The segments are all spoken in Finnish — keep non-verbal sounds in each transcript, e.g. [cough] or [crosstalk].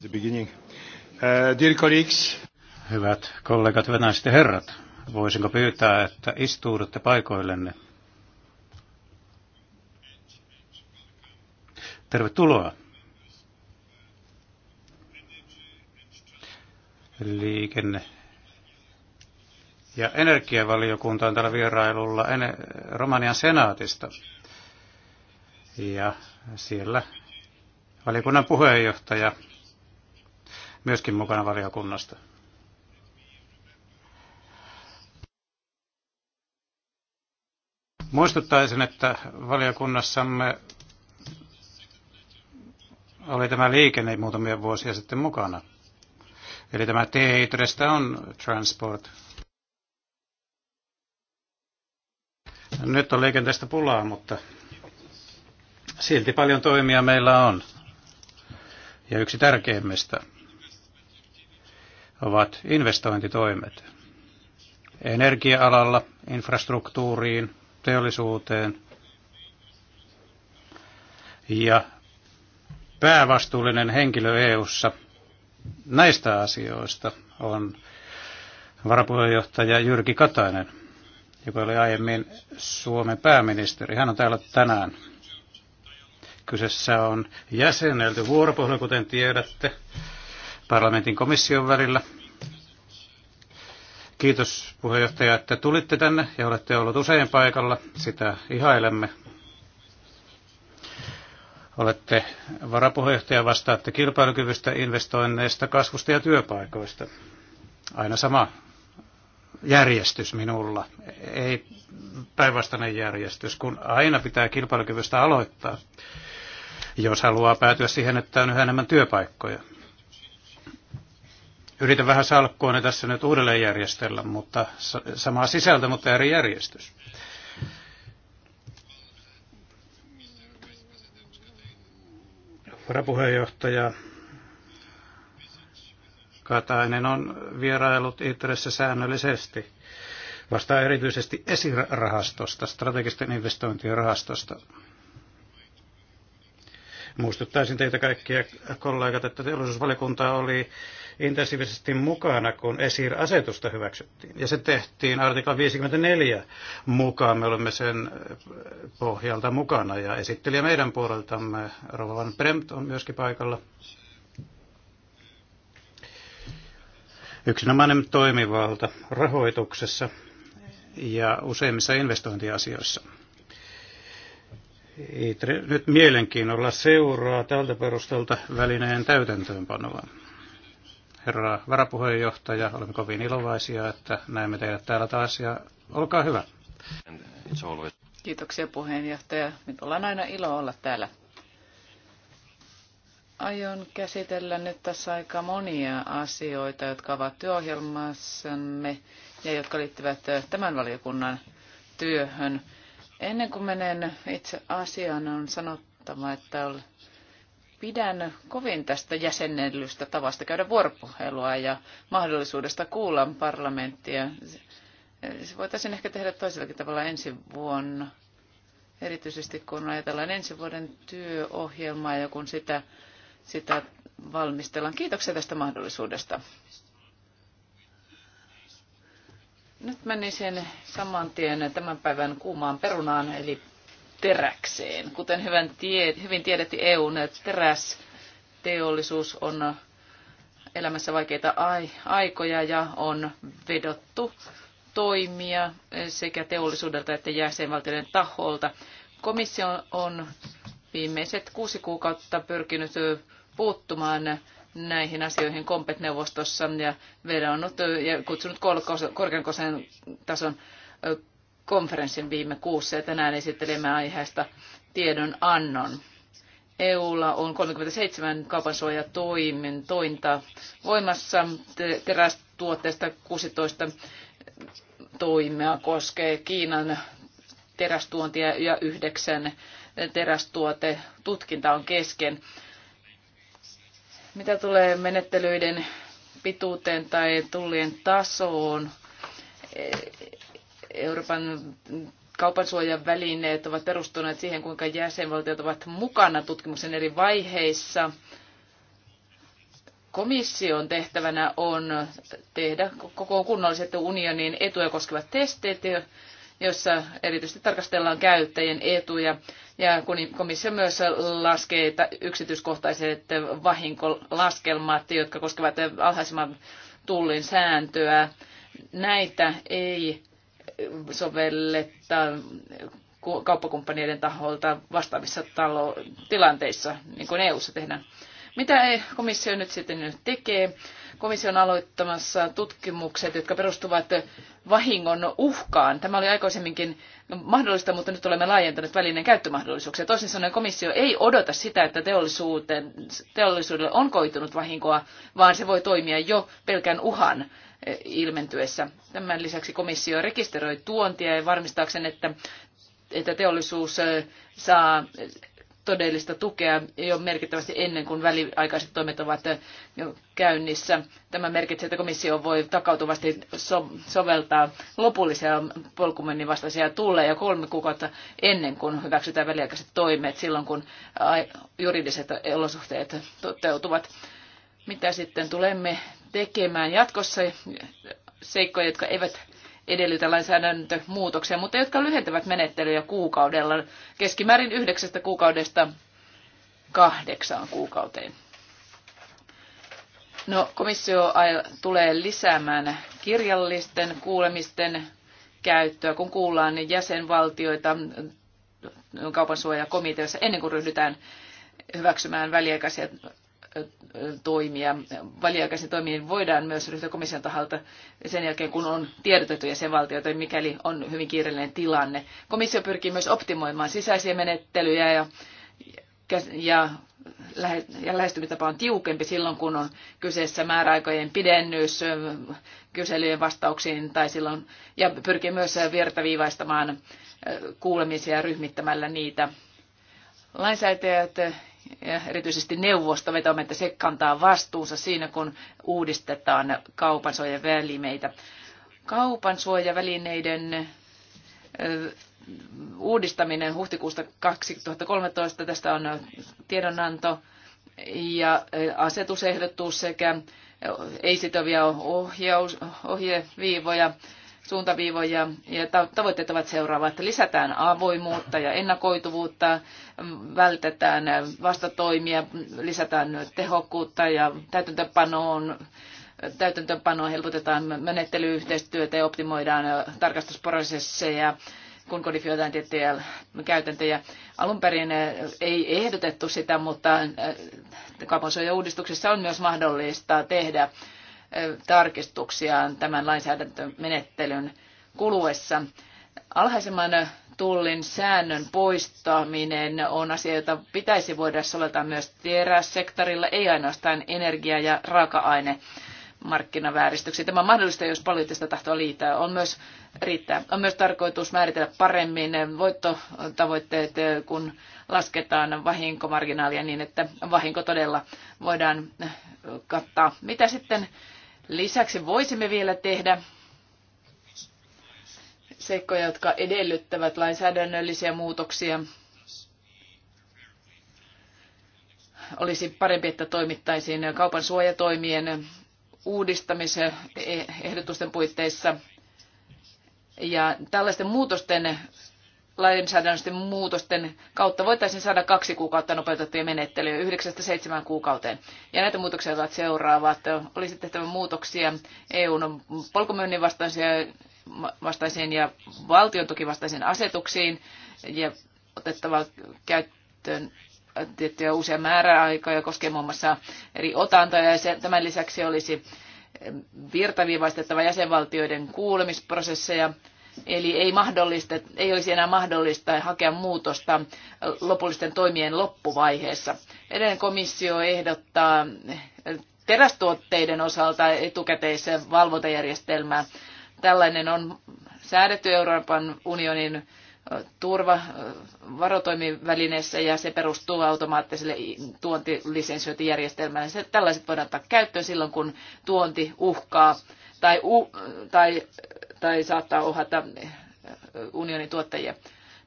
The beginning. Uh, dear colleagues. Hyvät kollegat, hyvät ja herrat, voisinko pyytää, että istuudutte paikoillenne? Tervetuloa. Liikenne ja energiavaliokunta on täällä vierailulla Romanian senaatista. Ja siellä valiokunnan puheenjohtaja myöskin mukana valiokunnasta. Muistuttaisin, että valiokunnassamme oli tämä liikenne muutamia vuosia sitten mukana. Eli tämä TITREstä on transport. Nyt on liikenteestä pulaa, mutta silti paljon toimia meillä on. Ja yksi tärkeimmistä ovat investointitoimet energia-alalla, infrastruktuuriin, teollisuuteen. Ja päävastuullinen henkilö EU:ssa näistä asioista on varapuheenjohtaja Jyrki Katainen, joka oli aiemmin Suomen pääministeri. Hän on täällä tänään. Kyseessä on jäsenelty vuoropuhelu, kuten tiedätte parlamentin komission välillä. Kiitos puheenjohtaja, että tulitte tänne ja olette ollut usein paikalla. Sitä ihailemme. Olette varapuheenjohtaja, vastaatte kilpailukyvystä, investoinneista, kasvusta ja työpaikoista. Aina sama järjestys minulla, ei päinvastainen järjestys, kun aina pitää kilpailukyvystä aloittaa, jos haluaa päätyä siihen, että on yhä enemmän työpaikkoja. Yritän vähän ne tässä nyt uudelleen järjestellä, mutta sama sisältö, mutta eri järjestys. Varapuheenjohtaja Katainen on vierailut Itressä säännöllisesti. Vastaa erityisesti esirahastosta, strategisten investointien rahastosta. Muistuttaisin teitä kaikkia kollegat, että teollisuusvalikunta oli intensiivisesti mukana, kun ESIR-asetusta hyväksyttiin. Ja se tehtiin artikla 54 mukaan. Me olemme sen pohjalta mukana ja esittelijä meidän puoleltamme Rovan Premt on myöskin paikalla. Yksinomainen toimivalta rahoituksessa ja useimmissa investointiasioissa. Nyt mielenkiinnolla seuraa tältä perustelta välineen täytäntöönpanoa herra varapuheenjohtaja. Olemme kovin iloisia, että näemme teidät täällä taas ja olkaa hyvä. Kiitoksia puheenjohtaja. Nyt ollaan aina ilo olla täällä. Aion käsitellä nyt tässä aika monia asioita, jotka ovat työohjelmassamme ja jotka liittyvät tämän valiokunnan työhön. Ennen kuin menen itse asiaan, on sanottava, että pidän kovin tästä jäsennellystä tavasta käydä vuoropuhelua ja mahdollisuudesta kuulla parlamenttia. Se voitaisiin ehkä tehdä toisellakin tavalla ensi vuonna, erityisesti kun ajatellaan ensi vuoden työohjelmaa ja kun sitä, sitä valmistellaan. Kiitoksia tästä mahdollisuudesta. Nyt menisin saman tien tämän päivän kuumaan perunaan, eli teräkseen. Kuten hyvän tie, hyvin tiedettiin, että terästeollisuus on elämässä vaikeita aikoja ja on vedottu toimia sekä teollisuudelta että jäsenvaltioiden taholta. Komissio on viimeiset kuusi kuukautta pyrkinyt puuttumaan näihin asioihin kompetneuvostossa ja vedonnut ja kutsunut korkean tason konferenssin viime kuussa ja tänään esittelemme aiheesta tiedon annon. EUlla on 37 kaupansuojatoimintointa voimassa. Terästuotteista 16 toimia koskee Kiinan terästuontia ja yhdeksän tutkinta on kesken. Mitä tulee menettelyiden pituuteen tai tullien tasoon, Euroopan kaupan välineet ovat perustuneet siihen, kuinka jäsenvaltiot ovat mukana tutkimuksen eri vaiheissa. Komission tehtävänä on tehdä koko kunnolliset unionin etuja koskevat testit, jossa erityisesti tarkastellaan käyttäjien etuja. Ja komissio myös laskee yksityiskohtaiset vahinkolaskelmat, jotka koskevat alhaisemman tullin sääntöä. Näitä ei sovelletta kauppakumppaneiden taholta vastaavissa talo- tilanteissa, niin kuin EU-ssa tehdään. Mitä e- komissio nyt sitten nyt tekee? Komissio on aloittamassa tutkimukset, jotka perustuvat vahingon uhkaan. Tämä oli aikaisemminkin mahdollista, mutta nyt olemme laajentaneet välineen käyttömahdollisuuksia. Toisin sanoen komissio ei odota sitä, että teollisuuteen, teollisuudelle on koitunut vahinkoa, vaan se voi toimia jo pelkän uhan ilmentyessä. Tämän lisäksi komissio rekisteröi tuontia ja varmistaakseen, että, että teollisuus saa todellista tukea jo merkittävästi ennen kuin väliaikaiset toimet ovat käynnissä. Tämä merkitsee, että komissio voi takautuvasti so- soveltaa lopullisia polkumennin vastaisia tulleja kolme kuukautta ennen kuin hyväksytään väliaikaiset toimet, silloin kun juridiset olosuhteet toteutuvat mitä sitten tulemme tekemään jatkossa, seikkoja, jotka eivät edellytä lainsäädäntömuutoksia, mutta jotka lyhentävät menettelyjä kuukaudella, keskimäärin yhdeksästä kuukaudesta kahdeksaan kuukauteen. No, komissio tulee lisäämään kirjallisten kuulemisten käyttöä, kun kuullaan jäsenvaltioita kaupan suojakomiteassa ennen kuin ryhdytään hyväksymään väliaikaisia toimia, väliaikaisiin toimiin voidaan myös ryhtyä komission taholta sen jälkeen, kun on tiedotettu jäsenvaltioita, mikäli on hyvin kiireellinen tilanne. Komissio pyrkii myös optimoimaan sisäisiä menettelyjä ja, ja, ja lähestymistapa on tiukempi silloin, kun on kyseessä määräaikojen pidennys kyselyjen vastauksiin tai silloin, ja pyrkii myös virtaviivaistamaan kuulemisia ryhmittämällä niitä lainsäätäjät ja erityisesti neuvosto vetoamme, että se kantaa vastuunsa siinä, kun uudistetaan kaupansuojavälineitä. Kaupansuojavälineiden uudistaminen huhtikuusta 2013, tästä on tiedonanto ja asetusehdotus sekä ei-sitovia ohjeviivoja suuntaviivoja ja tavoitteet ovat seuraavat. Lisätään avoimuutta ja ennakoituvuutta, vältetään vastatoimia, lisätään tehokkuutta ja täytäntöpanoon täytäntöönpanoa helpotetaan menettelyyhteistyötä ja optimoidaan tarkastusprosesseja kun kodifioidaan tiettyjä käytäntöjä. Alun perin ei ehdotettu sitä, mutta äh, kaupansuojauudistuksessa on myös mahdollista tehdä tarkistuksiaan tämän lainsäädäntömenettelyn kuluessa. Alhaisemman tullin säännön poistaminen on asia, jota pitäisi voida soveltaa myös teräsektorilla, ei ainoastaan energia- ja raaka-aine markkinavääristyksiä. Tämä on mahdollista, jos poliittista tahtoa liittää. On myös, riittää. on myös tarkoitus määritellä paremmin voittotavoitteet, kun lasketaan vahinkomarginaalia niin, että vahinko todella voidaan kattaa. Mitä sitten Lisäksi voisimme vielä tehdä seikkoja, jotka edellyttävät lainsäädännöllisiä muutoksia. Olisi parempi, että toimittaisiin kaupan suojatoimien uudistamisen ehdotusten puitteissa. Ja tällaisten muutosten lainsäädännöllisten muutosten kautta voitaisiin saada kaksi kuukautta nopeutettuja menettelyjä yhdeksästä seitsemään kuukauteen. Ja näitä muutoksia ovat seuraavat. Olisi tehtävä muutoksia EUn polkumyynnin vastaisiin ja valtion tukivastaisiin asetuksiin ja otettava käyttöön tiettyjä uusia määräaikoja koskee muun muassa eri otantoja. Ja tämän lisäksi olisi virtaviivaistettava jäsenvaltioiden kuulemisprosesseja Eli ei, mahdollista, ei olisi enää mahdollista hakea muutosta lopullisten toimien loppuvaiheessa. Edelleen komissio ehdottaa terästuotteiden osalta etukäteisen valvontajärjestelmää. Tällainen on säädetty Euroopan unionin turva varotoimivälineessä ja se perustuu automaattiselle tuontilisensiointijärjestelmälle. Se, tällaiset voidaan ottaa käyttöön silloin, kun tuonti uhkaa tai, u, tai tai saattaa uhata eh, unionin tuottajia.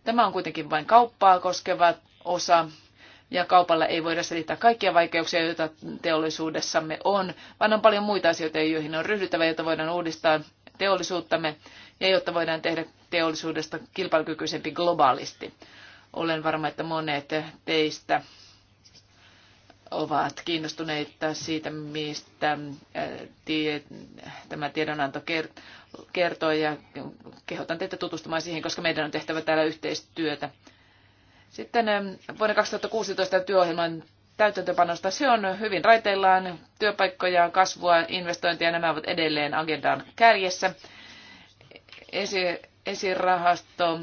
Tämä on kuitenkin vain kauppaa koskeva osa ja kaupalla ei voida selittää kaikkia vaikeuksia, joita teollisuudessamme on, vaan on paljon muita asioita, joihin on ryhdyttävä, jotta voidaan uudistaa teollisuuttamme ja jotta voidaan tehdä teollisuudesta kilpailukykyisempi globaalisti. Olen varma, että monet teistä ovat kiinnostuneita siitä, mistä eh, tämä tiedonanto kertoi ja kehotan teitä tutustumaan siihen, koska meidän on tehtävä täällä yhteistyötä. Sitten ähm, vuonna 2016 työohjelman täytäntöpanosta. Se on hyvin raiteillaan. Työpaikkoja, kasvua, investointia, nämä ovat edelleen agendan kärjessä. Esi- esirahasto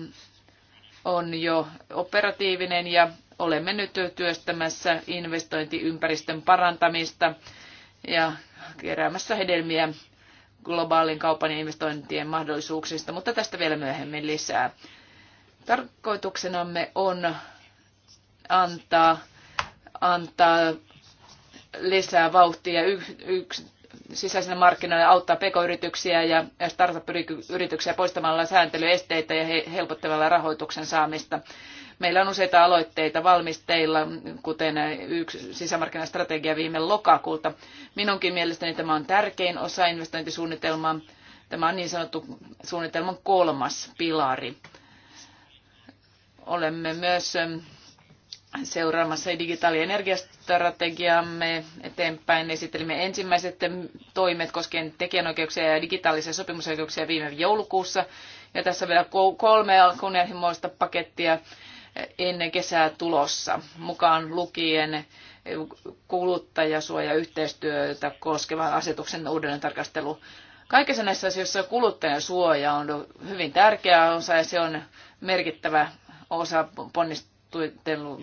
on jo operatiivinen ja olemme nyt työstämässä investointiympäristön parantamista ja keräämässä hedelmiä globaalin kaupan ja investointien mahdollisuuksista, mutta tästä vielä myöhemmin lisää. Tarkoituksenamme on antaa, antaa lisää vauhtia yksi, yks, sisäisille markkinoille auttaa pk-yrityksiä ja startup-yrityksiä poistamalla sääntelyesteitä ja helpottamalla rahoituksen saamista. Meillä on useita aloitteita valmisteilla, kuten yksi sisämarkkinastrategia viime lokakuulta. Minunkin mielestäni tämä on tärkein osa investointisuunnitelmaa. Tämä on niin sanottu suunnitelman kolmas pilari. Olemme myös ähm, seuraamassa digitaalienergiastrategiamme eteenpäin. Esittelimme ensimmäiset ähm, toimet koskien tekijänoikeuksia ja digitaalisia sopimusoikeuksia viime joulukuussa. Ja tässä on vielä kolme kunnianhimoista pakettia ennen kesää tulossa, mukaan lukien kuluttajasuojayhteistyötä koskevan asetuksen uudelleen tarkastelu. Kaikissa näissä asioissa kuluttajan suoja on hyvin tärkeä osa ja se on merkittävä osa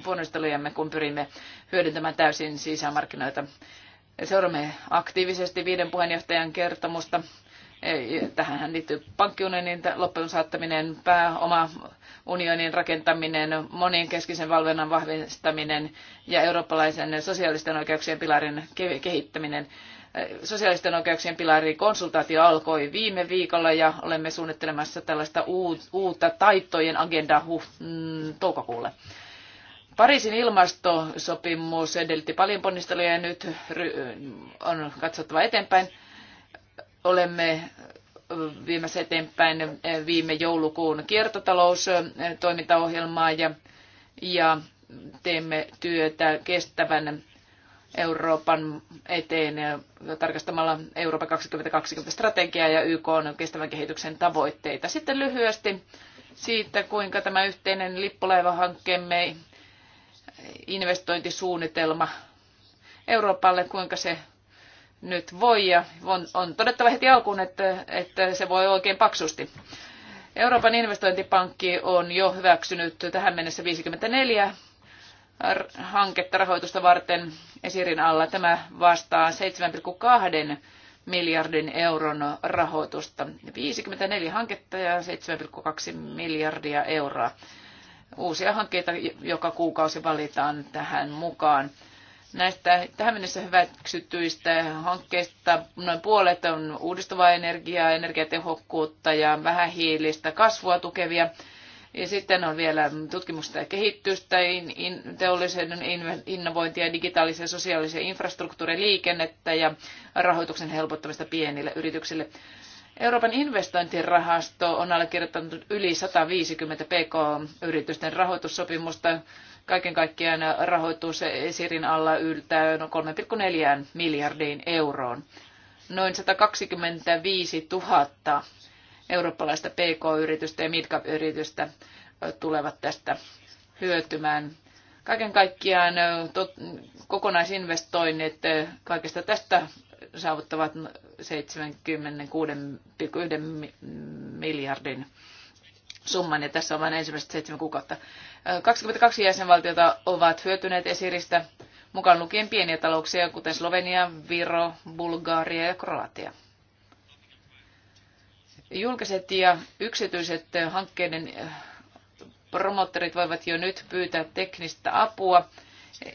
ponnistelujemme, kun pyrimme hyödyntämään täysin sisämarkkinoita. Seuraamme aktiivisesti viiden puheenjohtajan kertomusta Tähän liittyy pankkiunionin loppuun saattaminen, pääoma unionin rakentaminen, monenkeskisen valvonnan vahvistaminen ja eurooppalaisen sosiaalisten oikeuksien pilarin kehittäminen. Sosiaalisten oikeuksien pilarin konsultaatio alkoi viime viikolla ja olemme suunnittelemassa tällaista uutta taitojen agendaa huh, mm, toukokuulle. Pariisin ilmastosopimus edellytti paljon ponnisteluja ja nyt on katsottava eteenpäin olemme viemässä eteenpäin viime joulukuun kiertotaloustoimintaohjelmaa ja, ja teemme työtä kestävän Euroopan eteen tarkastamalla Euroopan 2020 strategiaa ja YK on kestävän kehityksen tavoitteita. Sitten lyhyesti siitä, kuinka tämä yhteinen lippulaivahankkeemme investointisuunnitelma Euroopalle, kuinka se nyt voi ja on, on todettava heti alkuun, että, että se voi oikein paksusti. Euroopan investointipankki on jo hyväksynyt tähän mennessä 54 hanketta rahoitusta varten esirin alla. Tämä vastaa 7,2 miljardin euron rahoitusta. 54 hanketta ja 7,2 miljardia euroa. Uusia hankkeita joka kuukausi valitaan tähän mukaan näistä tähän mennessä hyväksyttyistä hankkeista noin puolet on uudistuvaa energiaa, energiatehokkuutta ja vähähiilistä kasvua tukevia. Ja sitten on vielä tutkimusta ja kehitystä, in, in, teollisen innovointia, digitaalisia sosiaalisia infrastruktuuria, liikennettä ja rahoituksen helpottamista pienille yrityksille. Euroopan investointirahasto on allekirjoittanut yli 150 pk-yritysten rahoitussopimusta kaiken kaikkiaan rahoitus Esirin alla yltää noin 3,4 miljardiin euroon. Noin 125 000 eurooppalaista PK-yritystä ja midcap-yritystä tulevat tästä hyötymään. Kaiken kaikkiaan tot, kokonaisinvestoinnit kaikesta tästä saavuttavat 76,1 miljardin summan, ja tässä on vain ensimmäiset seitsemän kuukautta. 22 jäsenvaltiota ovat hyötyneet esiristä, mukaan lukien pieniä talouksia, kuten Slovenia, Viro, Bulgaria ja Kroatia. Julkiset ja yksityiset hankkeiden promotterit voivat jo nyt pyytää teknistä apua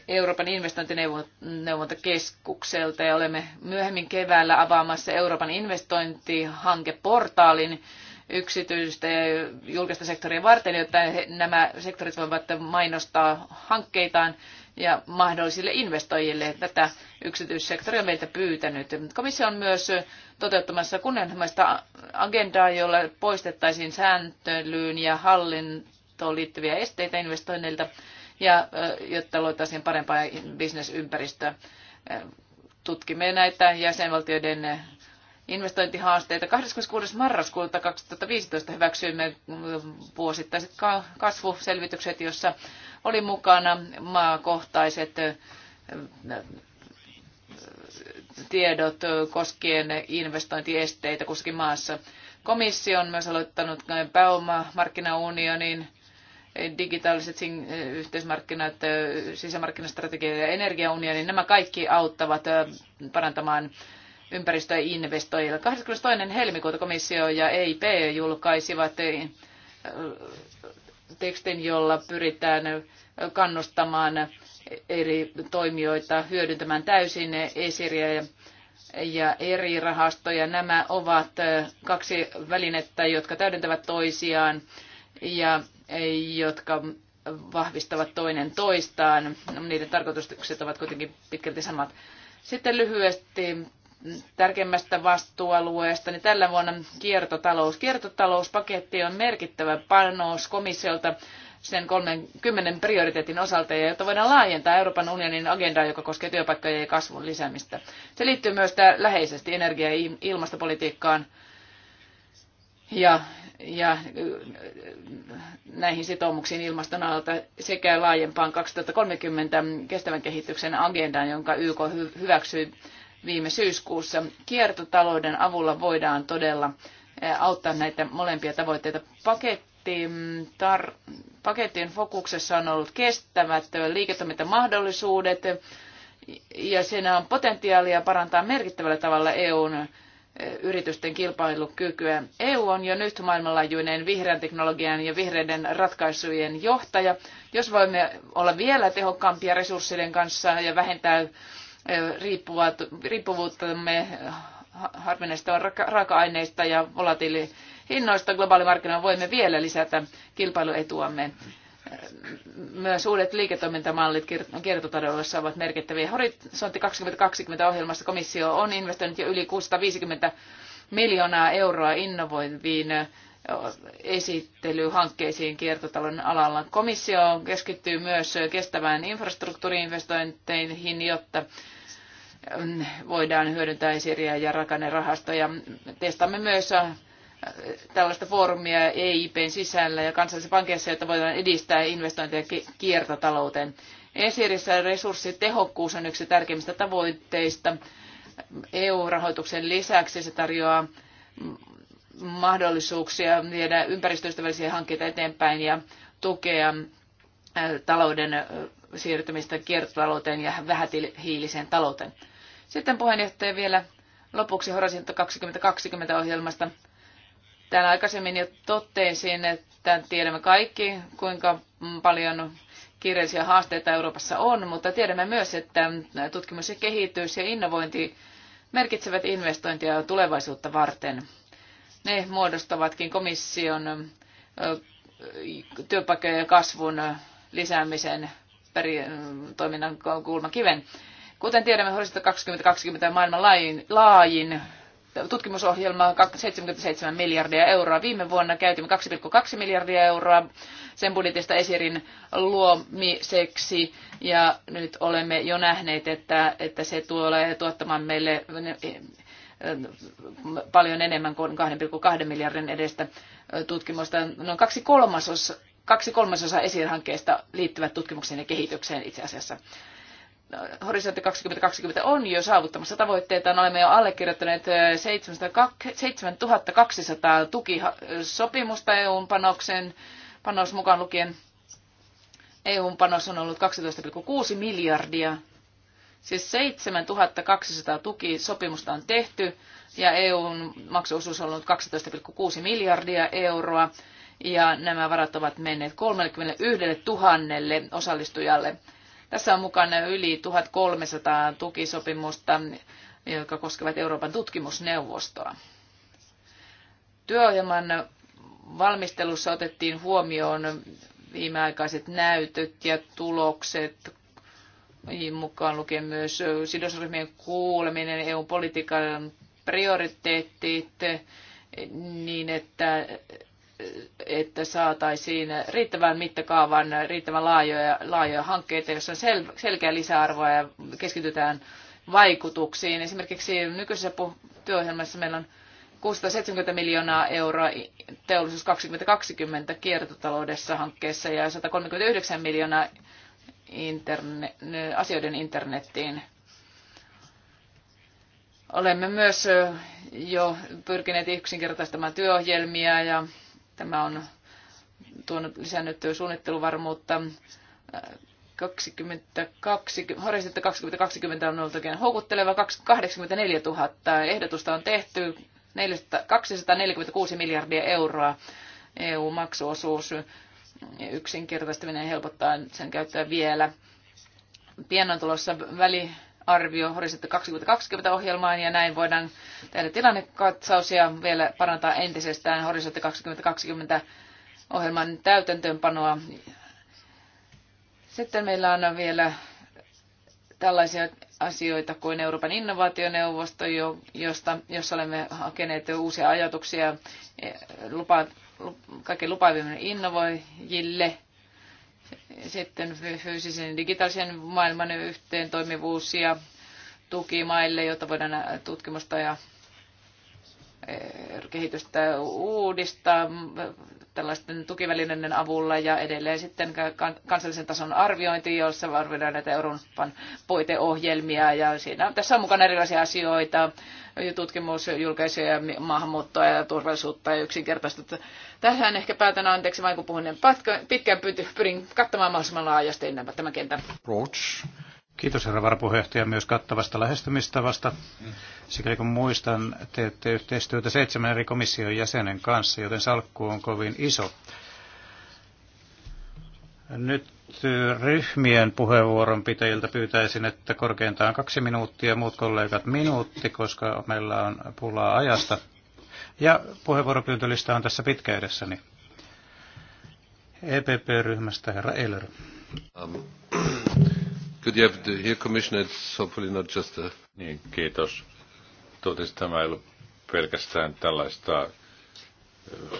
Euroopan investointineuvontakeskukselta ja olemme myöhemmin keväällä avaamassa Euroopan investointihankeportaalin, yksityistä ja julkista sektoria varten, jotta nämä sektorit voivat mainostaa hankkeitaan ja mahdollisille investoijille. Tätä yksityissektori on meiltä pyytänyt. Komissio on myös toteuttamassa kunnianhimoista agendaa, jolla poistettaisiin sääntelyyn ja hallintoon liittyviä esteitä investoinneilta, ja, jotta luotaisiin parempaa bisnesympäristöä. Tutkimme näitä jäsenvaltioiden investointihaasteita. 26. marraskuuta 2015 hyväksyimme vuosittaiset kasvuselvitykset, jossa oli mukana maakohtaiset tiedot koskien investointiesteitä kussakin maassa. Komissio on myös aloittanut pääomamarkkinaunionin digitaaliset yhteismarkkinat, sisämarkkinastrategia ja energiaunioni, niin nämä kaikki auttavat parantamaan ympäristöinvestoijille. 22. helmikuuta komissio ja EIP julkaisivat eh, tekstin, jolla pyritään kannustamaan eri toimijoita hyödyntämään täysin esiriä ja eri rahastoja. Nämä ovat eh, kaksi välinettä, jotka täydentävät toisiaan ja eh, jotka vahvistavat toinen toistaan. Niiden tarkoitukset ovat kuitenkin pitkälti samat. Sitten lyhyesti tärkeimmästä vastuualueesta, niin tällä vuonna kiertotalous. Kiertotalouspaketti on merkittävä panos komissiolta sen 30 prioriteetin osalta, ja jotta voidaan laajentaa Euroopan unionin agendaa, joka koskee työpaikkoja ja kasvun lisäämistä. Se liittyy myös läheisesti energia- ja ilmastopolitiikkaan ja, ja näihin sitoumuksiin ilmaston alalta sekä laajempaan 2030 kestävän kehityksen agendaan, jonka YK hyväksyi viime syyskuussa. Kiertotalouden avulla voidaan todella eh, auttaa näitä molempia tavoitteita. Pakettiin, mm, tar, pakettien fokuksessa on ollut kestävät eh, liiketoimintamahdollisuudet ja siinä on potentiaalia parantaa merkittävällä tavalla EUn eh, yritysten kilpailukykyä. EU on jo nyt maailmanlaajuinen vihreän teknologian ja vihreiden ratkaisujen johtaja. Jos voimme olla vielä tehokkaampia resurssien kanssa ja vähentää riippuvuuttamme harvinaisista raaka-aineista ja volatiilihinnoista globaalimarkkinoilla voimme vielä lisätä kilpailuetuamme. Myös uudet liiketoimintamallit kiertotaloudessa ovat merkittäviä. Horisontti 2020 ohjelmassa komissio on investoinut jo yli 650 miljoonaa euroa innovoiviin esittelyhankkeisiin kiertotalouden alalla. Komissio keskittyy myös kestävään infrastruktuuriinvestointeihin, jotta mm, voidaan hyödyntää esiriä ja rahastoja. Testaamme myös äh, tällaista foorumia EIPn sisällä ja kansallisessa pankissa, jotta voidaan edistää investointeja kiertotalouteen. Esirissä resurssitehokkuus on yksi tärkeimmistä tavoitteista. EU-rahoituksen lisäksi se tarjoaa mahdollisuuksia viedä ympäristöystävällisiä hankkeita eteenpäin ja tukea talouden siirtymistä kiertotalouteen ja vähähiiliseen talouteen. Sitten puheenjohtaja vielä lopuksi Horisontti 2020 ohjelmasta. Täällä aikaisemmin jo totesin, että tiedämme kaikki, kuinka paljon kiireellisiä haasteita Euroopassa on, mutta tiedämme myös, että tutkimus ja kehitys ja innovointi merkitsevät investointia tulevaisuutta varten. Ne muodostavatkin komission työpaikkojen ja kasvun lisäämisen toiminnan kulmakiven. Kuten tiedämme, Horisontti 2020 on maailman laajin, laajin tutkimusohjelma 77 miljardia euroa. Viime vuonna käytimme 2,2 miljardia euroa sen budjetista esirin luomiseksi ja nyt olemme jo nähneet, että, että se tulee tuottamaan meille paljon enemmän kuin 2,2 miljardin edestä tutkimusta. Noin kaksi kolmasosa, kaksi kolmasosa esirhankkeista liittyvät tutkimukseen ja kehitykseen itse asiassa. Horisontti 2020 on jo saavuttamassa tavoitteita. Olemme jo allekirjoittaneet 7200 tukisopimusta EUn panoksen, panos mukaan lukien. EUn panos on ollut 12,6 miljardia Siis 7200 tukisopimusta on tehty ja EUn maksuosuus on ollut 12,6 miljardia euroa ja nämä varat ovat menneet 31 000 osallistujalle. Tässä on mukana yli 1300 tukisopimusta, jotka koskevat Euroopan tutkimusneuvostoa. Työohjelman valmistelussa otettiin huomioon viimeaikaiset näytöt ja tulokset niin, mukaan lukien myös sidosryhmien kuuleminen, EU-politiikan prioriteettit, e, niin että, e, että saataisiin riittävän mittakaavan, riittävän laajoja, laajoja hankkeita, joissa on sel, selkeä lisäarvoa ja keskitytään vaikutuksiin. Esimerkiksi nykyisessä työohjelmassa meillä on 670 miljoonaa euroa teollisuus 2020 kiertotaloudessa hankkeessa ja 139 miljoonaa interne, asioiden internettiin. Olemme myös jo pyrkineet yksinkertaistamaan työohjelmia ja tämä on tuonut lisännyt suunnitteluvarmuutta. 2020, Horisontti 2020 on ollut oikein houkutteleva. 84 000 ehdotusta on tehty, 246 miljardia euroa EU-maksuosuus yksinkertaistaminen helpottaa sen käyttöä vielä. Pian on tulossa väliarvio Horisontti 2020-ohjelmaan ja näin voidaan tehdä tilannekatsaus ja vielä parantaa entisestään Horisontti 2020 ohjelman täytäntöönpanoa. Sitten meillä on vielä tällaisia asioita kuin Euroopan innovaationeuvosto, josta, jossa olemme hakeneet uusia ajatuksia. Lupaa kaikki lupaavimmin innovoijille. Sitten fyysisen ja digitaalisen maailman yhteen toimivuus ja tukimaille, jotta voidaan tutkimusta ja eh, kehitystä uudistaa, tällaisten tukivälineiden avulla ja edelleen sitten kansallisen tason arviointi, jossa arvioidaan näitä Euroopan puiteohjelmia ja siinä tässä on mukana erilaisia asioita, tutkimus, julkaisuja, maahanmuuttoa ja turvallisuutta ja yksinkertaista. Tähän ehkä päätän anteeksi, vaan kun puhun niin pitkään pyrin kattamaan mahdollisimman laajasti nämä tämän kentän. Approach. Kiitos herra varapuheenjohtaja myös kattavasta lähestymistavasta. Sikäli kun muistan, teette yhteistyötä seitsemän eri komission jäsenen kanssa, joten salkku on kovin iso. Nyt äh, ryhmien puheenvuoron pitäjiltä pyytäisin, että korkeintaan kaksi minuuttia, muut kollegat minuutti, koska meillä on pulaa ajasta. Ja puheenvuoropyyntölista on tässä pitkä edessäni. EPP-ryhmästä herra Eller. Um. [clears throat] kiitos. Totesi tämä ei ollut pelkästään tällaista äh,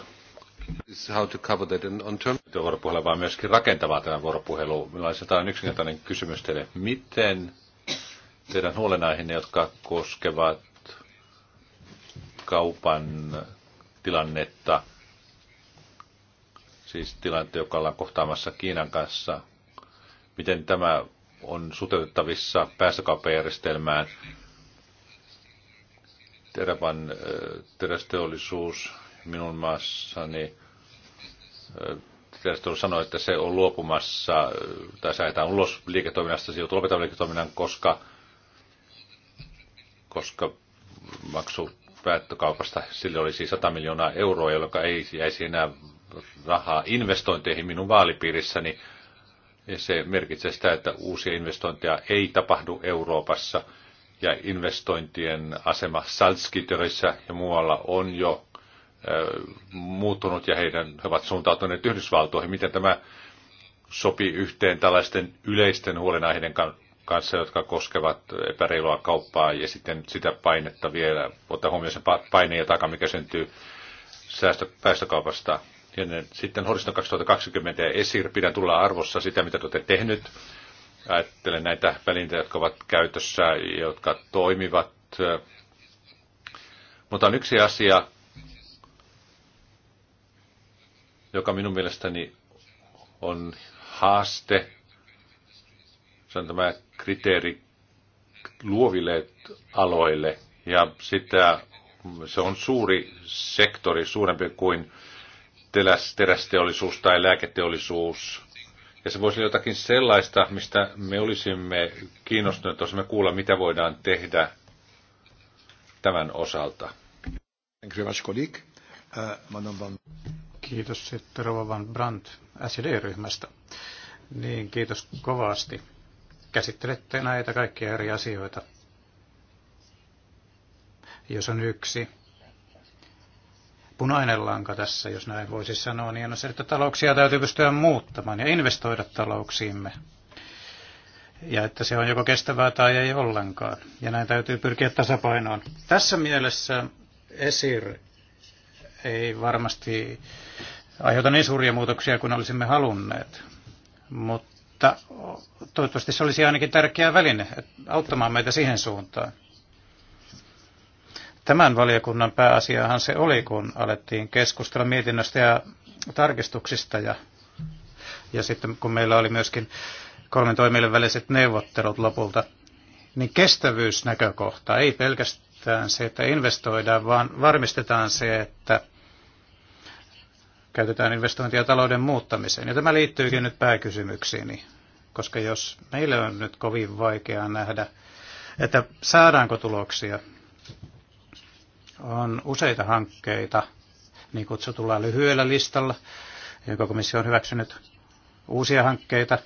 how to cover that in, on term... vuoropuhelua, vaan myöskin rakentavaa tämä vuoropuhelu. Millaisen tämä on yksinkertainen kysymys teille. Miten teidän huolenaiheenne, jotka koskevat kaupan tilannetta, siis tilannetta, joka ollaan kohtaamassa Kiinan kanssa, miten tämä on suhteutettavissa päästökauppajärjestelmään. Terävan terästeollisuus minun maassani terästeollisuus sanoi, että se on luopumassa tai säätään ulos liiketoiminnasta, se joutuu lopettamaan liiketoiminnan, koska, koska maksu päättökaupasta, sille oli siis 100 miljoonaa euroa, jolloin ei jäisi enää rahaa investointeihin minun vaalipiirissäni. Niin se merkitsee sitä, että uusia investointeja ei tapahdu Euroopassa ja investointien asema Salzgiterissä ja muualla on jo muuttunut ja heidän, he ovat suuntautuneet Yhdysvaltoihin. Miten tämä sopii yhteen tällaisten yleisten huolenaiheiden kanssa, jotka koskevat epäreilua kauppaa ja sitten sitä painetta vielä, ottaa huomioon sen paine ja taka, mikä syntyy säästö, päästökaupasta. Sitten Horisontti 2020 ja ESIR, pidän tulla arvossa sitä, mitä te olette tehnyt. Ajattelen näitä välineitä, jotka ovat käytössä, jotka toimivat. Mutta on yksi asia, joka minun mielestäni on haaste. Se on tämä kriteeri luoville aloille. Ja sitä, se on suuri sektori, suurempi kuin teläs, terästeollisuus tai lääketeollisuus. Ja se voisi olla jotakin sellaista, mistä me olisimme kiinnostuneet, jos me kuulla, mitä voidaan tehdä tämän osalta. Uh, kiitos sitten Rova Van Brandt SED-ryhmästä. Niin, kiitos kovasti. Käsittelette näitä kaikkia eri asioita. Jos on yksi punainen lanka tässä, jos näin voisi sanoa, niin on se, että talouksia täytyy pystyä muuttamaan ja investoida talouksiimme. Ja että se on joko kestävää tai ei ollenkaan. Ja näin täytyy pyrkiä tasapainoon. Tässä mielessä ESIR ei varmasti aiheuta niin suuria muutoksia kuin olisimme halunneet. Mutta toivottavasti se olisi ainakin tärkeä väline auttamaan meitä siihen suuntaan. Tämän valiokunnan pääasiahan se oli, kun alettiin keskustella mietinnöstä ja tarkistuksista ja, ja sitten kun meillä oli myöskin kolmen toimille väliset neuvottelut lopulta, niin kestävyysnäkökohta, ei pelkästään se, että investoidaan, vaan varmistetaan se, että käytetään investointia talouden muuttamiseen. Ja tämä liittyykin nyt pääkysymyksiini, koska jos meille on nyt kovin vaikeaa nähdä, että saadaanko tuloksia on useita hankkeita niin kutsutulla lyhyellä listalla, jonka komissio on hyväksynyt uusia hankkeita,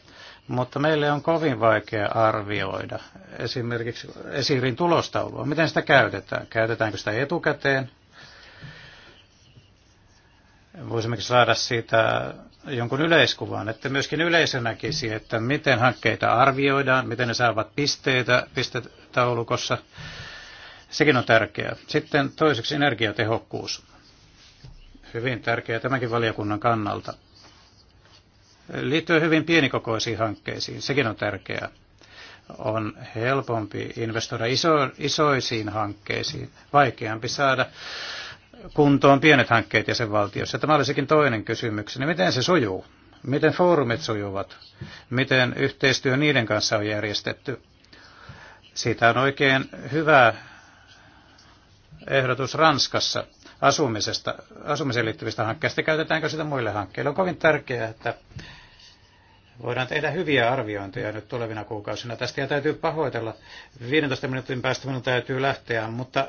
mutta meille on kovin vaikea arvioida esimerkiksi esiirin tulostaulua. Miten sitä käytetään? Käytetäänkö sitä etukäteen? Voisimmeko saada siitä jonkun yleiskuvan, että myöskin yleisö näkisi, että miten hankkeita arvioidaan, miten ne saavat pisteitä pistetaulukossa. taulukossa Sekin on tärkeää. Sitten toiseksi energiatehokkuus. Hyvin tärkeää tämänkin valiokunnan kannalta. liittyy hyvin pienikokoisiin hankkeisiin, sekin on tärkeää. On helpompi investoida iso, isoisiin hankkeisiin, vaikeampi saada kuntoon pienet hankkeet jäsenvaltiossa. Tämä olisikin toinen Niin Miten se sujuu? Miten foorumit sujuvat? Miten yhteistyö niiden kanssa on järjestetty? Siitä on oikein hyvä ehdotus Ranskassa asumisesta, asumiseen liittyvistä hankkeista. Käytetäänkö sitä muille hankkeille? On kovin tärkeää, että voidaan tehdä hyviä arviointeja nyt tulevina kuukausina. Tästä ja täytyy pahoitella. 15 minuutin päästä minun täytyy lähteä, mutta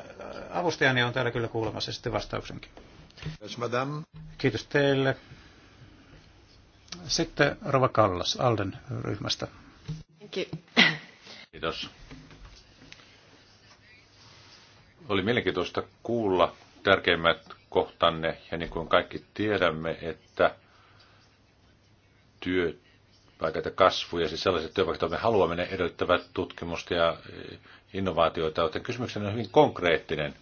avustajani on täällä kyllä kuulemassa sitten vastauksenkin. Kiitos, Kiitos teille. Sitten Rova Kallas Alden ryhmästä. Kiitos. Oli mielenkiintoista kuulla tärkeimmät kohtanne ja niin kuin kaikki tiedämme, että työpaikat ja kasvu ja siis sellaiset työpaikat, joita me haluamme, ne edellyttävät tutkimusta ja eh, innovaatioita, joten kysymykseni on hyvin konkreettinen.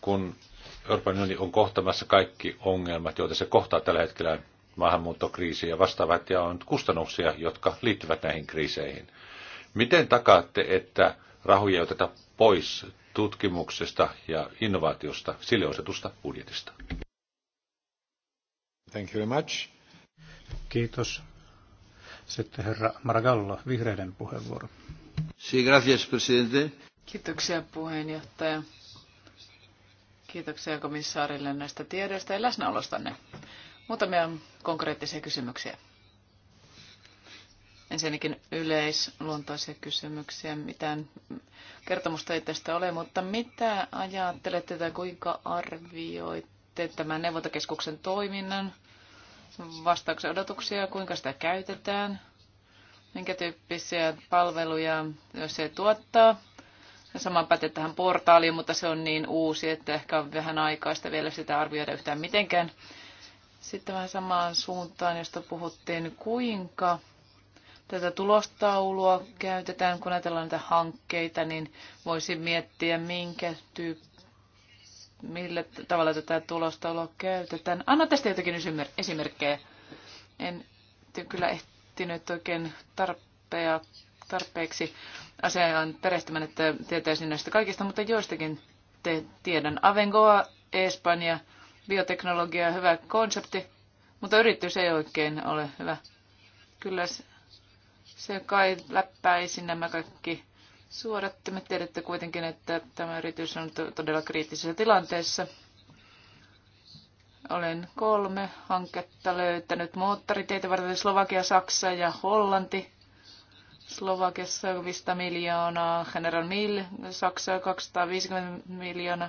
Kun Euroopan unioni on kohtamassa kaikki ongelmat, joita se kohtaa tällä hetkellä, maahanmuuttokriisi ja vastaavat, ja on kustannuksia, jotka liittyvät näihin kriiseihin. Miten takaatte, että rahoja ei oteta pois tutkimuksesta ja innovaatiosta sille osetusta budjetista. Thank you very much. Kiitos. Sitten herra Maragalla, vihreiden puheenvuoro. Sí, gracias, presidente. Kiitoksia puheenjohtaja. Kiitoksia komissaarille näistä tiedoista ja läsnäolostanne. Muutamia konkreettisia kysymyksiä ensinnäkin yleisluontoisia kysymyksiä. Mitään kertomusta ei tästä ole, mutta mitä ajattelette tai kuinka arvioitte tämän neuvontakeskuksen toiminnan? Vastauksen odotuksia, kuinka sitä käytetään, minkä tyyppisiä palveluja se tuottaa. sama pätee tähän portaaliin, mutta se on niin uusi, että ehkä on vähän aikaista vielä sitä arvioida yhtään mitenkään. Sitten vähän samaan suuntaan, josta puhuttiin, kuinka tätä tulostaulua käytetään, kun ajatellaan näitä hankkeita, niin voisi miettiä, minkä tyyppi millä tavalla tätä tulostaulua käytetään. Anna tästä jotakin esimerkkejä. En kyllä ehtinyt oikein tarpeja, tarpeeksi asiaan perehtymään, että tietäisin näistä kaikista, mutta joistakin te tiedän. Avengoa, Espanja, bioteknologia, hyvä konsepti, mutta yritys ei oikein ole hyvä. Kyllä se kai läppäisi nämä kaikki Me Tiedätte kuitenkin, että tämä yritys on todella kriittisessä tilanteessa. Olen kolme hanketta löytänyt moottoriteitä varten Slovakia, Saksa ja Hollanti. Slovakiassa 500 miljoonaa, General Mill, Saksa 250 miljoonaa,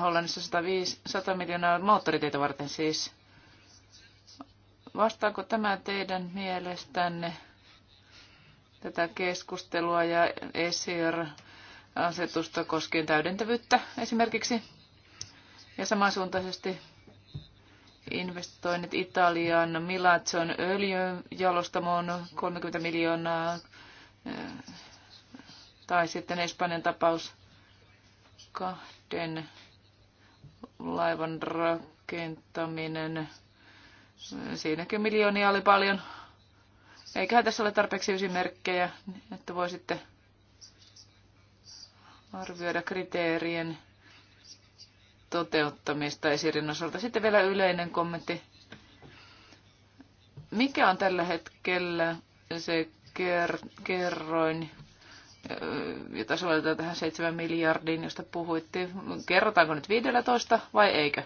Hollannissa 105, 100 miljoonaa moottoriteitä varten siis. Vastaako tämä teidän mielestänne tätä keskustelua ja ESIR-asetusta koskien täydentävyyttä esimerkiksi. Ja samansuuntaisesti investoinnit Italian Milazon öljyjalostamoon 30 miljoonaa eh, tai sitten Espanjan tapaus kahden laivan rakentaminen. Siinäkin miljoonia oli paljon. Eiköhän tässä ole tarpeeksi esimerkkejä, että sitten arvioida kriteerien toteuttamista esirin osalta. Sitten vielä yleinen kommentti. Mikä on tällä hetkellä se ker- kerroin, jota sovelletaan tähän 7 miljardiin, josta puhuitte? Kerrotaanko nyt 15 vai eikö?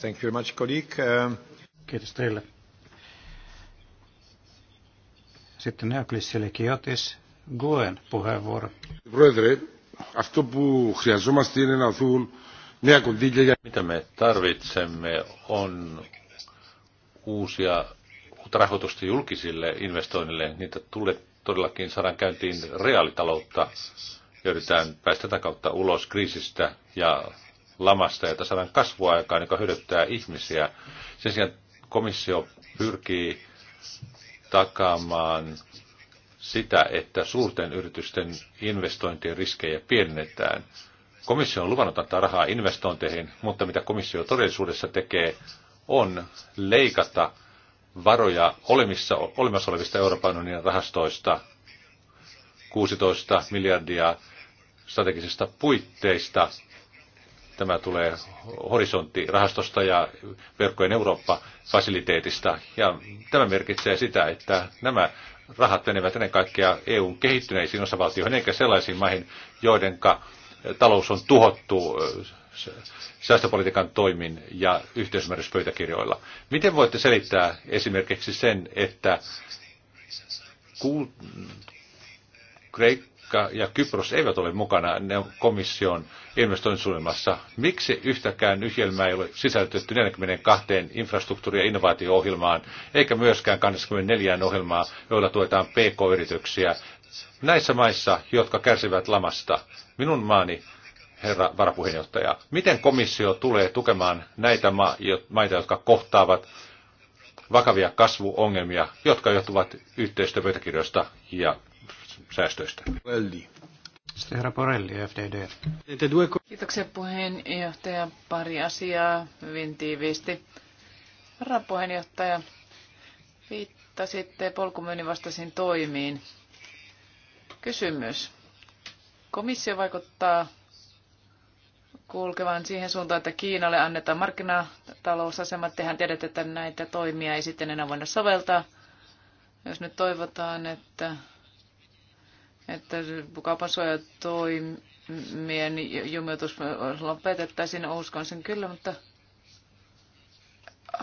Thank you very much, colleague. Um... Kiitos teille. Sitten Neoklis Silikiotis, Goen puheenvuoro. Brother, αυτό που χρειαζόμαστε είναι να δουν νέα κονδύλια για... Mitä me tarvitsemme on uusia rahoitusta julkisille investoinnille. Niitä tulee todellakin saadaan käyntiin reaalitaloutta yritetään päästä tätä kautta ulos kriisistä ja lamasta, jota saadaan kasvua aikaan, joka hyödyttää ihmisiä. Sen sijaan komissio pyrkii takaamaan sitä, että suurten yritysten investointien riskejä pienennetään. Komissio on luvannut antaa rahaa investointeihin, mutta mitä komissio todellisuudessa tekee, on leikata varoja olemissa, olemassa olevista Euroopan unionin rahastoista 16 miljardia strategisista puitteista Tämä tulee horisonttirahastosta ja verkkojen Eurooppa-fasiliteetista. Ja tämä merkitsee sitä, että nämä rahat menevät ennen kaikkea EUn kehittyneisiin osavaltioihin, eikä sellaisiin maihin, joidenka talous on tuhottu säästöpolitiikan toimin ja yhteisymmärryspöytäkirjoilla. Miten voitte selittää esimerkiksi sen, että Kreik Kreikka ja Kypros eivät ole mukana ne on komission investointisuunnitelmassa. Miksi yhtäkään yhjelmää ei ole sisällytetty 42 infrastruktuuri- ja innovaatio-ohjelmaan, eikä myöskään 24 ohjelmaa, joilla tuetaan PK-yrityksiä näissä maissa, jotka kärsivät lamasta? Minun maani herra varapuheenjohtaja, miten komissio tulee tukemaan näitä maita, jotka kohtaavat vakavia kasvuongelmia, jotka johtuvat yhteistyöpöytäkirjoista ja säästöistä. Porelli. Sitten herra Porelli, FDD. Kiitoksia puheenjohtaja. Pari asiaa hyvin tiiviisti. Herra puheenjohtaja, viittasitte polkumyynnin vastaisiin toimiin. Kysymys. Komissio vaikuttaa kulkevan siihen suuntaan, että Kiinalle annetaan markkinatalousasemat. Tehän tiedät, että näitä toimia ei sitten enää voida soveltaa. Jos nyt toivotaan, että että kaupan toimien jumitus lopetettaisiin. Uskon sen kyllä, mutta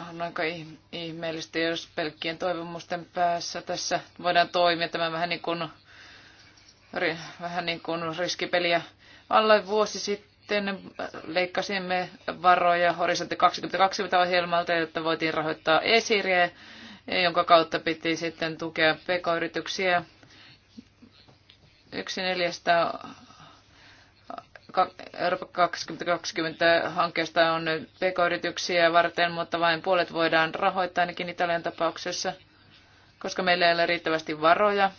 on aika ihmeellistä, jos pelkkien toivomusten päässä tässä voidaan toimia. Tämä vähän niin kuin, vähän niin kuin riskipeliä. Alle vuosi sitten leikkasimme varoja Horisontti 2020 ohjelmalta, jotta voitiin rahoittaa esiriä, jonka kautta piti sitten tukea pk-yrityksiä Yksi neljästä Euroopan 2020 hankkeesta on pk-yrityksiä varten, mutta vain puolet voidaan rahoittaa ainakin Italian tapauksessa, koska meillä ei ole riittävästi varoja.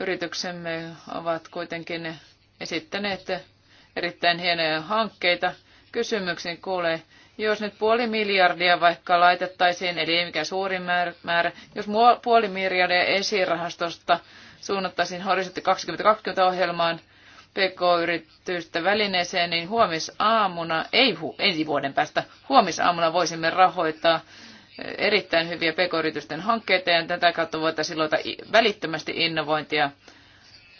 Yrityksemme ovat kuitenkin esittäneet erittäin hienoja hankkeita. Kysymyksen kuulee, jos nyt puoli miljardia vaikka laitettaisiin, eli ei mikään suuri määrä, jos puoli miljardia esirahastosta suunnattaisiin Horisontti 2020-ohjelmaan pk yritysten välineeseen, niin huomisaamuna, ei hu, ensi vuoden päästä, huomisaamuna voisimme rahoittaa eh, erittäin hyviä pk-yritysten hankkeita ja tätä kautta voitaisiin luota välittömästi innovointia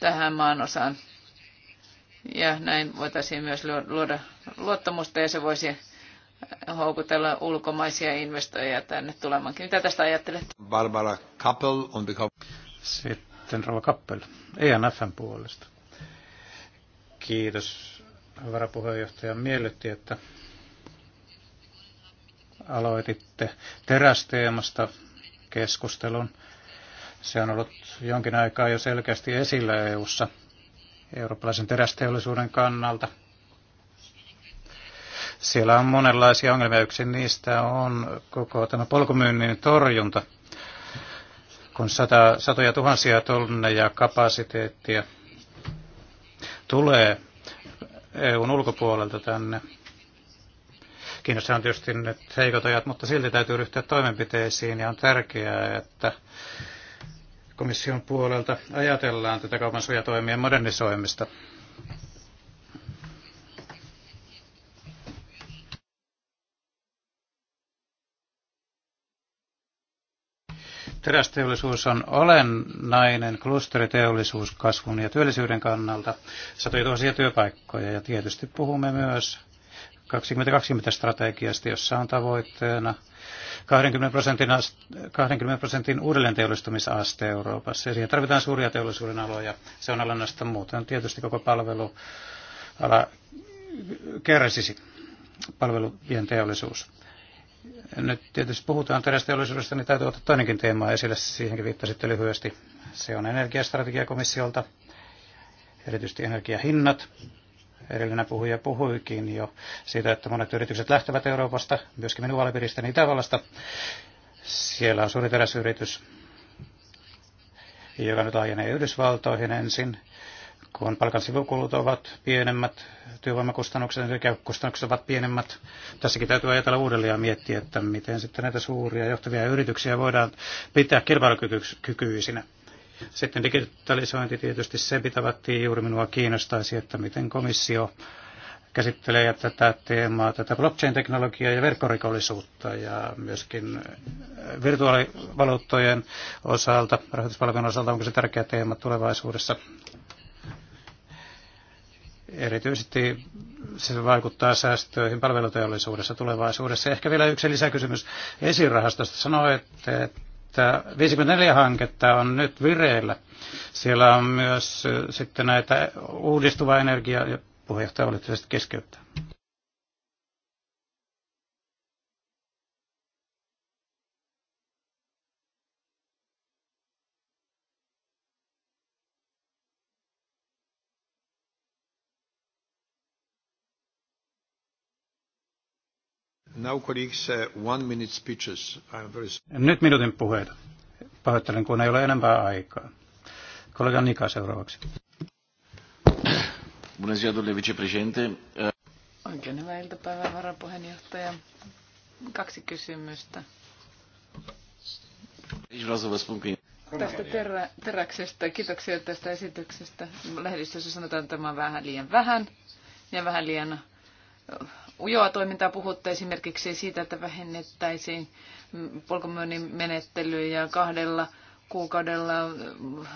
tähän maan osaan Ja näin voitaisiin myös luoda luottamusta ja se voisi eh, houkutella ulkomaisia investoijia tänne tulemankin. Mitä tästä ajattelet? Barbara Kappel on behalf... Sitten sitten Rova Kappel, ENFn puolesta. Kiitos varapuheenjohtaja. Miellytti, että aloititte terästeemasta keskustelun. Se on ollut jonkin aikaa jo selkeästi esillä EU-ssa eurooppalaisen terästeollisuuden kannalta. Siellä on monenlaisia ongelmia. Yksi niistä on koko tämä polkumyynnin torjunta – kun sata, satoja tuhansia tonneja kapasiteettia tulee EUn ulkopuolelta tänne. Kiinnostaa on tietysti nyt heikot ajat, mutta silti täytyy ryhtyä toimenpiteisiin ja on tärkeää, että komission puolelta ajatellaan tätä kaupan suojatoimien modernisoimista. Terästeollisuus on olennainen klusteriteollisuus kasvun ja työllisyyden kannalta. Satoja tuhansia työpaikkoja ja tietysti puhumme myös 2020-strategiasta, jossa on tavoitteena 20 prosentin, 20 prosentin teollistumisaste Euroopassa. Ja siihen tarvitaan suuria teollisuuden aloja. Se on alennasta muuten. Tietysti koko palveluala kärsisi, palvelujen teollisuus nyt tietysti puhutaan terästeollisuudesta, niin täytyy ottaa toinenkin teema esille. Siihenkin viittasitte lyhyesti. Se on energiastrategiakomissiolta, erityisesti energiahinnat. Edellinen puhuja puhuikin jo siitä, että monet yritykset lähtevät Euroopasta, myöskin minun niin Itävallasta. Siellä on suuri teräsyritys, joka nyt laajenee Yhdysvaltoihin ensin kun palkan sivukulut ovat pienemmät, työvoimakustannukset ja kustannukset ovat pienemmät. Tässäkin täytyy ajatella uudelleen ja miettiä, että miten sitten näitä suuria johtavia yrityksiä voidaan pitää kilpailukykyisinä. Sitten digitalisointi tietysti, se pitävättiin juuri minua kiinnostaisi, että miten komissio käsittelee tätä teemaa, tätä blockchain-teknologiaa ja verkkorikollisuutta ja myöskin virtuaalivaluuttojen osalta, rahoituspalvelujen osalta, onko se tärkeä teema tulevaisuudessa. Erityisesti se vaikuttaa säästöihin palveluteollisuudessa tulevaisuudessa. Ehkä vielä yksi lisäkysymys esirahastosta. Sanoitte, että 54 hanketta on nyt vireillä. Siellä on myös sitten näitä uudistuvaa energiaa, ja puheenjohtaja oli keskeyttää. Now colleagues, uh, one minute speeches. I'm very... Nyt minuutin puheita. Pahoittelen, kun ei ole enempää aikaa. Kollega Nika seuraavaksi. Bună ziua, domnule Oikein hyvää iltapäivää, varapuheenjohtaja. Kaksi kysymystä. E- tästä terä, teräksestä. Kiitoksia tästä esityksestä. Lähdistössä sanotaan, että tämä on vähän liian vähän ja vähän liian ujoa toimintaa puhutte esimerkiksi siitä, että vähennettäisiin polkumyynnin menettelyjä kahdella kuukaudella,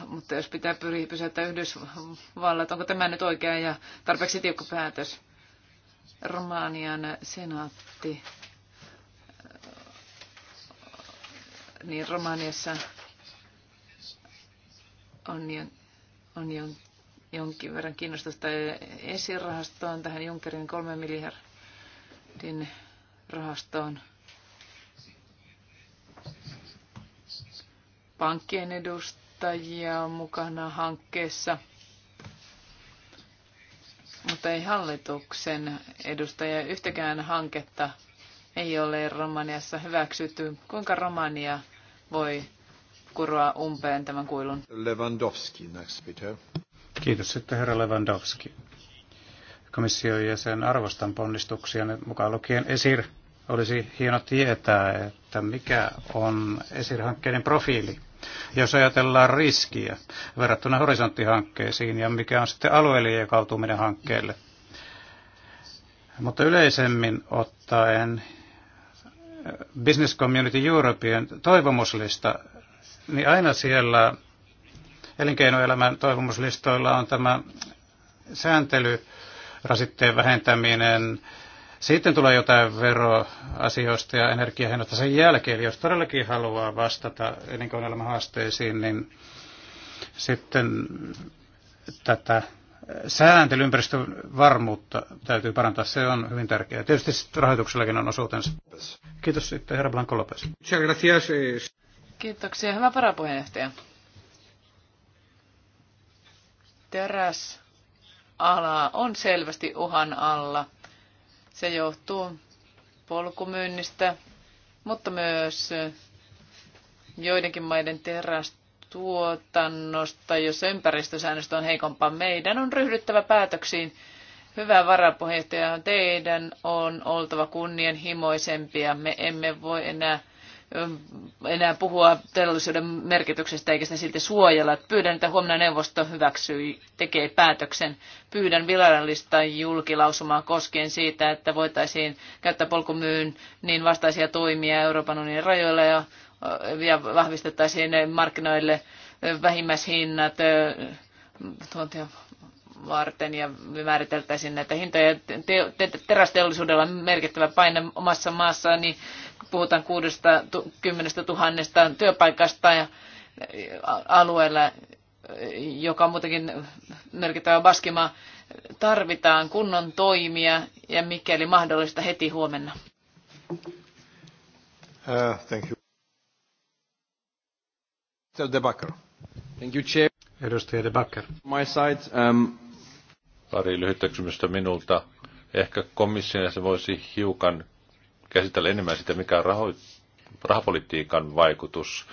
mutta jos pitää pyri pysäyttää Yhdysvallat, onko tämä nyt oikea ja tarpeeksi tiukka päätös? Romanian senaatti, niin Romaniassa on, jo, on jo, jonkin verran kiinnostusta esirahastoon tähän Junckerin kolme miljardia budjetin rahastoon. Pankkien edustajia on mukana hankkeessa, mutta ei hallituksen edustajia. Yhtäkään hanketta ei ole Romaniassa hyväksytty. Kuinka Romania voi kuroa umpeen tämän kuilun? Lewandowski, next Peter. Kiitos sitten herra Lewandowski komission jäsen arvostan ponnistuksia, mukaan lukien ESIR. Olisi hieno tietää, että mikä on ESIR-hankkeiden profiili, jos ajatellaan riskiä verrattuna horisonttihankkeisiin ja mikä on sitten alueellinen jakautuminen hankkeelle. Mutta yleisemmin ottaen Business Community European toivomuslista, niin aina siellä elinkeinoelämän toivomuslistoilla on tämä sääntely rasitteen vähentäminen. Sitten tulee jotain veroasioista ja energiahinnoista sen jälkeen. Eli jos todellakin haluaa vastata elinkeinoelämän haasteisiin, niin sitten tätä sääntelyympäristön varmuutta täytyy parantaa. Se on hyvin tärkeää. Tietysti rahoituksellakin on osuutensa. Kiitos sitten herra Blanco Lopes. Eh. Kiitoksia. Hyvä varapuheenjohtaja. Teräs ala on selvästi uhan alla. Se johtuu polkumyynnistä, mutta myös joidenkin maiden terästuotannosta, jos ympäristösäännöstö on heikompaa. Meidän on ryhdyttävä päätöksiin. Hyvä varapuheenjohtaja, teidän on oltava kunnianhimoisempia. Me emme voi enää enää puhua teollisuuden merkityksestä eikä sitä silti suojella. Pyydän, että huomenna neuvosto hyväksyy, tekee päätöksen. Pyydän virallista julkilausumaa koskien siitä, että voitaisiin käyttää polkumyyn niin vastaisia toimia Euroopan unionin rajoilla ja, ja vahvistettaisiin markkinoille vähimmäishinnat tuontia varten ja määriteltäisiin näitä hintoja. Terästeollisuudella on merkittävä paine omassa maassaan, niin puhutaan 60 000 työpaikasta ja alueella, joka on muutenkin merkittävä baskimaa. Tarvitaan kunnon toimia ja mikäli mahdollista heti huomenna. Uh, thank you. Mr. De Backer. Thank you, Chair. Edustaja De Backer. My side, um... Pari lyhyttä kysymystä minulta. Ehkä komission se voisi hiukan käsitellä enemmän sitä, mikä on raho, rahapolitiikan vaikutus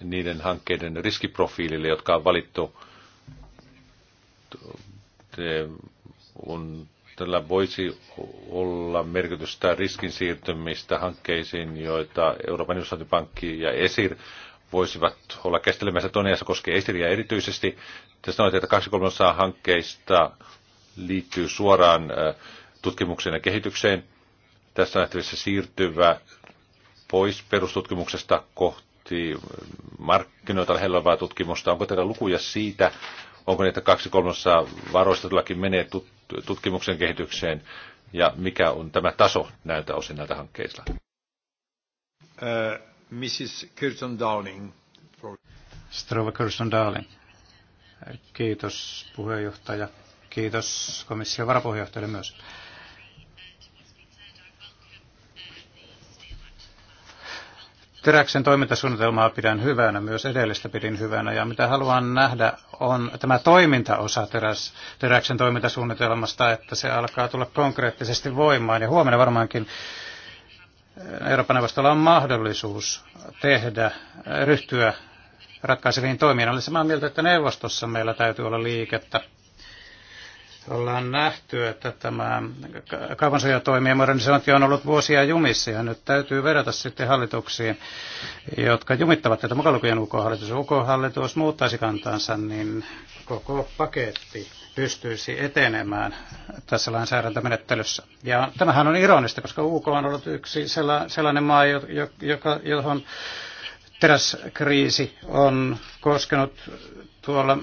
niiden hankkeiden riskiprofiilille, jotka on valittu. On, tällä voisi olla merkitystä riskin siirtymistä hankkeisiin, joita Euroopan investointipankki ja ESIR voisivat olla käsittelemässä. Toinen se koskee ESIRiä erityisesti. Te sanoitte, että 23 hankkeista liittyy suoraan äh, tutkimukseen ja kehitykseen. Tässä nähtävissä siirtyvä pois perustutkimuksesta kohti markkinoita lähellä olevaa tutkimusta. Onko teillä lukuja siitä, onko niitä kaksi kolmasosaa varoista tullakin menee tutkimuksen kehitykseen, ja mikä on tämä taso näiltä osin näiltä hankkeista? Uh, Mrs. Kirsten Darling. Strova Kirsten Darling. Kiitos puheenjohtaja. Kiitos komission varapuheenjohtajalle myös. Teräksen toimintasuunnitelmaa pidän hyvänä, myös edellistä pidin hyvänä, ja mitä haluan nähdä on tämä toimintaosa teräs, Teräksen toimintasuunnitelmasta, että se alkaa tulla konkreettisesti voimaan, ja huomenna varmaankin eh, Euroopan neuvostolla on mahdollisuus tehdä, eh, ryhtyä ratkaiseviin toimiin. Olen samaa mieltä, että neuvostossa meillä täytyy olla liikettä ollaan nähty, että tämä kaupansuojatoimien modernisointi on ollut vuosia jumissa ja nyt täytyy verrata sitten hallituksiin, jotka jumittavat tätä mukalukujen UK-hallitus. UK-hallitus muuttaisi kantansa, niin koko paketti pystyisi etenemään tässä lainsäädäntömenettelyssä. Ja tämähän on ironista, koska UK on ollut yksi sellainen maa, joka, johon teräskriisi on koskenut tuolla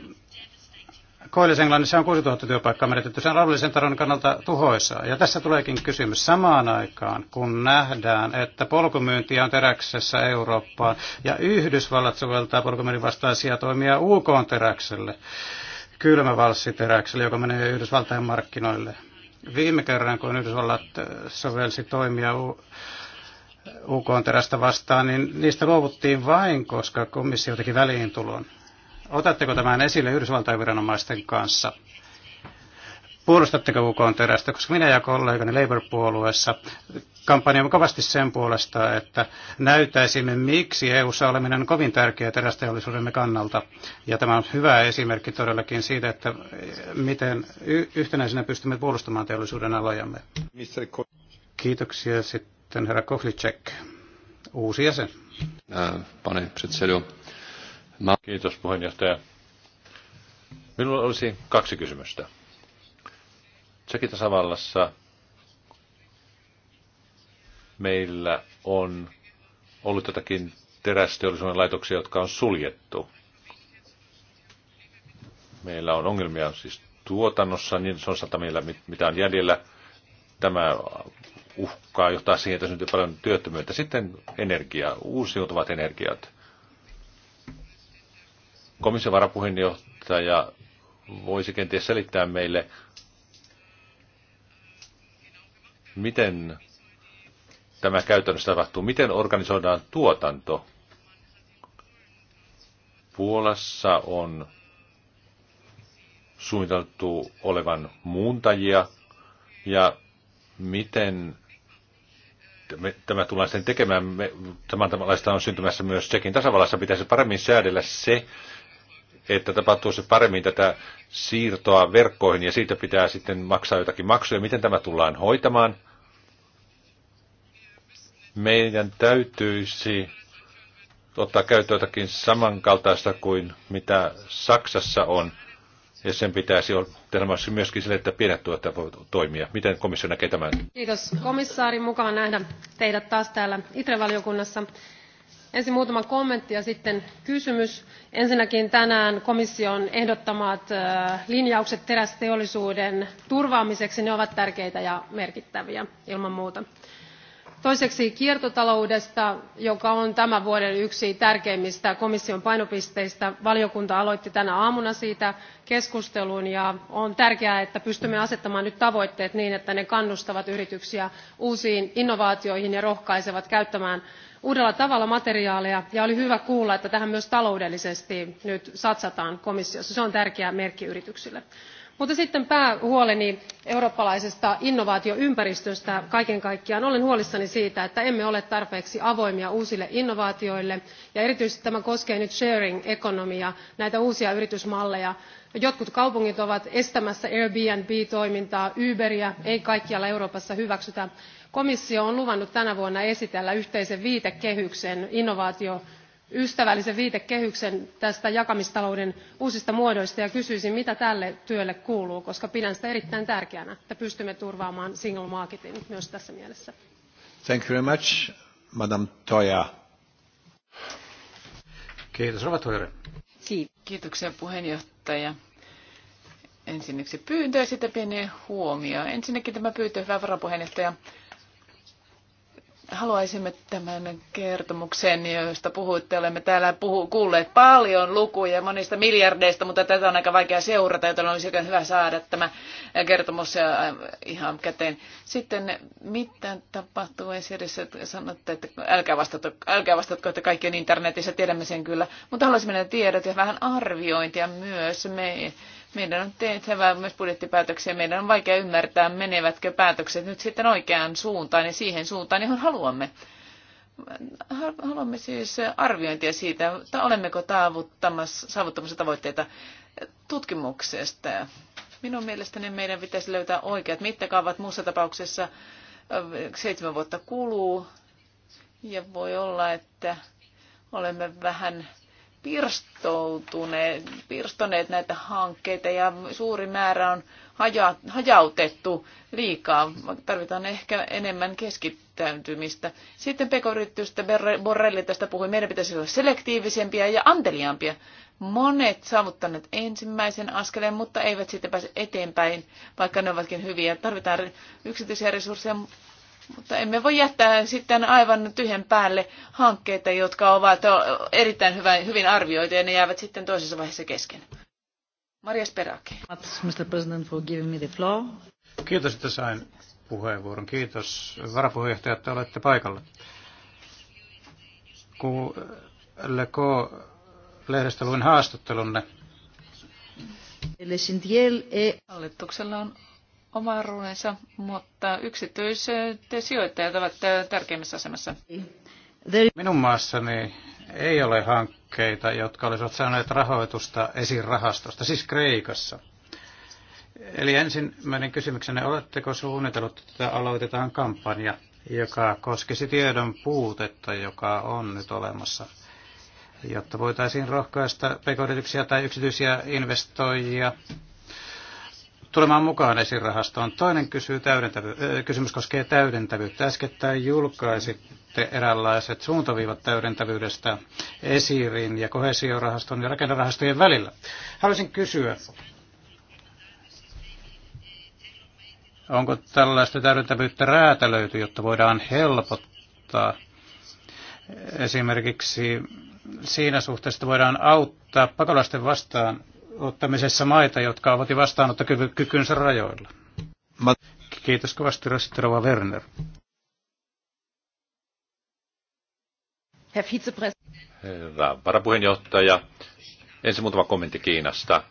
Koillis-Englannissa on 6000 työpaikkaa menetetty. Se on rauhallisen taron kannalta tuhoisaa. Ja tässä tuleekin kysymys samaan aikaan, kun nähdään, että polkumyyntiä on teräksessä Eurooppaan ja Yhdysvallat soveltaa polkumyynnin vastaisia toimia UK teräkselle, kylmävalssiteräkselle, joka menee Yhdysvaltain markkinoille. Viime kerran, kun Yhdysvallat äh, sovelsi toimia UK terästä vastaan, niin niistä luovuttiin vain, koska komissio teki väliintulon. Otatteko tämän esille Yhdysvaltain viranomaisten kanssa? Puolustatteko on terästä, koska minä ja kollegani Labour-puolueessa kampanjoimme kovasti sen puolesta, että näyttäisimme, miksi EU-ssa oleminen on kovin tärkeä terästeollisuudemme kannalta. Ja tämä on hyvä esimerkki todellakin siitä, että miten yhtenäisenä pystymme puolustamaan teollisuuden alojamme. Kiitoksia sitten herra Kohlicek, uusi jäsen. Äh, pane předsedo, Kiitos puheenjohtaja. Minulla olisi kaksi kysymystä. Tsekin tasavallassa meillä on ollut jotakin terästeollisuuden laitoksia, jotka on suljettu. Meillä on ongelmia siis tuotannossa, niin se on sata meillä, mitä on jäljellä. Tämä uhkaa johtaa siihen, että syntyy paljon työttömyyttä. Sitten energia, uusiutuvat energiat. Komission varapuheenjohtaja voisi kenties selittää meille, miten tämä käytännössä tapahtuu, miten organisoidaan tuotanto. Puolassa on suunniteltu olevan muuntajia ja miten tämä tullaan sitten tekemään. Me, on syntymässä myös Tsekin tasavallassa. Pitäisi paremmin säädellä se, että tapahtuisi paremmin tätä siirtoa verkkoihin ja siitä pitää sitten maksaa jotakin maksuja. Miten tämä tullaan hoitamaan? Meidän täytyisi ottaa käyttöön jotakin samankaltaista kuin mitä Saksassa on. Ja sen pitäisi olla myöskin sille, että pienet tuottajat voivat toimia. Miten komissio näkee tämän? Kiitos komissaari. Mukava nähdä teidät taas täällä itre ensin muutama kommentti ja sitten kysymys. ensinnäkin tänään komission ehdottamat linjaukset terästeollisuuden turvaamiseksi ovat tärkeitä ja merkittäviä ilman muuta. toiseksi kiertotaloudesta joka on tämän vuoden yksi tärkeimmistä komission painopisteistä valiokunta aloitti tänä aamuna siitä keskustelun ja on tärkeää että pystymme asettamaan nyt tavoitteet niin että ne kannustavat yrityksiä uusiin innovaatioihin ja rohkaisevat käyttämään uudella tavalla materiaaleja ja oli hyvä kuulla että tähän myös taloudellisesti nyt satsataan komissiossa. se on tärkeä merkki yrityksille. mutta sitten päähuoleni eurooppalaisesta innovaatioympäristöstä kaiken kaikkiaan. olen huolissani siitä että emme ole tarpeeksi avoimia uusille innovaatioille ja erityisesti tämä koskee nyt sharing economya näitä uusia yritysmalleja. jotkut kaupungit ovat estämässä airbnb toimintaa uberia ei kaikkialla euroopassa hyväksytä komissio on luvannut tänä vuonna esitellä yhteisen viitekehyksen innovaatioystävällisen viitekehyksen tästä jakamistalouden uusista muodoista ja kysyisin mitä tälle työlle kuuluu koska pidän sitä erittäin tärkeänä että pystymme turvaamaan single marketin myös tässä mielessä. Thank you very much, Madam Toya. Kiitos, Rova Toire. Kiitoksia puheenjohtaja. Ensinnäksi pyyntö ja sitten pieni huomio. Ensinnäkin tämä pyyntö, hyvä varapuheenjohtaja haluaisimme tämän kertomuksen, josta puhuitte. Olemme täällä puhu, kuulleet paljon lukuja monista miljardeista, mutta tätä on aika vaikea seurata, joten olisi aika hyvä saada tämä kertomus äh, ihan käteen. Sitten mitä tapahtuu esirissä? Sanotte, että älkää, vastatko, älkää vastatko, että kaikki on internetissä, tiedämme sen kyllä. Mutta haluaisimme tiedot ja vähän arviointia myös. Me meidän on tehtävä myös budjettipäätöksiä. Meidän on vaikea ymmärtää, menevätkö päätökset nyt sitten oikeaan suuntaan ja siihen suuntaan, johon haluamme. Haluamme siis arviointia siitä, että olemmeko saavuttamassa, tavoitteita tutkimuksesta. Minun mielestäni meidän pitäisi löytää oikeat mittakaavat. Muussa tapauksessa seitsemän vuotta kuluu ja voi olla, että olemme vähän pirstoutuneet, pirstoneet näitä hankkeita ja suuri määrä on haja, hajautettu liikaa. Tarvitaan ehkä enemmän keskittäytymistä. Sitten pekoryttystä Borrelli tästä puhui. Meidän pitäisi olla selektiivisempiä ja anteliaampia. Monet saavuttaneet ensimmäisen askeleen, mutta eivät sitten pääse eteenpäin, vaikka ne ovatkin hyviä. Tarvitaan yksityisiä resursseja, mutta emme voi jättää sitten aivan tyhjän päälle hankkeita, jotka ovat erittäin hyvä, hyvin arvioituja ja ne jäävät sitten toisessa vaiheessa kesken. Maria Sperake. Mr. President, for giving me the floor. Kiitos, että sain puheenvuoron. Kiitos varapuheenjohtaja, että olette paikalla. Kun Leko lehdestä luin haastattelunne. E- Hallituksella on omaruudensa, mutta yksityiset sijoittajat ovat tärkeimmässä asemassa. Minun maassani ei ole hankkeita, jotka olisivat saaneet rahoitusta esirahastosta, siis Kreikassa. Eli ensimmäinen kysymyksenne, oletteko suunnitellut, että aloitetaan kampanja, joka koskisi tiedon puutetta, joka on nyt olemassa, jotta voitaisiin rohkaista pk tai yksityisiä investoijia tulemaan mukaan esirahastoon. Toinen kysyy täydentävy- kysymys koskee täydentävyyttä. Äskettäin julkaisitte eräänlaiset suuntaviivat täydentävyydestä esirin ja kohesiorahaston ja rakennerahastojen välillä. Haluaisin kysyä, onko tällaista täydentävyyttä räätälöity, jotta voidaan helpottaa esimerkiksi siinä suhteessa, voidaan auttaa pakolaisten vastaan ottamisessa maita, jotka ovat jo vastaanottokykynsä rajoilla. Kiitos kovasti, Rasitrova Werner. Herra varapuheenjohtaja, ensin muutama kommentti Kiinasta.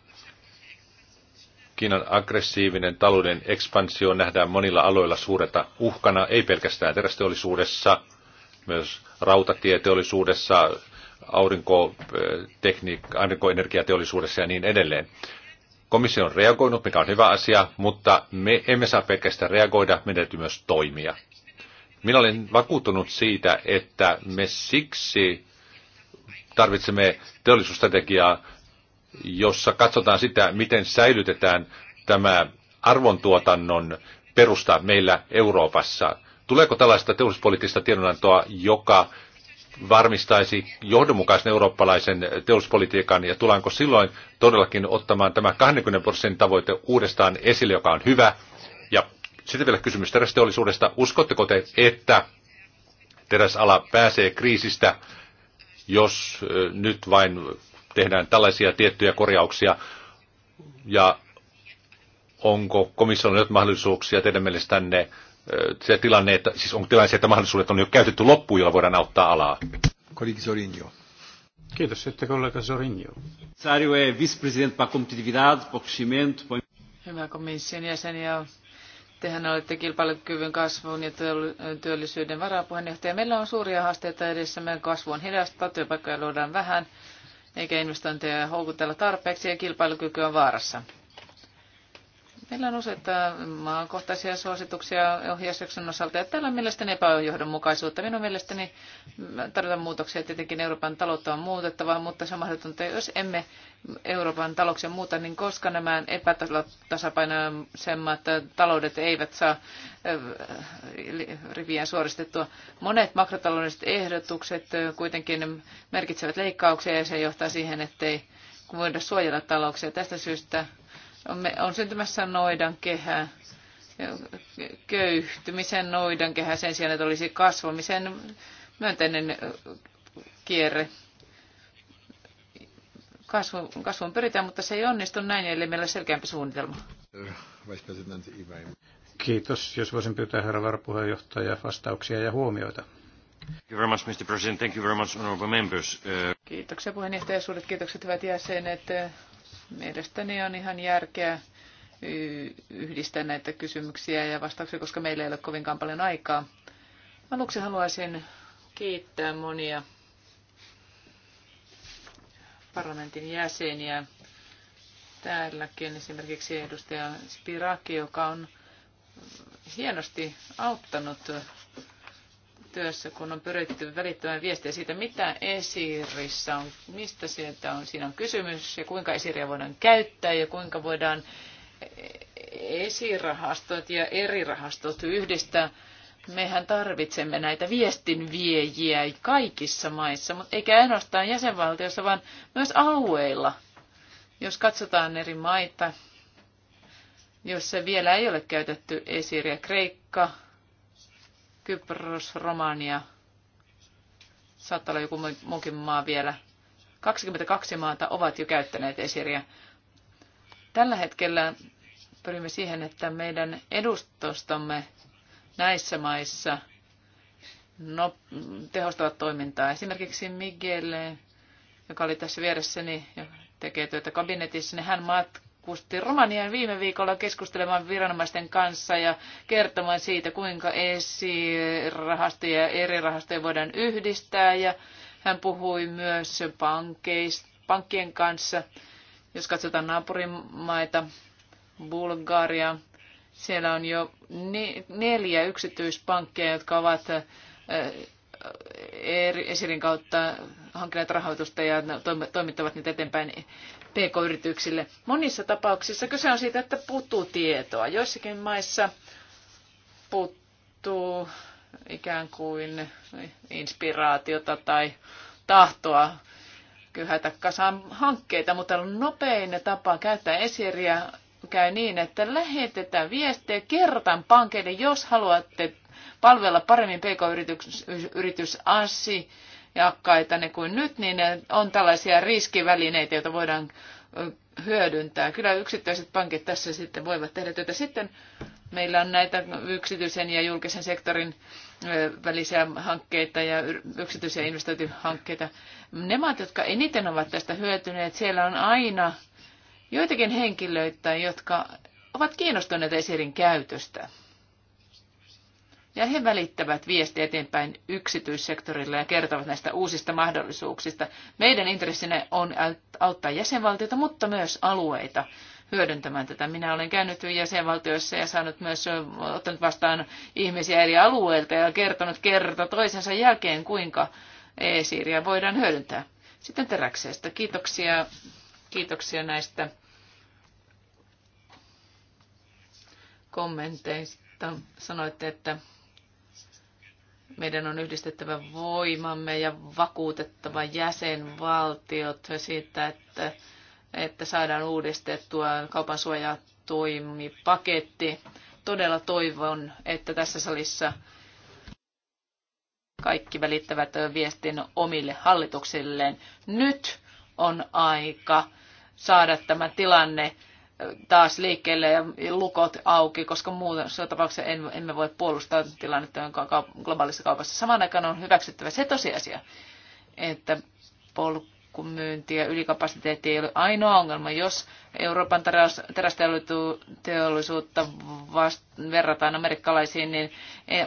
Kiinan aggressiivinen talouden ekspansio nähdään monilla aloilla suureta uhkana, ei pelkästään terästeollisuudessa, myös rautatieteollisuudessa, Eh, aurinkoenergiateollisuudessa ja niin edelleen. Komissio on reagoinut, mikä on hyvä asia, mutta me emme saa pelkästään reagoida, meidän täytyy myös toimia. Minä olen vakuuttunut siitä, että me siksi tarvitsemme teollisuusstrategiaa, jossa katsotaan sitä, miten säilytetään tämä arvontuotannon perusta meillä Euroopassa. Tuleeko tällaista teollisuuspoliittista tiedonantoa, joka varmistaisi johdonmukaisen eurooppalaisen teollisuuspolitiikan ja tullaanko silloin todellakin ottamaan tämä 20 prosentin tavoite uudestaan esille, joka on hyvä. Ja sitten vielä kysymys terästeollisuudesta. Uskotteko te, että teräsala pääsee kriisistä, jos nyt vain tehdään tällaisia tiettyjä korjauksia? Ja onko komissiolla nyt mahdollisuuksia teidän mielestänne se tilanne, että, siis onko tilanne se, että mahdollisuudet on jo käytetty loppuun, jolla voidaan auttaa alaa? Kollegi Zorinjo. Kiitos, että kollega Zorinjo. Sário é vice-presidente para a competitividade, para crescimento, para... Hyvä komission jäsen ja tehän olette kilpailukyvyn kasvun ja työllisyyden varapuheenjohtaja. Meillä on suuria haasteita edessä. Meidän kasvu on hidasta, työpaikkoja luodaan vähän, eikä investointeja houkutella tarpeeksi ja kilpailukyky on vaarassa. Meillä on useita maakohtaisia suosituksia ohjeistuksen osalta, ja täällä on mielestäni epäjohdonmukaisuutta. Minun mielestäni tarvitaan muutoksia. Tietenkin Euroopan taloutta on muutettava, mutta se on mahdotonta, jos emme Euroopan talouksia muuta, niin koska nämä epätasapainoisemmat taloudet eivät saa eh, riviään suoristettua. Monet makrotaloudelliset ehdotukset kuitenkin merkitsevät leikkauksia, ja se johtaa siihen, ettei voida suojella talouksia. Tästä syystä on syntymässä noidan kehä, köyhtymisen noidan kehä sen sijaan, että olisi kasvamisen myönteinen kierre. Kasvu, kasvun pyritään, mutta se ei onnistu näin, ellei meillä ole selkeämpi suunnitelma. Kiitos. Jos voisin pyytää herra varapuheenjohtaja vastauksia ja huomioita. Kiitoksia puheenjohtaja, suuret kiitokset hyvät jäsenet. Mielestäni on ihan järkeä yhdistää näitä kysymyksiä ja vastauksia, koska meillä ei ole kovinkaan paljon aikaa. Aluksi haluaisin kiittää monia parlamentin jäseniä täälläkin, esimerkiksi edustaja Spiraki, joka on hienosti auttanut työssä, kun on pyritty välittämään viestiä siitä, mitä esirissä on, mistä sieltä on, siinä on kysymys ja kuinka esiriä voidaan käyttää ja kuinka voidaan esirahastot ja eri rahastot yhdistää. Mehän tarvitsemme näitä viestinviejiä kaikissa maissa, mutta eikä ainoastaan jäsenvaltiossa, vaan myös alueilla. Jos katsotaan eri maita, jossa vielä ei ole käytetty esiriä, Kreikka, Kypros, Romania, saattaa olla joku muukin maa vielä. 22 maata ovat jo käyttäneet esiriä. Tällä hetkellä pyrimme siihen, että meidän edustostamme näissä maissa no, tehostavat toimintaa. Esimerkiksi Miguel, joka oli tässä vieressäni, tekee työtä kabinetissa, niin hän matkaa matkusti Romaniaan viime viikolla keskustelemaan viranomaisten kanssa ja kertomaan siitä, kuinka esirahastoja ja eri rahastoja voidaan yhdistää. Ja hän puhui myös pankkeista, pankkien kanssa. Jos katsotaan naapurimaita, Bulgaria, siellä on jo neljä yksityispankkia, jotka ovat esirin kautta hankkineet rahoitusta ja toimittavat niitä eteenpäin pk-yrityksille. Monissa tapauksissa kyse on siitä, että puuttuu tietoa. Joissakin maissa puuttuu ikään kuin inspiraatiota tai tahtoa kyhätä kasaan hankkeita, mutta nopein tapa käyttää esiriä käy niin, että lähetetään viestejä kertaan pankeille, jos haluatte palvella paremmin pk-yritysasi jakkaita ne kuin nyt, niin on tällaisia riskivälineitä, joita voidaan hyödyntää. Kyllä yksittäiset pankit tässä sitten voivat tehdä työtä. Sitten meillä on näitä yksityisen ja julkisen sektorin välisiä hankkeita ja yksityisiä investointihankkeita. Ne maat, jotka eniten ovat tästä hyötyneet, siellä on aina joitakin henkilöitä, jotka ovat kiinnostuneita esirin käytöstä. Ja he välittävät viestiä eteenpäin yksityissektorille ja kertovat näistä uusista mahdollisuuksista. Meidän intressinä on auttaa jäsenvaltioita, mutta myös alueita hyödyntämään tätä. Minä olen käynyt jäsenvaltioissa ja saanut myös ottanut vastaan ihmisiä eri alueilta ja kertonut kerta toisensa jälkeen, kuinka e-siiriä voidaan hyödyntää. Sitten teräkseestä. Kiitoksia, kiitoksia näistä kommenteista. Sanoitte, että meidän on yhdistettävä voimamme ja vakuutettava jäsenvaltiot siitä, että, että saadaan uudistettua kaupan suojatoimipaketti. Todella toivon, että tässä salissa kaikki välittävät viestin omille hallituksilleen. Nyt on aika saada tämä tilanne taas liikkeelle ja lukot auki, koska se tapauksessa emme voi puolustaa tilannetta globaalissa kaupassa. Samaan aikaan on hyväksyttävä se tosiasia, että polkumyynti ja ylikapasiteetti ei ole ainoa ongelma. Jos Euroopan terästeollisuutta verrataan amerikkalaisiin, niin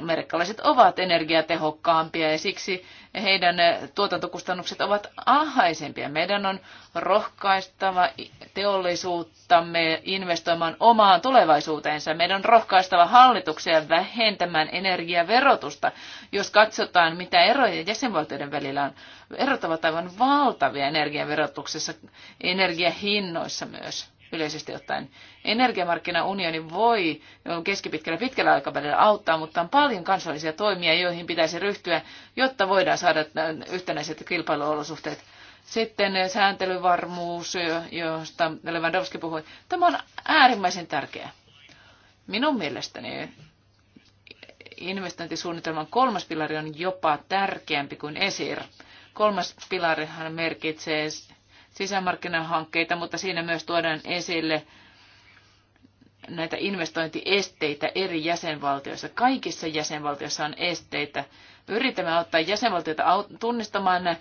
Amerikkalaiset e, ovat energiatehokkaampia ja siksi heidän tuotantokustannukset ovat alhaisempia. Meidän on rohkaistava teollisuuttamme investoimaan omaan tulevaisuuteensa. Meidän on rohkaistava hallituksia vähentämään energiaverotusta. Jos katsotaan, mitä eroja jäsenvaltioiden välillä on, erot ovat aivan valtavia energiaverotuksessa, energiahinnoissa myös yleisesti ottaen. Energiamarkkinaunioni voi keskipitkällä pitkällä aikavälillä auttaa, mutta on paljon kansallisia toimia, joihin pitäisi ryhtyä, jotta voidaan saada äh, yhtenäiset kilpailuolosuhteet. Sitten äh, sääntelyvarmuus, josta Lewandowski puhui. Tämä on äärimmäisen tärkeää. Minun mielestäni investointisuunnitelman kolmas pilari on jopa tärkeämpi kuin ESIR. Kolmas pilarihan merkitsee sisämarkkinahankkeita, mutta siinä myös tuodaan esille näitä investointiesteitä eri jäsenvaltioissa. Kaikissa jäsenvaltioissa on esteitä. Yritämme auttaa jäsenvaltioita tunnistamaan, eh,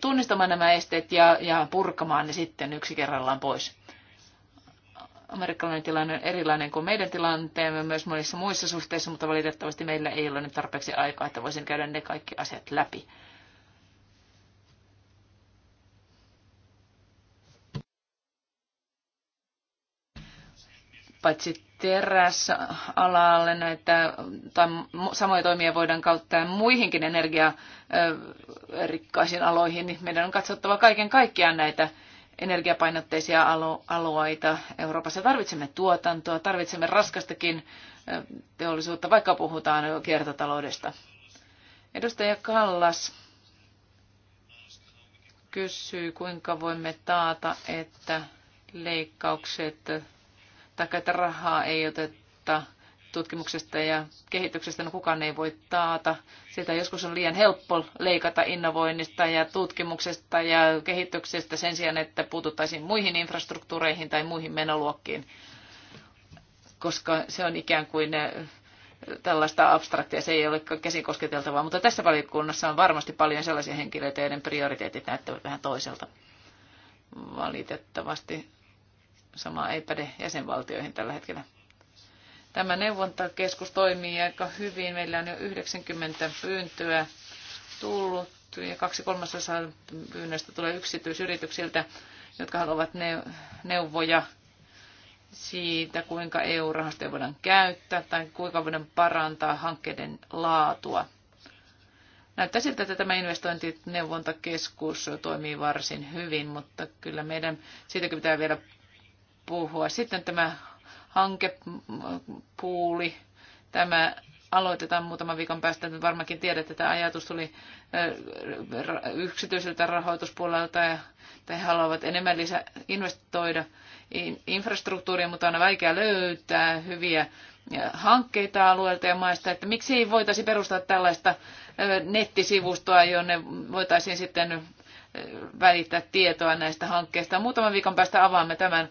tunnistamaan nämä esteet ja, ja purkamaan ne sitten yksi kerrallaan pois. Amerikkalainen tilanne on erilainen kuin meidän tilanteemme myös monissa muissa suhteissa, mutta valitettavasti meillä ei ole nyt tarpeeksi aikaa, että voisin käydä ne kaikki asiat läpi. paitsi teräsalalle näitä tai samoja toimia voidaan käyttää muihinkin energiarikkaisiin aloihin, niin meidän on katsottava kaiken kaikkiaan näitä energiapainotteisia alueita Euroopassa. Tarvitsemme tuotantoa, tarvitsemme raskastakin teollisuutta, vaikka puhutaan jo kiertotaloudesta. Edustaja Kallas kysyy, kuinka voimme taata, että leikkaukset tai että rahaa ei oteta tutkimuksesta ja kehityksestä, no kukaan ei voi taata. Sitä joskus on liian helppo leikata innovoinnista ja tutkimuksesta ja kehityksestä sen sijaan, että puututtaisiin muihin infrastruktuureihin tai muihin menoluokkiin, koska se on ikään kuin eh, tällaista abstraktia, se ei ole käsin kosketeltavaa, mutta tässä valiokunnassa on varmasti paljon sellaisia henkilöitä, joiden prioriteetit näyttävät vähän toiselta. Valitettavasti Sama ei päde jäsenvaltioihin tällä hetkellä. Tämä neuvontakeskus toimii aika hyvin. Meillä on jo 90 pyyntöä tullut ja kaksi kolmasosaa pyynnöistä tulee yksityisyrityksiltä, jotka haluavat neuvoja siitä, kuinka EU-rahastoja voidaan käyttää tai kuinka voidaan parantaa hankkeiden laatua. Näyttää siltä, että tämä investointineuvontakeskus toimii varsin hyvin, mutta kyllä meidän siitäkin pitää vielä puhua. Sitten tämä hankepuuli, tämä aloitetaan muutaman viikon päästä. Varmaankin tiedät, että ajatus tuli yksityiseltä rahoituspuolelta ja he haluavat enemmän lisää investoida infrastruktuuriin, mutta on vaikea löytää hyviä hankkeita alueelta ja maista, että miksi ei voitaisi perustaa tällaista nettisivustoa, jonne voitaisiin sitten välittää tietoa näistä hankkeista. Muutaman viikon päästä avaamme tämän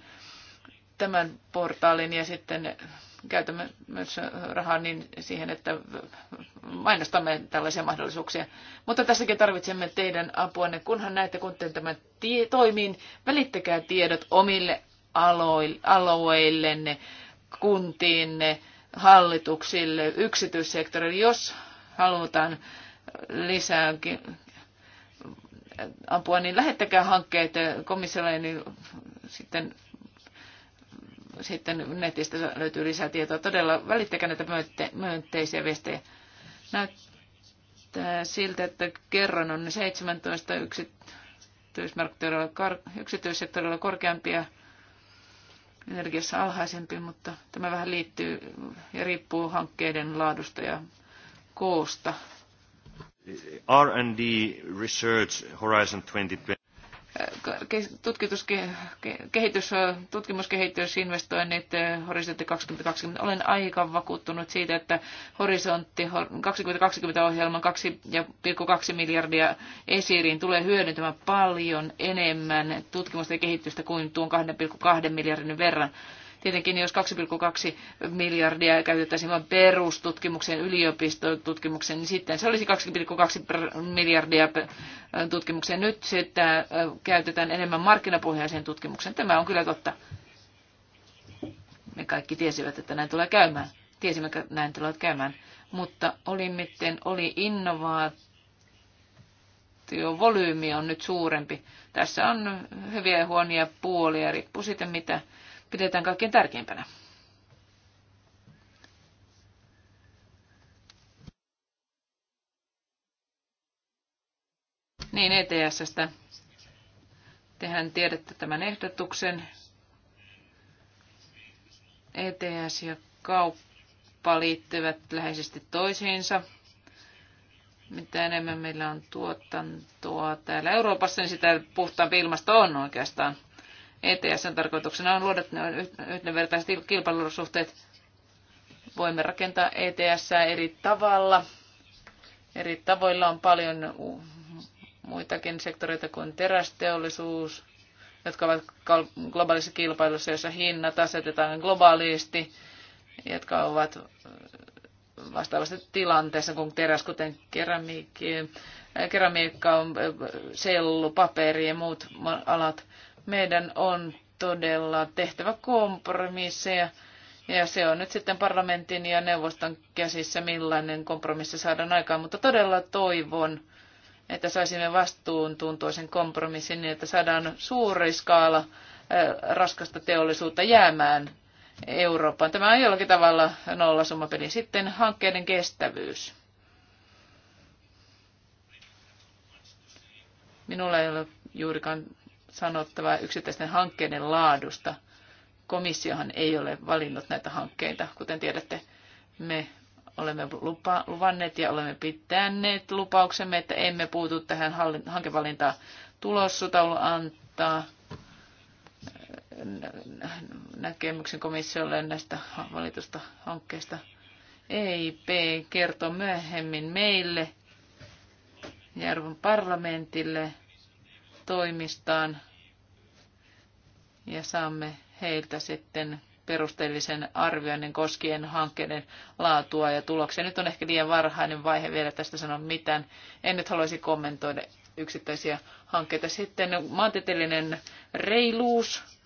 tämän portaalin ja sitten käytämme myös rahaa niin siihen, että mainostamme tällaisia mahdollisuuksia. Mutta tässäkin tarvitsemme teidän apuanne, kunhan näette, kun tämä tie toimii, välittäkää tiedot omille alueillenne, kuntiinne, hallituksille, yksityissektorille, jos halutaan lisääkin apua, niin lähettäkää hankkeet komissiolle, niin sitten sitten netistä löytyy lisää tietoa. Todella välittäkää näitä myönteisiä viestejä. Näyttää siltä, että kerran on 17 yksityismarkkinoilla, yksityissektorilla korkeampia, energiassa alhaisempi, mutta tämä vähän liittyy ja riippuu hankkeiden laadusta ja koosta. R&D Research Horizon 2020 tutkitus, kehitys, tutkimuskehitys, investoinnit, eh, horisontti 2020. Olen aika vakuuttunut siitä, että horisontti 2020-ohjelman 2,2 miljardia esiriin tulee hyödyntämään paljon enemmän tutkimusta ja kehitystä kuin tuon 2,2 miljardin verran. Tietenkin jos 2,2 miljardia käytettäisiin vain perustutkimukseen, yliopistotutkimukseen, niin sitten se olisi 2,2 miljardia tutkimukseen. Nyt sitä käytetään enemmän markkinapohjaiseen tutkimukseen. Tämä on kyllä totta. Me kaikki tiesivät, että näin tulee käymään. Tiesimme, että näin tulee käymään. Mutta oli miten oli innovaatio volyymi on nyt suurempi. Tässä on hyviä ja huonoja puolia, riippuu siitä mitä pidetään kaikkein tärkeimpänä. Niin, ETSstä. Tehän tiedätte tämän ehdotuksen. ETS ja kauppa liittyvät läheisesti toisiinsa. Mitä enemmän meillä on tuotantoa täällä Euroopassa, niin sitä puhtaampi ilmasto on oikeastaan. ETSn tarkoituksena on luoda yhdenvertaiset kilpailusuhteet. Voimme rakentaa ETS eri tavalla. Eri tavoilla on paljon muitakin sektoreita kuin terästeollisuus, jotka ovat globaalissa kilpailussa, jossa hinnat asetetaan globaalisti, jotka ovat vastaavasti tilanteessa kuin teräs, kuten keramiikki, keramiikka, sellu, paperi ja muut alat meidän on todella tehtävä kompromisseja. Ja se on nyt sitten parlamentin ja neuvoston käsissä, millainen kompromissi saadaan aikaan. Mutta todella toivon, että saisimme vastuun tuntuisen kompromissin niin, että saadaan suuri skaala raskasta teollisuutta jäämään Eurooppaan. Tämä on jollakin tavalla nollasummapeli. Sitten hankkeiden kestävyys. Minulla ei ole juurikaan sanottava yksittäisten hankkeiden laadusta. Komissiohan ei ole valinnut näitä hankkeita, kuten tiedätte. Me olemme lupa, luvanneet ja olemme pitäneet lupauksemme, että emme puutu tähän hankevalintaan. Tulossutaulu antaa äh, näkemyksen komissiolle näistä valitusta hankkeista. EIP kertoo myöhemmin meille ja Euroopan parlamentille toimistaan ja saamme heiltä sitten perusteellisen arvioinnin koskien hankkeiden laatua ja tuloksia. Nyt on ehkä liian varhainen vaihe vielä tästä sanoa mitään. En nyt haluaisi kommentoida yksittäisiä hankkeita. Sitten maantieteellinen reiluus.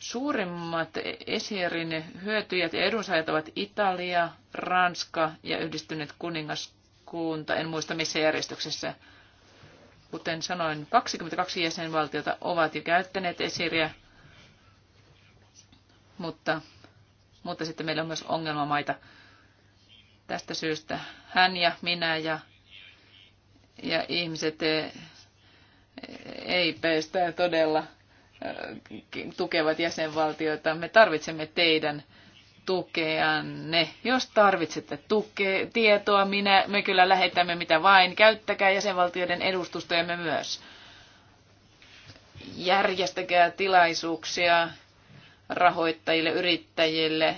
Suurimmat Esierin hyötyjät ja edunsaajat ovat Italia, Ranska ja yhdistynyt kuningaskunta. En muista missä järjestyksessä Kuten sanoin, 22 jäsenvaltiota ovat jo käyttäneet esiriä, mutta, mutta sitten meillä on myös ongelmamaita tästä syystä. Hän ja minä ja, ja ihmiset eh, ei peistä todella eh, tukevat jäsenvaltioita. Me tarvitsemme teidän tukeanne. ne. Jos tarvitsette tuke- tietoa, minä, me kyllä lähetämme mitä vain. Käyttäkää jäsenvaltioiden edustustojamme myös. Järjestäkää tilaisuuksia rahoittajille, yrittäjille,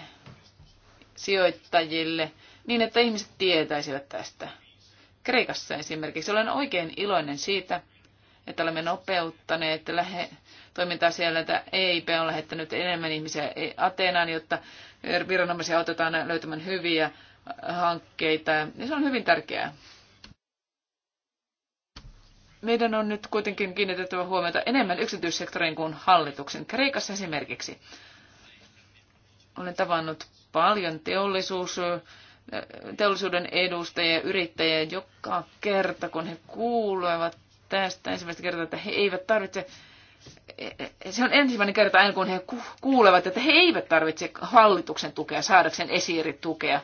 sijoittajille, niin että ihmiset tietäisivät tästä. Kreikassa esimerkiksi olen oikein iloinen siitä, että olemme nopeuttaneet lähe, toimintaa siellä, että EIP on lähettänyt enemmän ihmisiä Ateenaan, jotta viranomaisia autetaan löytämään hyviä hankkeita. Ja se on hyvin tärkeää. Meidän on nyt kuitenkin kiinnitettävä huomiota enemmän yksityissektoriin kuin hallituksen. Kreikassa esimerkiksi olen tavannut paljon teollisuus, teollisuuden edustajia ja yrittäjiä joka kerta, kun he kuulevat tästä ensimmäistä kertaa, että he eivät tarvitse E, e, se on ensimmäinen kerta aina, kun he kuulevat, että he eivät tarvitse hallituksen tukea saadakseen esiiritukea.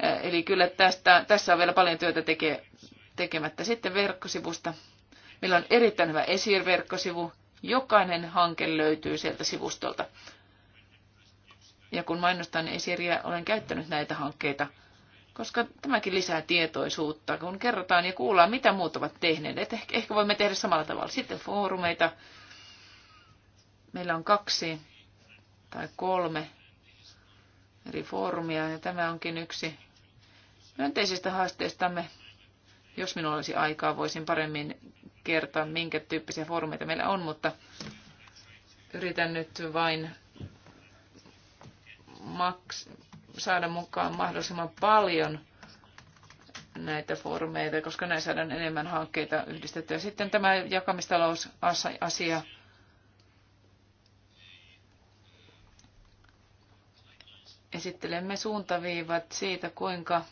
E, eli kyllä tästä, tässä on vielä paljon työtä teke, tekemättä. Sitten verkkosivusta. Meillä on erittäin hyvä esirverkkosivu. Jokainen hanke löytyy sieltä sivustolta. Ja kun mainostan esiriä, olen käyttänyt näitä hankkeita, koska tämäkin lisää tietoisuutta, kun kerrotaan ja kuullaan, mitä muut ovat tehneet. Et ehkä, ehkä voimme tehdä samalla tavalla. Sitten foorumeita, meillä on kaksi tai kolme eri foorumia ja tämä onkin yksi myönteisistä haasteistamme. Jos minulla olisi aikaa, voisin paremmin kertoa, minkä tyyppisiä foorumeita meillä on, mutta yritän nyt vain maks- saada mukaan mahdollisimman paljon näitä foorumeita, koska näin saadaan enemmän hankkeita yhdistettyä. Sitten tämä jakamistalousasiahan esittelemme suuntaviivat siitä, kuinka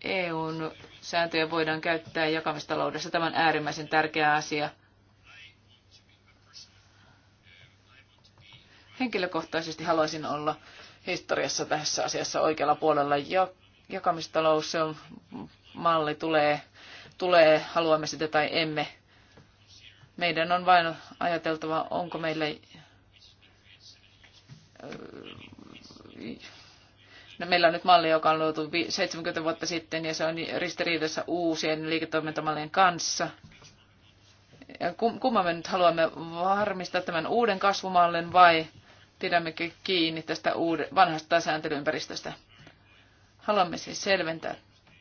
EUn sääntöjä voidaan käyttää jakamistaloudessa. Tämä on äärimmäisen tärkeä asia. Henkilökohtaisesti haluaisin olla historiassa tässä asiassa oikealla puolella. Jakamistalous on malli tulee, tulee, haluamme sitä tai emme. Meidän on vain ajateltava, onko meillä No, meillä on nyt malli, joka on luotu 70 vuotta sitten ja se on ristiriidassa uusien liiketoimintamallien kanssa. Kumman me nyt haluamme varmistaa tämän uuden kasvumallin vai pidämmekö kiinni tästä uuden, vanhasta sääntelyympäristöstä? Haluamme siis selventää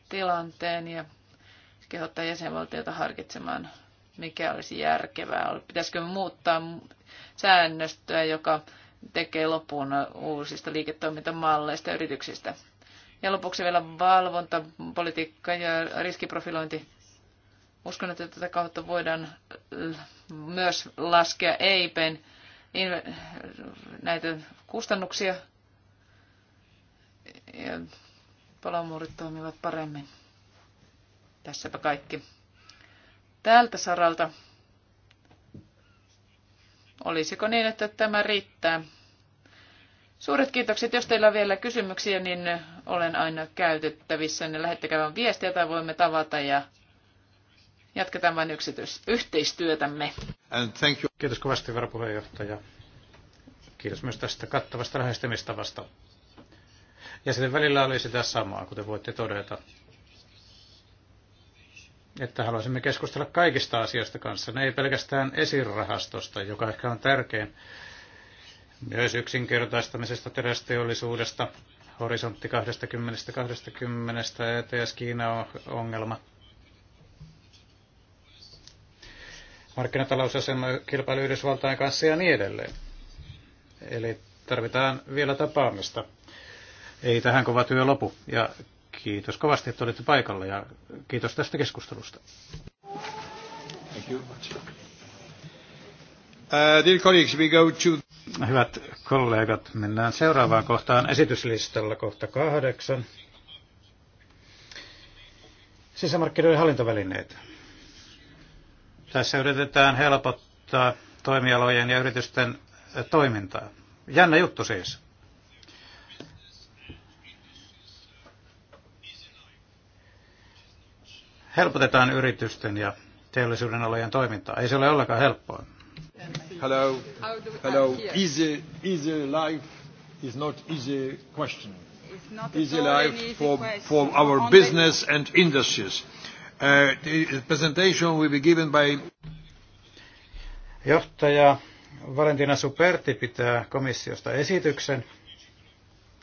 tilanteen ja kehottaa jäsenvaltiota harkitsemaan, mikä olisi järkevää. Pitäisikö me muuttaa säännöstöä, joka tekee lopuun uusista liiketoimintamalleista ja yrityksistä. Ja lopuksi vielä valvonta, politiikka ja riskiprofilointi. Uskon, että tätä kautta voidaan myös laskea EIPen näitä kustannuksia ja palomuurit toimivat paremmin. Tässäpä kaikki. Tältä saralta Olisiko niin, että tämä riittää? Suuret kiitokset. Jos teillä on vielä kysymyksiä, niin olen aina käytettävissä. Ne niin lähettäkää vain viestiä tai voimme tavata ja jatketaan vain yksityis- yhteistyötämme. And thank you. Kiitos kovasti varapuheenjohtaja. Kiitos myös tästä kattavasta lähestymistavasta. Ja sitten välillä oli sitä samaa, kuten voitte todeta että haluaisimme keskustella kaikista asioista kanssa, ne ei pelkästään esirahastosta, joka ehkä on tärkein, myös yksinkertaistamisesta terästeollisuudesta, horisontti 20-20, ETS Kiina-ongelma, markkinatalousasema kilpailu Yhdysvaltain kanssa ja niin edelleen. Eli tarvitaan vielä tapaamista. Ei tähän kova työ lopu. Ja Kiitos kovasti, että olitte paikalla ja kiitos tästä keskustelusta. Uh, Hyvät kollegat, mennään seuraavaan kohtaan esityslistalla, kohta kahdeksan. Sisämarkkinoiden hallintovälineet. Tässä yritetään helpottaa toimialojen ja yritysten toimintaa. Jännä juttu siis. helpotetaan yritysten ja teollisuuden alojen toimintaa. Ei se ole ollenkaan helppoa. Hello. Hello. Easy, easy life is not easy question. Easy life for, for our business and industries. Uh, the presentation will be given by... Johtaja Valentina Superti pitää komissiosta esityksen.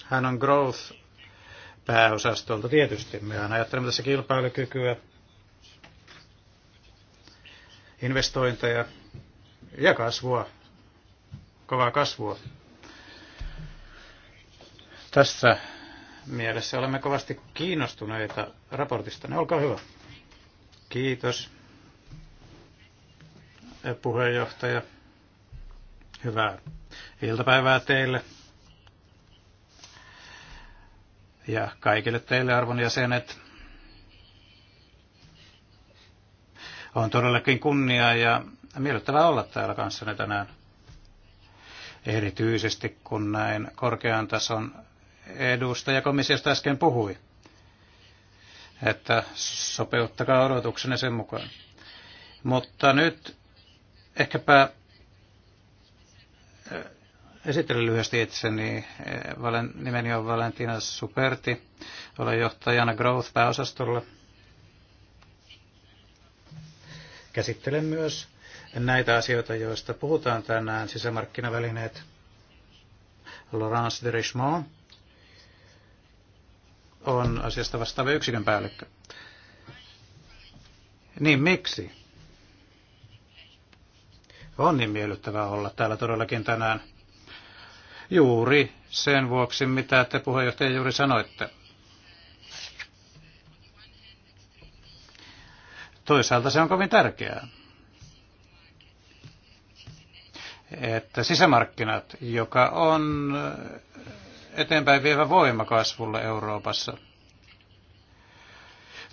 Hän on Growth pääosastolta tietysti. Me ajattelemme tässä kilpailukykyä, investointeja ja kasvua, kovaa kasvua. Tässä mielessä olemme kovasti kiinnostuneita raportista. Ne no, olkaa hyvä. Kiitos puheenjohtaja. Hyvää iltapäivää teille. Ja kaikille teille arvon jäsenet. On todellakin kunnia ja miellyttävää olla täällä kanssani tänään. Erityisesti kun näin korkean tason edustajakomissiosta äsken puhui, että sopeuttakaa odotuksenne sen mukaan. Mutta nyt ehkäpä äh, esittelen lyhyesti itseni. Nimeni on Valentina Superti. Olen johtajana Growth-pääosastolla – Käsittelen myös näitä asioita, joista puhutaan tänään, sisämarkkinavälineet. Laurence de Richemont on asiasta vastaava yksikön päällikkö. Niin miksi? On niin miellyttävää olla täällä todellakin tänään. Juuri sen vuoksi, mitä te puheenjohtaja juuri sanoitte. Toisaalta se on kovin tärkeää, että sisämarkkinat, joka on eteenpäin vievä voima kasvulle Euroopassa,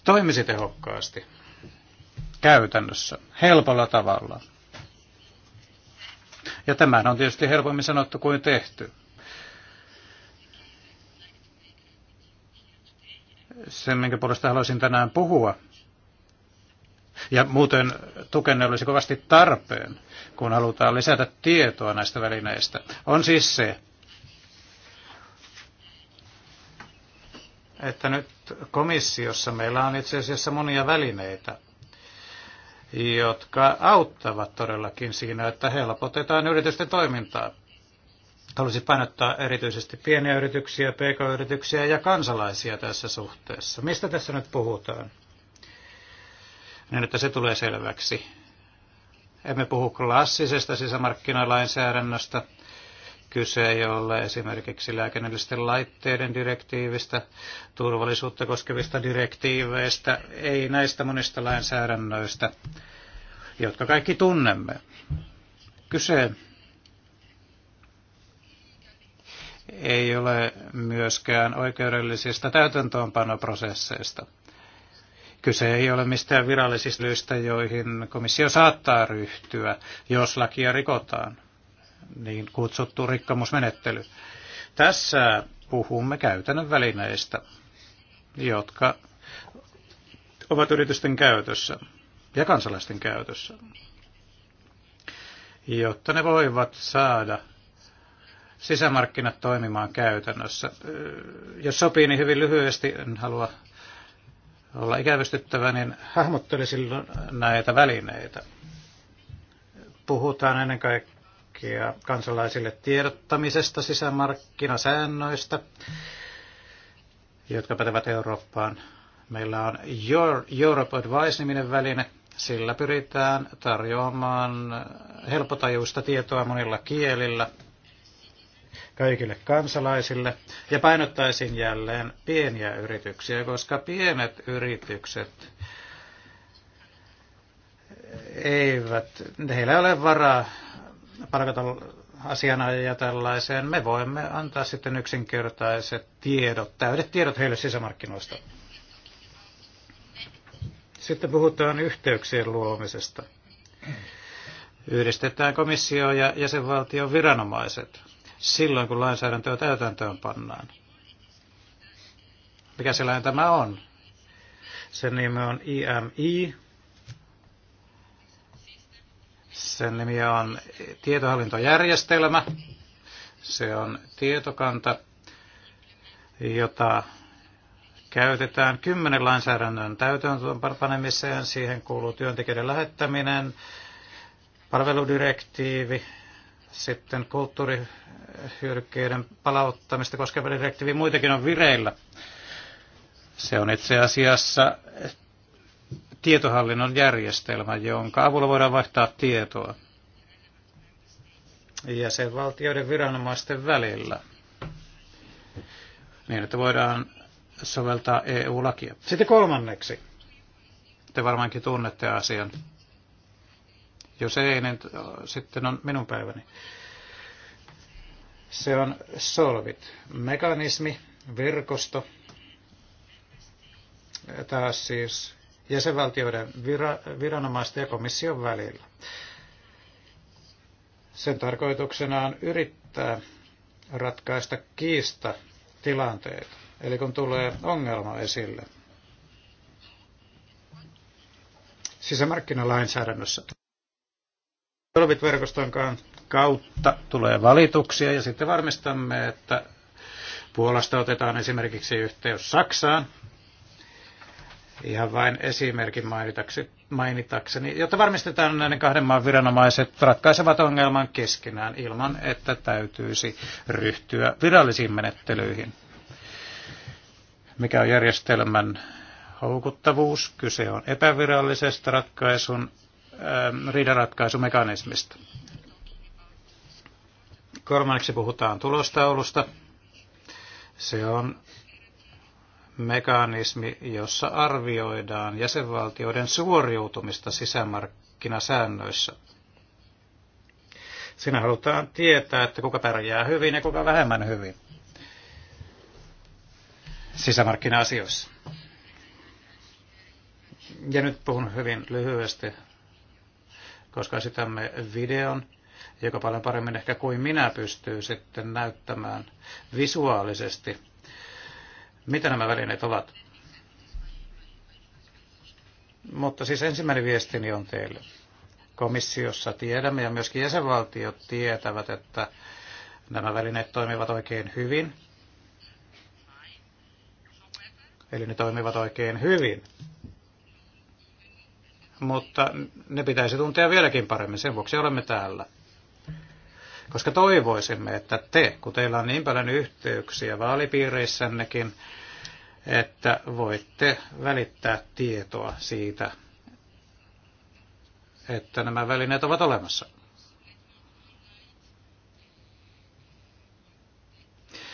toimisi tehokkaasti käytännössä, helpolla tavalla. Ja tämähän on tietysti helpommin sanottu kuin tehty. Se, minkä puolesta haluaisin tänään puhua, ja muuten tukenne olisi kovasti tarpeen, kun halutaan lisätä tietoa näistä välineistä. On siis se, että nyt komissiossa meillä on itse asiassa monia välineitä, jotka auttavat todellakin siinä, että helpotetaan yritysten toimintaa. Haluaisin painottaa erityisesti pieniä yrityksiä, pk-yrityksiä ja kansalaisia tässä suhteessa. Mistä tässä nyt puhutaan? niin että se tulee selväksi. Emme puhu klassisesta sisämarkkinalainsäädännöstä. Kyse ei ole esimerkiksi lääkinnällisten laitteiden direktiivistä, turvallisuutta koskevista direktiiveistä, ei näistä monista lainsäädännöistä, jotka kaikki tunnemme. Kyse ei ole myöskään oikeudellisista täytäntöönpanoprosesseista. Kyse ei ole mistään virallisista lyistä, joihin komissio saattaa ryhtyä, jos lakia rikotaan, niin kutsuttu rikkomusmenettely. Tässä puhumme käytännön välineistä, jotka ovat yritysten käytössä ja kansalaisten käytössä, jotta ne voivat saada sisämarkkinat toimimaan käytännössä. Jos sopii, niin hyvin lyhyesti, en halua olla ikävystyttävä, niin hahmotteli silloin näitä välineitä. Puhutaan ennen kaikkea kansalaisille tiedottamisesta, sisämarkkinasäännöistä, jotka pätevät Eurooppaan. Meillä on Your Europe Advice-niminen väline. Sillä pyritään tarjoamaan helpotajuista tietoa monilla kielillä – kaikille kansalaisille. Ja painottaisin jälleen pieniä yrityksiä, koska pienet yritykset eivät, heillä ei ole varaa palkata asianajia tällaiseen. Me voimme antaa sitten yksinkertaiset tiedot, täydet tiedot heille sisämarkkinoista. Sitten puhutaan yhteyksien luomisesta. Yhdistetään komissio ja jäsenvaltion viranomaiset silloin, kun lainsäädäntöä täytäntöön pannaan. Mikä sellainen tämä on? Sen nimi on IMI. Sen nimi on tietohallintojärjestelmä. Se on tietokanta, jota käytetään kymmenen lainsäädännön täytäntöönpanemiseen. Siihen kuuluu työntekijöiden lähettäminen, palveludirektiivi, sitten kulttuurihyödykkeiden palauttamista koskeva direktiivi muitakin on vireillä. Se on itse asiassa tietohallinnon järjestelmä, jonka avulla voidaan vaihtaa tietoa ja valtioiden viranomaisten välillä niin, että voidaan soveltaa EU-lakia. Sitten kolmanneksi, te varmaankin tunnette asian, jos ei, niin sitten on minun päiväni. Se on solvit. Mekanismi, verkosto, taas siis jäsenvaltioiden vira- viranomaisten ja komission välillä. Sen tarkoituksena on yrittää ratkaista kiista tilanteita, eli kun tulee ongelma esille sisämarkkinalainsäädännössä. Solvit-verkoston kautta tulee valituksia ja sitten varmistamme, että Puolasta otetaan esimerkiksi yhteys Saksaan, ihan vain esimerkin mainitakseni, jotta varmistetaan näiden kahden maan viranomaiset ratkaisevat ongelman keskenään ilman, että täytyisi ryhtyä virallisiin menettelyihin. Mikä on järjestelmän houkuttavuus? Kyse on epävirallisesta ratkaisun Ähm, riidanratkaisumekanismista. Kolmanneksi puhutaan tulostaulusta. Se on mekanismi, jossa arvioidaan jäsenvaltioiden suoriutumista sisämarkkinasäännöissä. Siinä halutaan tietää, että kuka pärjää hyvin ja kuka vähemmän hyvin sisämarkkina-asioissa. Ja nyt puhun hyvin lyhyesti koska esitämme videon, joka paljon paremmin ehkä kuin minä pystyy sitten näyttämään visuaalisesti, mitä nämä välineet ovat. Mutta siis ensimmäinen viestini on teille. Komissiossa tiedämme ja myöskin jäsenvaltiot tietävät, että nämä välineet toimivat oikein hyvin. Eli ne toimivat oikein hyvin mutta ne pitäisi tuntea vieläkin paremmin, sen vuoksi olemme täällä. Koska toivoisimme, että te, kun teillä on niin paljon yhteyksiä vaalipiireissännekin, että voitte välittää tietoa siitä, että nämä välineet ovat olemassa.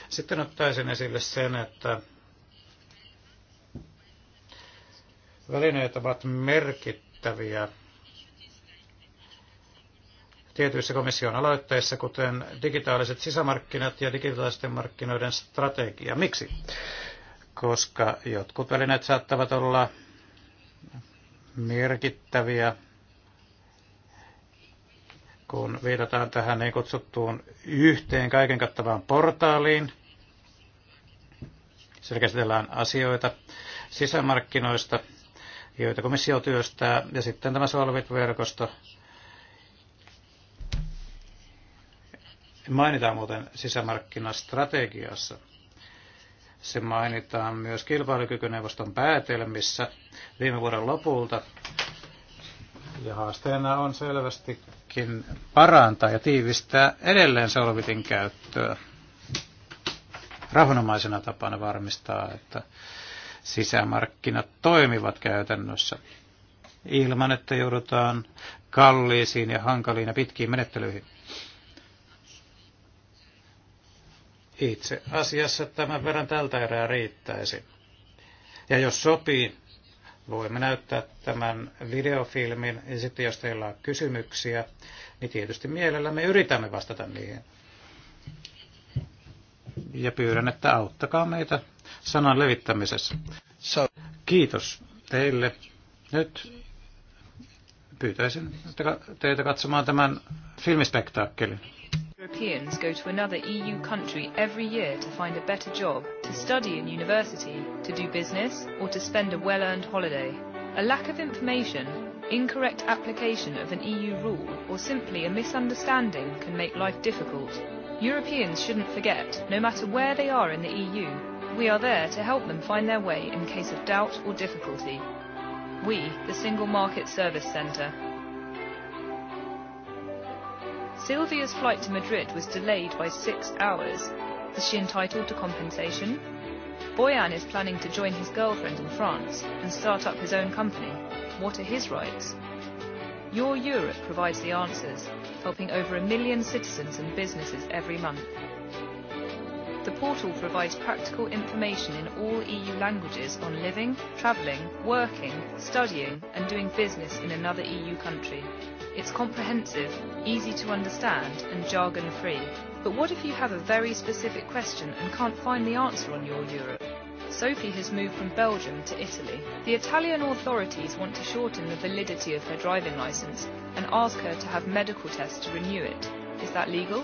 Sitten ottaisin esille sen, että välineet ovat merkittäviä merkittäviä tietyissä komission aloitteissa, kuten digitaaliset sisämarkkinat ja digitaalisten markkinoiden strategia. Miksi? Koska jotkut välineet saattavat olla merkittäviä, kun viitataan tähän niin kutsuttuun yhteen kaiken kattavaan portaaliin. Siellä käsitellään asioita sisämarkkinoista – joita komissio työstää, ja sitten tämä Solvit-verkosto. Mainitaan muuten sisämarkkinastrategiassa. Se mainitaan myös kilpailukykyneuvoston päätelmissä viime vuoden lopulta. Ja haasteena on selvästikin parantaa ja tiivistää edelleen solvitin käyttöä rauhanomaisena tapana varmistaa, että sisämarkkinat toimivat käytännössä ilman, että joudutaan kalliisiin ja hankaliin ja pitkiin menettelyihin. Itse asiassa tämän verran tältä erää riittäisi. Ja jos sopii, voimme näyttää tämän videofilmin. Ja sitten jos teillä on kysymyksiä, niin tietysti mielellämme yritämme vastata niihin. Ja pyydän, että auttakaa meitä sanan levittämisessä. Kiitos teille. Nyt pyytäisin teitä katsomaan tämän filmispektaakkelin. Europeans go to another EU country every year to find a better job, to study in university, to do business, or to spend a well-earned holiday. A lack of information, incorrect application of an EU rule, or simply a misunderstanding can make life difficult. Europeans shouldn't forget, no matter where they are in the EU, We are there to help them find their way in case of doubt or difficulty. We, the Single Market Service Centre. Sylvia's flight to Madrid was delayed by six hours. Is she entitled to compensation? Boyan is planning to join his girlfriend in France and start up his own company. What are his rights? Your Europe provides the answers, helping over a million citizens and businesses every month. The portal provides practical information in all EU languages on living, travelling, working, studying and doing business in another EU country. It's comprehensive, easy to understand and jargon free. But what if you have a very specific question and can't find the answer on your Europe? Sophie has moved from Belgium to Italy. The Italian authorities want to shorten the validity of her driving licence and ask her to have medical tests to renew it. Is that legal?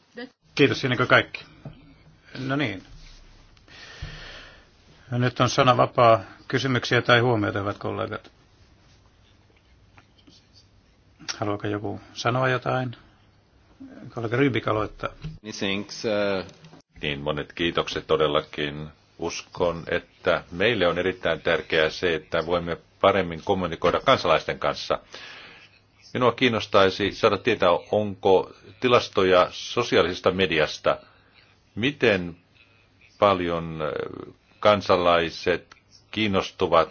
Kiitos, siinäkö kaikki? No niin. Nyt on sana vapaa. Kysymyksiä tai huomioita, hyvät kollegat? Haluaako joku sanoa jotain? Kollega Rybik aloittaa. Thanks, uh, Niin, monet kiitokset todellakin. Uskon, että meille on erittäin tärkeää se, että voimme paremmin kommunikoida kansalaisten kanssa. Minua kiinnostaisi saada tietää, onko tilastoja sosiaalisesta mediasta. Miten paljon kansalaiset kiinnostuvat,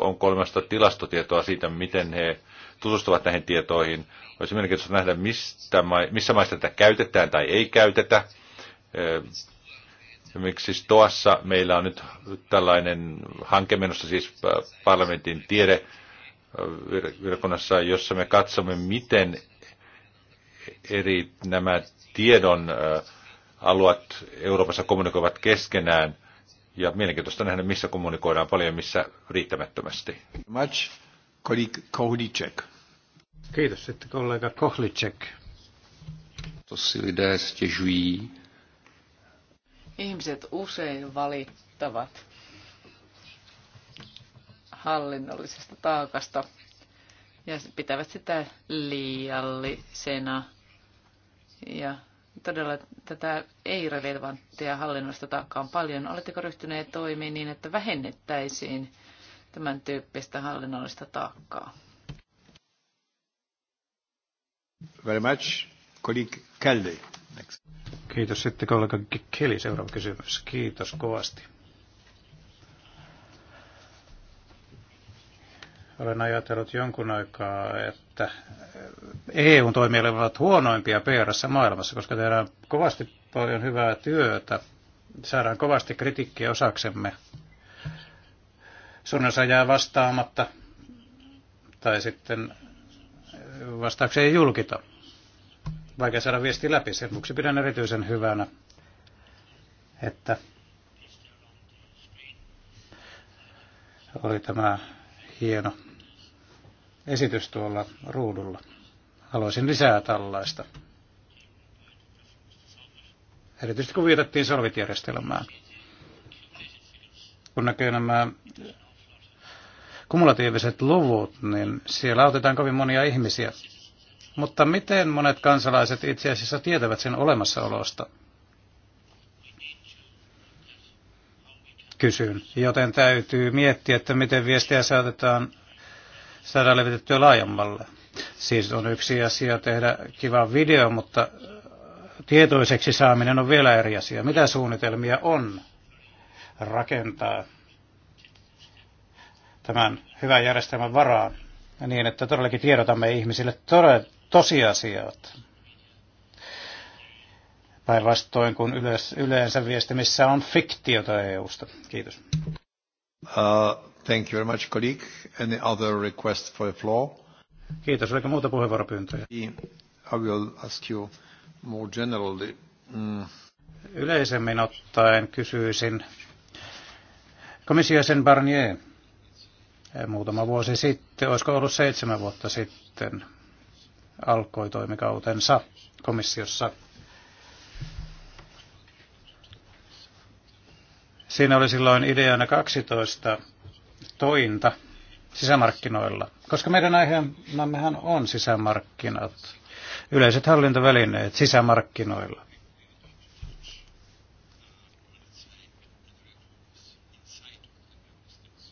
onko olemassa tilastotietoa siitä, miten he tutustuvat näihin tietoihin. Olisi mielenkiintoista nähdä, mistä, missä maista tätä käytetään tai ei käytetä. Esimerkiksi siis meillä on nyt tällainen hanke menossa, siis parlamentin tiede virkunnassa, jossa me katsomme, miten eri nämä tiedon alueet Euroopassa kommunikoivat keskenään. Ja mielenkiintoista nähdä, missä kommunikoidaan paljon, missä riittämättömästi. Much, colleague Kiitos sitten kollega Kohlicek. Ihmiset usein valittavat hallinnollisesta taakasta ja pitävät sitä liiallisena. Ja todella tätä ei-relevanttia hallinnollista taakkaa on paljon. Oletteko ryhtyneet toimiin niin, että vähennettäisiin tämän tyyppistä hallinnollista taakkaa? Very much. Colleague Kelly. Next. Kiitos sitten kollega Kelly. Seuraava kysymys. Kiitos kovasti. Olen ajatellut jonkun aikaa, että EUn toimijat ovat huonoimpia pr maailmassa, koska tehdään kovasti paljon hyvää työtä. Saadaan kovasti kritiikkiä osaksemme. Sun osa jää vastaamatta tai sitten vastaukseen ei julkita. Vaikea saada viesti läpi. Sen vuoksi pidän erityisen hyvänä, että oli tämä hieno esitys tuolla ruudulla. Haluaisin lisää tällaista. Erityisesti kun viitattiin solvitjärjestelmään. Kun näkyy nämä kumulatiiviset luvut, niin siellä autetaan kovin monia ihmisiä. Mutta miten monet kansalaiset itse asiassa tietävät sen olemassaolosta? kysyn. Joten täytyy miettiä, että miten viestiä saatetaan saada levitettyä laajemmalle. Siis on yksi asia tehdä kiva video, mutta äh, tietoiseksi saaminen on vielä eri asia. Mitä suunnitelmia on rakentaa tämän hyvän järjestelmän varaan niin, että todellakin tiedotamme ihmisille tosiasiat? päinvastoin kuin yleensä viestimissä on fiktiota EU-sta. Kiitos. Uh, thank you very much, colleague. Any other request for the floor? Kiitos. Oliko muuta puheenvuoropyyntöjä? I will ask you more generally. Mm. Yleisemmin ottaen kysyisin komissiosen Barnier muutama vuosi sitten, olisiko ollut seitsemän vuotta sitten, alkoi toimikautensa komissiossa Siinä oli silloin ideana 12 tointa sisämarkkinoilla, koska meidän aiheemmehan on sisämarkkinat, yleiset hallintovälineet sisämarkkinoilla.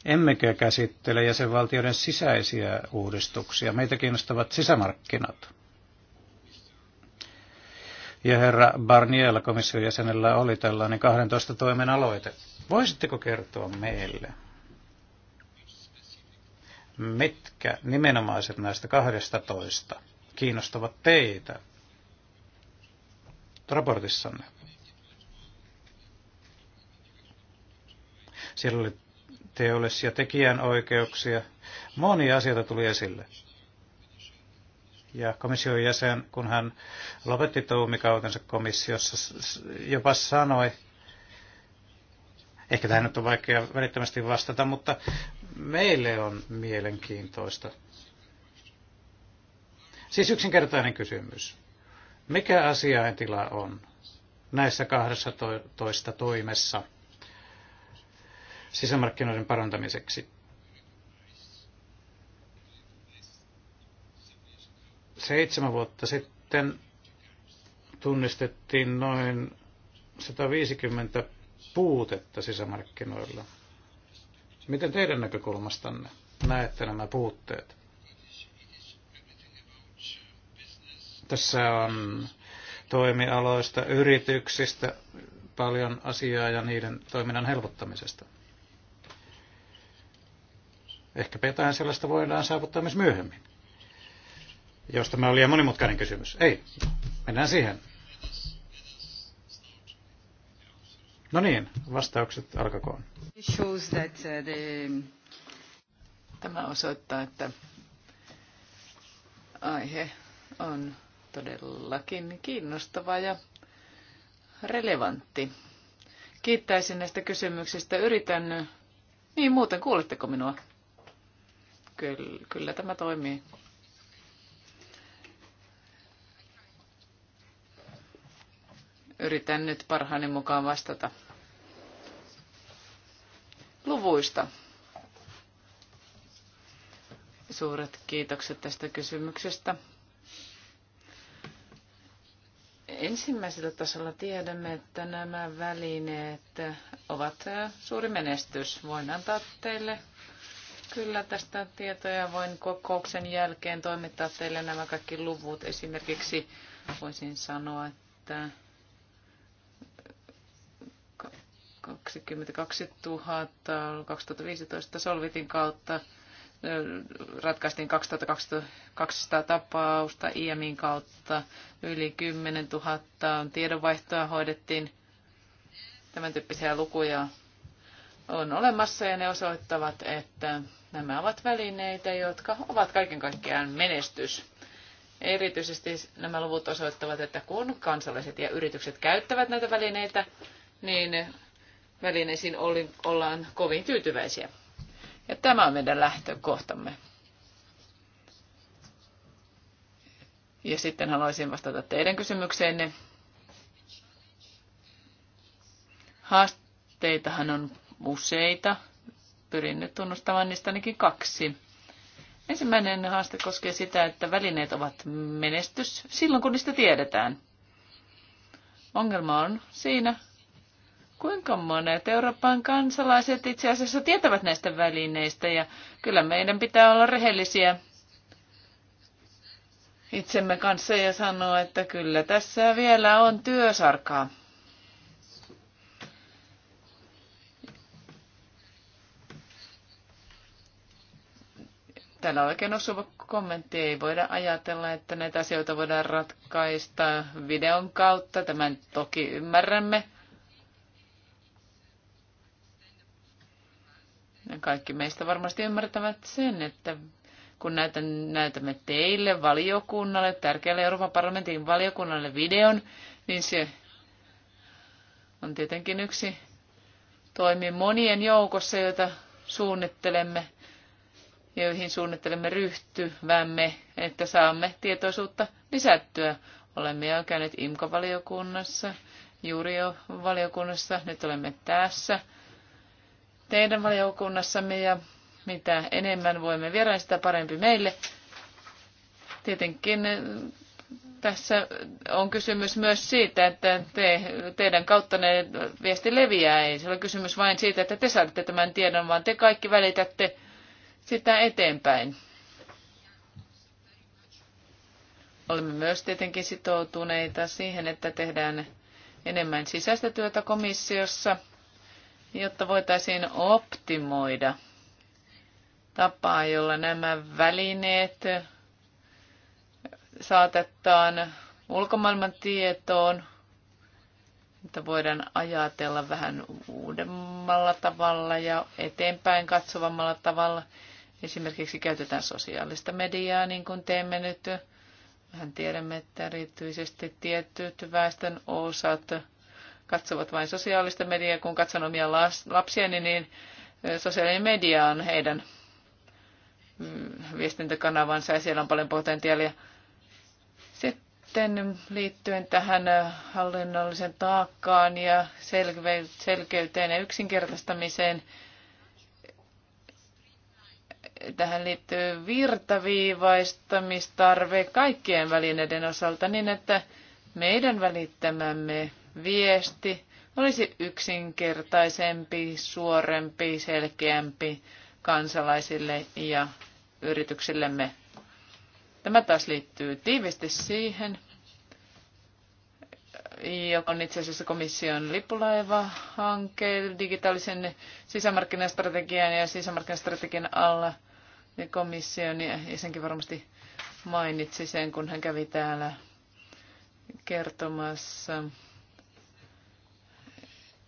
Emmekä käsittele jäsenvaltioiden sisäisiä uudistuksia. Meitä kiinnostavat sisämarkkinat. Ja herra Barniella komission jäsenellä, oli tällainen 12 toimen aloite. Voisitteko kertoa meille, mitkä nimenomaiset näistä 12 kiinnostavat teitä raportissanne? Siellä oli teollisia tekijänoikeuksia. Monia asioita tuli esille. Ja komission jäsen, kun hän lopetti toimikautensa komissiossa, jopa sanoi, Ehkä tähän nyt on vaikea välittömästi vastata, mutta meille on mielenkiintoista. Siis yksinkertainen kysymys. Mikä asiaintila on näissä 12 toimessa sisämarkkinoiden parantamiseksi? Seitsemän vuotta sitten tunnistettiin noin 150 puutetta sisämarkkinoilla. Miten teidän näkökulmastanne näette nämä puutteet? Tässä on toimialoista, yrityksistä paljon asiaa ja niiden toiminnan helpottamisesta. Ehkä jotain sellaista voidaan saavuttaa myös myöhemmin. Jos tämä oli liian monimutkainen kysymys. Ei, mennään siihen. No niin, vastaukset alkakoon. Uh, tämä osoittaa, että aihe on todellakin kiinnostava ja relevantti. Kiittäisin näistä kysymyksistä. Yritän... Äh, niin, muuten kuuletteko minua? Kyllä, kyllä tämä toimii. Yritän nyt parhaani mukaan vastata luvuista. Suuret kiitokset tästä kysymyksestä. Ensimmäisellä tasolla tiedämme, että nämä välineet ovat suuri menestys. Voin antaa teille kyllä tästä tietoja. Voin kokouksen jälkeen toimittaa teille nämä kaikki luvut. Esimerkiksi voisin sanoa, että 22 000 2015 Solvitin kautta ratkaistiin 2200 tapausta IEMin kautta, yli 10 000 tiedonvaihtoa hoidettiin. Tämän tyyppisiä lukuja on olemassa ja ne osoittavat, että nämä ovat välineitä, jotka ovat kaiken kaikkiaan menestys. Erityisesti nämä luvut osoittavat, että kun kansalaiset ja yritykset käyttävät näitä välineitä, niin välineisiin oli, ollaan kovin tyytyväisiä. Ja tämä on meidän lähtökohtamme. Ja sitten haluaisin vastata teidän kysymykseenne. Haasteitahan on useita. Pyrin nyt tunnustamaan niistä ainakin kaksi. Ensimmäinen haaste koskee sitä, että välineet ovat menestys silloin, kun niistä tiedetään. Ongelma on siinä, kuinka monet Euroopan kansalaiset itse asiassa tietävät näistä välineistä ja kyllä meidän pitää olla rehellisiä itsemme kanssa ja sanoa, että kyllä tässä vielä on työsarkaa. Täällä oikein osuva kommentti. Ei voida ajatella, että näitä asioita voidaan ratkaista videon kautta. Tämän toki ymmärrämme. Kaikki meistä varmasti ymmärtävät sen, että kun näytämme teille, valiokunnalle, tärkeälle Euroopan parlamentin valiokunnalle videon, niin se on tietenkin yksi toimi monien joukossa, joita suunnittelemme, joihin suunnittelemme ryhtyvämme, että saamme tietoisuutta lisättyä. Olemme jo käyneet IMKA-valiokunnassa, juuri jo valiokunnassa, nyt olemme tässä teidän valiokunnassamme ja mitä enemmän voimme sitä parempi meille. Tietenkin eh, tässä on kysymys myös siitä, että te, teidän kautta ne viesti leviää. Ei se ole kysymys vain siitä, että te saatte tämän tiedon, vaan te kaikki välitätte sitä eteenpäin. Olemme myös tietenkin sitoutuneita siihen, että tehdään enemmän sisäistä työtä komissiossa – jotta voitaisiin optimoida tapaa, jolla nämä välineet saatetaan ulkomaailman tietoon, että voidaan ajatella vähän uudemmalla tavalla ja eteenpäin katsovammalla tavalla. Esimerkiksi käytetään sosiaalista mediaa, niin kuin teemme nyt. Vähän tiedämme, että erityisesti tietyt väestön osat katsovat vain sosiaalista mediaa. Kun katson omia lapsiani, niin sosiaalinen media on heidän mm, viestintäkanavansa ja siellä on paljon potentiaalia. Sitten liittyen tähän hallinnollisen taakkaan ja selkeyteen ja yksinkertaistamiseen, tähän liittyy virtaviivaistamistarve kaikkien välineiden osalta niin, että meidän välittämämme viesti olisi yksinkertaisempi, suorempi, selkeämpi kansalaisille ja yrityksillemme. Tämä taas liittyy tiivisti siihen, joka on itse asiassa komission lippulaiva-hanke digitaalisen sisämarkkinastrategian ja sisämarkkinastrategian alla. Ja komission ja senkin varmasti mainitsi sen, kun hän kävi täällä kertomassa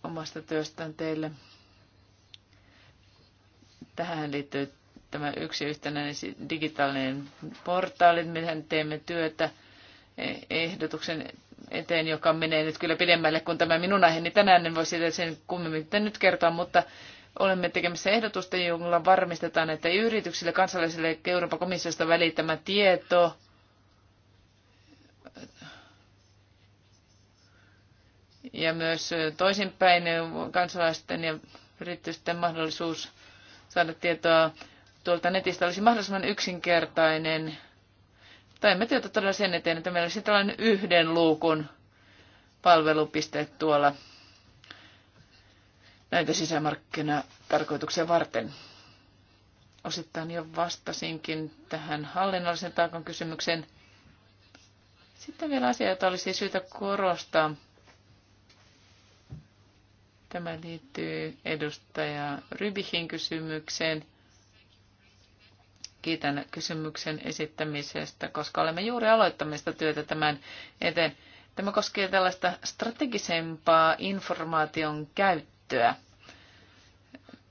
omasta työstään teille. Tähän liittyy tämä yksi yhtenäinen digitaalinen portaali, miten teemme työtä e- ehdotuksen eteen, joka menee nyt kyllä pidemmälle kuin tämä minun aiheeni tänään, en voi siitä sen kummemmin nyt kertoa, mutta olemme tekemässä ehdotusta, jolla varmistetaan, että yrityksille, kansalaisille Euroopan komissiosta välittämä tieto ja myös toisinpäin kansalaisten ja yritysten mahdollisuus saada tietoa tuolta netistä olisi mahdollisimman yksinkertainen. emme työtä todella sen eteen, että meillä olisi tällainen yhden luukun palvelupiste tuolla näitä sisämarkkinatarkoituksia varten. Osittain jo vastasinkin tähän hallinnollisen taakan kysymykseen. Sitten vielä asia, jota olisi syytä korostaa Tämä liittyy edustaja Rybihin kysymykseen. Kiitän kysymyksen esittämisestä, koska olemme juuri aloittamista työtä tämän eteen. Tämä koskee tällaista strategisempaa informaation käyttöä,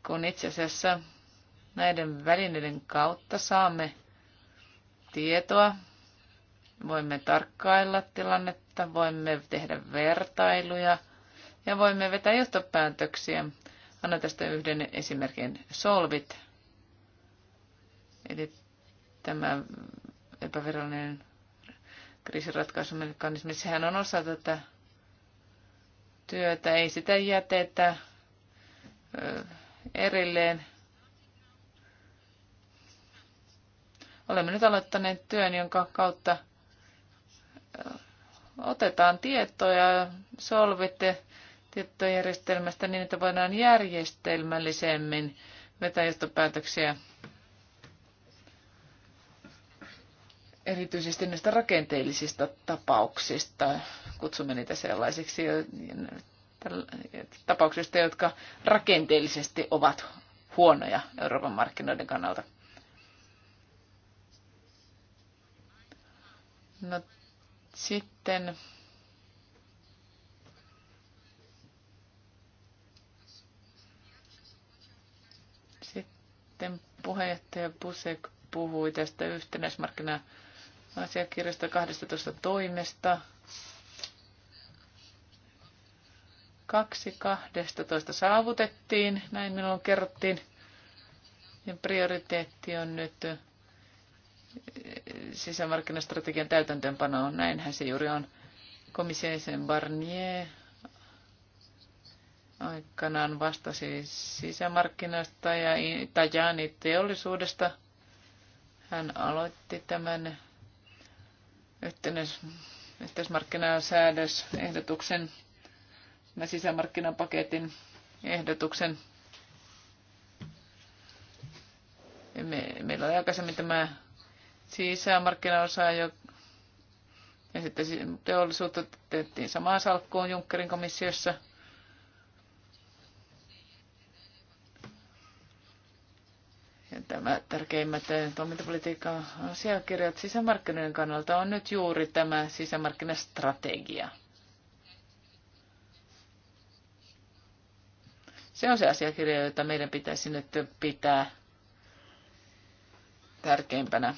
kun itse asiassa näiden välineiden kautta saamme tietoa, voimme tarkkailla tilannetta, voimme tehdä vertailuja – ja voimme vetää johtopäätöksiä. Anna tästä yhden esimerkin. Solvit, eli tämä epävirallinen kriisiratkaisumekanismi, sehän on osa tätä työtä. Ei sitä jätetä erilleen. Olemme nyt aloittaneet työn, jonka kautta otetaan tietoja, solvitte tietojärjestelmästä niin, että voidaan järjestelmällisemmin vetää johtopäätöksiä erityisesti näistä rakenteellisista tapauksista, kutsumme niitä sellaisiksi tapauksista, jotka rakenteellisesti ovat huonoja Euroopan markkinoiden kannalta. No, sitten Sitten puheenjohtaja Busek puhui tästä yhtenäismarkkina-asiakirjasta 12 toimesta. Kaksi 12 saavutettiin, näin minulle kerrottiin. Ja prioriteetti on nyt eh, sisämarkkinastrategian täytäntöönpano. Näinhän se juuri on. Komissio Barnier aikanaan vastasi sisämarkkinoista ja Tajani teollisuudesta. Hän aloitti tämän yhtenäis, yhteismarkkinasäädösehdotuksen, tämän sisämarkkinapaketin ehdotuksen. Me, meillä oli aikaisemmin tämä sisämarkkinaosa, jo, ja sitten teollisuutta tehtiin samaan salkkuun Junckerin komissiossa – tämä tärkeimmät eh, toimintapolitiikan asiakirjat sisämarkkinoiden kannalta on nyt juuri tämä sisämarkkinastrategia. Se on se asiakirja, jota meidän pitäisi nyt pitää tärkeimpänä.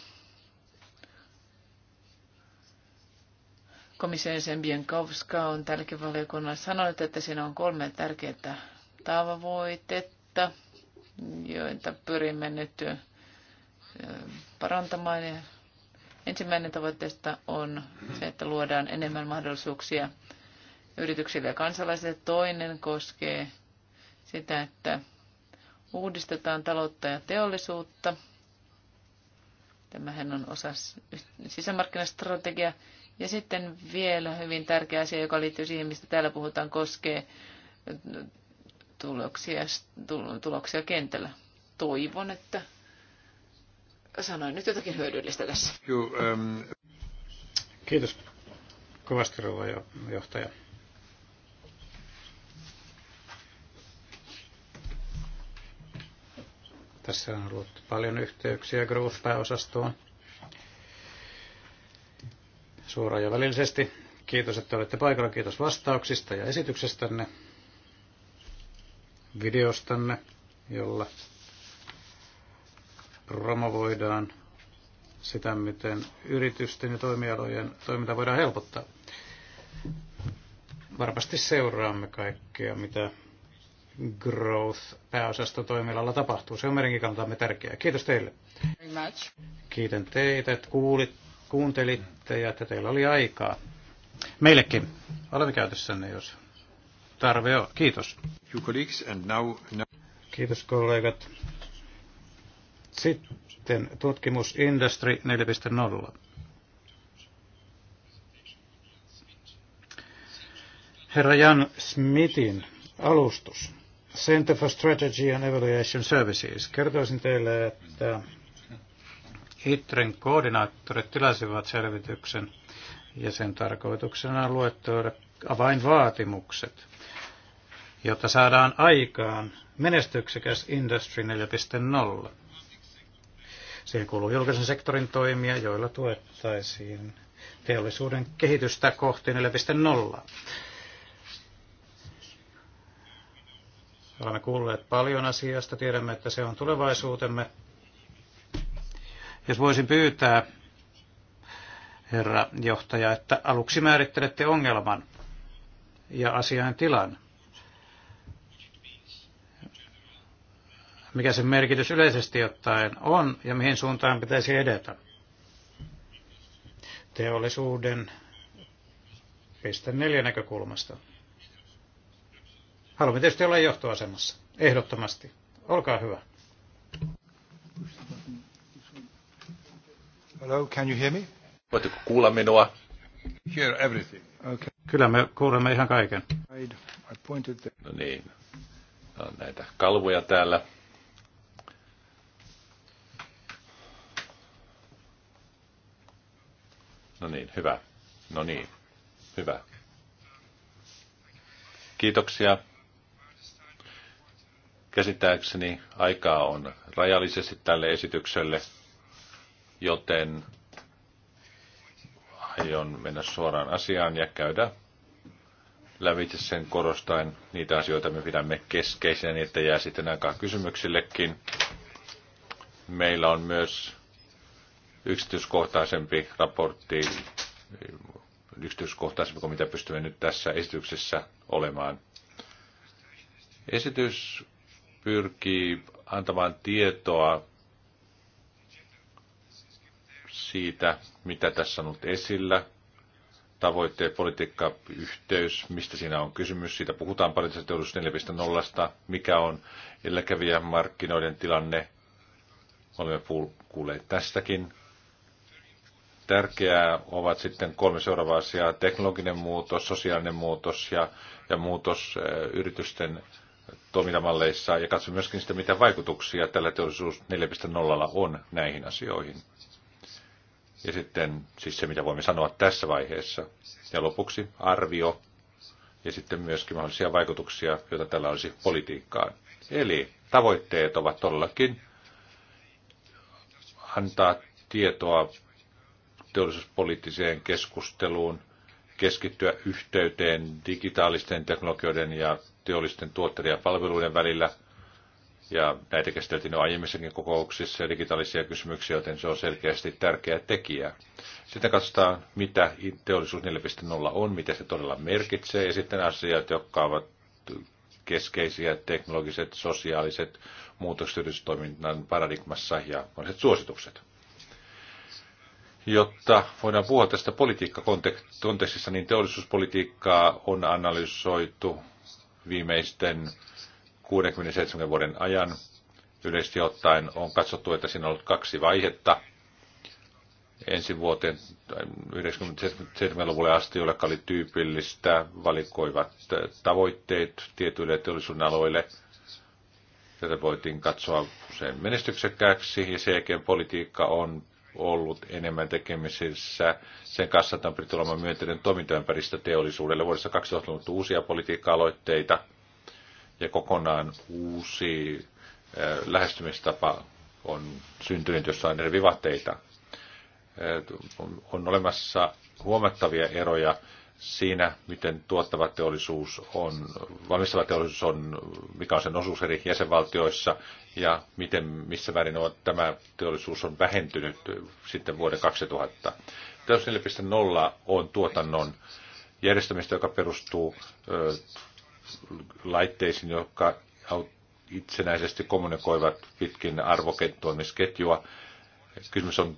Komission jäsen Bienkowska on tälläkin valiokunnalla sanonut, että siinä on kolme tärkeää tavoitetta joita pyrimme nyt parantamaan. Ja ensimmäinen tavoitteesta on se, että luodaan enemmän mahdollisuuksia yrityksille ja kansalaisille. Toinen koskee sitä, että uudistetaan taloutta ja teollisuutta. Tämähän on osa sisämarkkinastrategia. Ja sitten vielä hyvin tärkeä asia, joka liittyy siihen, mistä täällä puhutaan, koskee tuloksia, tuloksia kentällä. Toivon, että sanoin nyt jotakin hyödyllistä tässä. Juu, ähm. Kiitos kovasti rouva johtaja. Tässä on ollut paljon yhteyksiä Growth-pääosastoon suoraan ja välillisesti. Kiitos, että olette paikalla. Kiitos vastauksista ja esityksestänne videostanne, jolla promovoidaan sitä, miten yritysten ja toimialojen toiminta voidaan helpottaa. Varmasti seuraamme kaikkea, mitä growth pääosasto toimialalla tapahtuu. Se on meidänkin kannaltamme tärkeää. Kiitos teille. Kiitän teitä, että kuulit, kuuntelitte ja että teillä oli aikaa. Meillekin. Olemme käytössänne, jos tarve on. Kiitos. Kiitos kollegat. Sitten tutkimus Industry 4.0. Herra Jan Smithin alustus Center for Strategy and Evaluation Services. Kertoisin teille, että ITREn koordinaattorit tilasivat selvityksen ja sen tarkoituksena on luettua avainvaatimukset jotta saadaan aikaan menestyksekäs Industry 4.0. Siihen kuuluu julkisen sektorin toimia, joilla tuettaisiin teollisuuden kehitystä kohti 4.0. Olemme kuulleet paljon asiasta, tiedämme, että se on tulevaisuutemme. Jos voisin pyytää, herra johtaja, että aluksi määrittelette ongelman ja asian tilan. mikä sen merkitys yleisesti ottaen on ja mihin suuntaan pitäisi edetä. Teollisuuden piste neljä näkökulmasta. Haluamme tietysti olla johtoasemassa, ehdottomasti. Olkaa hyvä. Hello, can you hear me? Voitteko kuulla minua? Hear everything. Okay. Kyllä me kuulemme ihan kaiken. I pointed the... No niin. On näitä kalvoja täällä. No niin, hyvä. No niin, hyvä. Kiitoksia. Käsittääkseni aikaa on rajallisesti tälle esitykselle, joten aion mennä suoraan asiaan ja käydä lävitse sen korostain niitä asioita, me pidämme keskeisenä, niin että jää sitten aikaa kysymyksillekin. Meillä on myös yksityiskohtaisempi raportti, yksityiskohtaisempi kuin mitä pystymme nyt tässä esityksessä olemaan. Esitys pyrkii antamaan tietoa siitä, mitä tässä on ollut esillä, tavoitteet, politiikka, yhteys, mistä siinä on kysymys. Siitä puhutaan paljon tästä teollisuus 4.0, mikä on markkinoiden tilanne. Olemme kuulleet tästäkin. Tärkeää ovat sitten kolme seuraavaa asiaa, teknologinen muutos, sosiaalinen muutos ja, ja muutos eh, yritysten toimintamalleissa ja katso myöskin sitä, mitä vaikutuksia tällä teollisuus 4.0 on näihin asioihin. Ja sitten siis se, mitä voimme sanoa tässä vaiheessa. Ja lopuksi arvio ja sitten myöskin mahdollisia vaikutuksia, joita tällä olisi politiikkaan. Eli tavoitteet ovat todellakin antaa tietoa teollisuuspoliittiseen keskusteluun, keskittyä yhteyteen digitaalisten teknologioiden ja teollisten tuotteiden ja palveluiden välillä. Ja näitä käsiteltiin jo aiemmissakin kokouksissa ja digitaalisia kysymyksiä, joten se on selkeästi tärkeä tekijä. Sitten katsotaan, mitä teollisuus 4.0 on, mitä se todella merkitsee, ja sitten asiat, jotka ovat keskeisiä teknologiset, sosiaaliset muutokset yritystoiminnan paradigmassa ja monet suositukset jotta voidaan puhua tästä politiikkakontekstissa, niin teollisuuspolitiikkaa on analysoitu viimeisten 67 vuoden ajan. Yleisesti ottaen on katsottu, että siinä on ollut kaksi vaihetta. Ensi vuoteen 1970 luvulle asti, jolle oli tyypillistä, valikoivat tavoitteet tietyille teollisuuden aloille. Tätä voitiin katsoa usein menestyksekkääksi ja sen jälkeen politiikka on ollut enemmän tekemisissä sen kanssa, että on pyritty olemaan myönteinen toimintaympäristö teollisuudelle. Vuodessa 2000 on uusia politiikka-aloitteita ja kokonaan uusi lähestymistapa on syntynyt, jossa on eri vivahteita. On olemassa huomattavia eroja siinä, miten tuottava teollisuus on, valmistava teollisuus on, mikä on sen osuus eri jäsenvaltioissa ja miten, missä määrin on, tämä teollisuus on vähentynyt sitten vuoden 2000. Teollisuus 4.0 on tuotannon järjestämistä, joka perustuu ö, laitteisiin, jotka itsenäisesti kommunikoivat pitkin arvokettuamisketjua. Kysymys on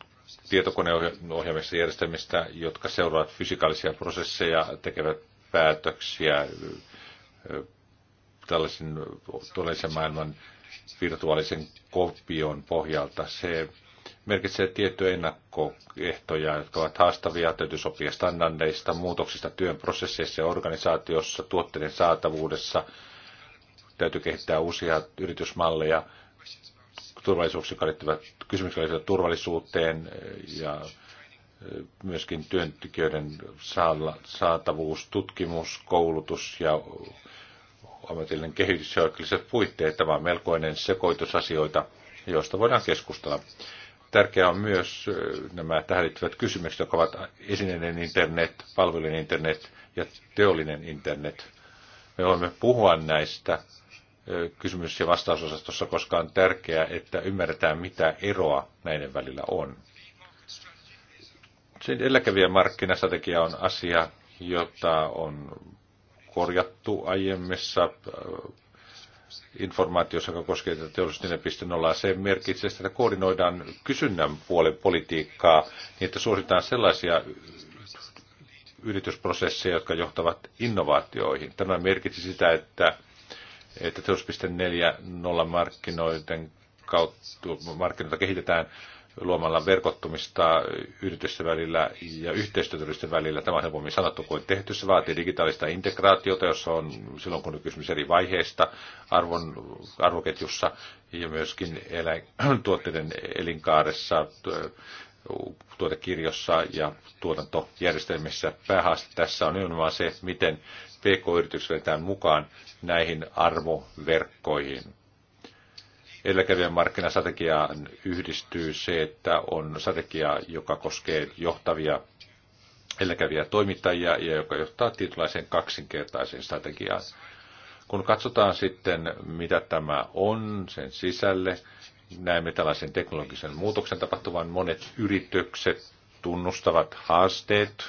tietokoneohjelmista järjestelmistä, jotka seuraavat fysikaalisia prosesseja, tekevät päätöksiä tällaisen todellisen maailman virtuaalisen kopion pohjalta. Se merkitsee tiettyjä ennakkoehtoja, jotka ovat haastavia, täytyy sopia standardeista, muutoksista työn prosesseissa ja organisaatiossa, tuotteiden saatavuudessa, täytyy kehittää uusia yritysmalleja, turvallisuuksia, jotka liittyvät, kysymyksiä turvallisuuteen ja eh, myöskin työntekijöiden saatavuus, tutkimus, koulutus ja ammatillinen kehitys ja oikeudelliset puitteet. Tämä on melkoinen sekoitus asioita, joista voidaan keskustella. Tärkeää on myös eh, nämä tähän liittyvät kysymykset, jotka ovat esineiden internet, palvelujen internet ja teollinen internet. Me voimme puhua näistä kysymys- ja vastausosastossa, koska on tärkeää, että ymmärretään, mitä eroa näiden välillä on. Sen edelläkävijä markkinastrategia on asia, jota on korjattu aiemmissa informaatiossa, joka koskee tätä teollisuus 4.0, se merkitsee sitä, että koordinoidaan kysynnän puolen politiikkaa niin, että suositaan sellaisia yritysprosesseja, jotka johtavat innovaatioihin. Tämä merkitsi sitä, että että teos.40 markkinoiden kautta, markkinoita kehitetään luomalla verkottumista yritysten välillä ja yhteistyötä välillä. Tämä on helpommin sanottu kuin tehty. Se vaatii digitaalista integraatiota, jossa on silloin kun on kysymys eri vaiheista arvon, arvoketjussa ja myöskin eläin, [clears throat] tuotteiden elinkaaressa, tuotekirjossa ja tuotantojärjestelmissä. Päähaaste tässä on nimenomaan se, miten pk yritys vetään mukaan näihin arvoverkkoihin. Edelläkävijän markkinastrategiaan yhdistyy se, että on strategia, joka koskee johtavia edelläkävijä toimittajia ja joka johtaa tietynlaiseen kaksinkertaiseen strategiaan. Kun katsotaan sitten, mitä tämä on sen sisälle, näemme tällaisen teknologisen muutoksen tapahtuvan. Monet yritykset tunnustavat haasteet,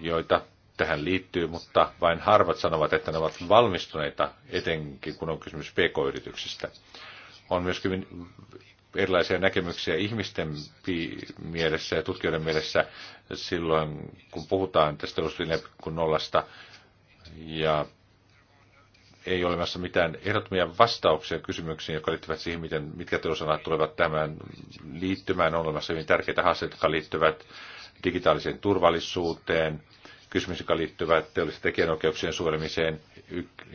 joita tähän liittyy, mutta vain harvat sanovat, että ne ovat valmistuneita, etenkin kun on kysymys pk-yrityksistä. On myös hyvin erilaisia näkemyksiä ihmisten mielessä ja tutkijoiden mielessä silloin, kun puhutaan tästä kun nollasta, ja ei ole olemassa mitään ehdottomia vastauksia kysymyksiin, jotka liittyvät siihen, miten, mitkä teosanat tulevat tämän liittymään. On olemassa hyvin tärkeitä haasteita, jotka liittyvät digitaaliseen turvallisuuteen, kysymys, joka liittyvät teollisten tekijänoikeuksien suojelemiseen,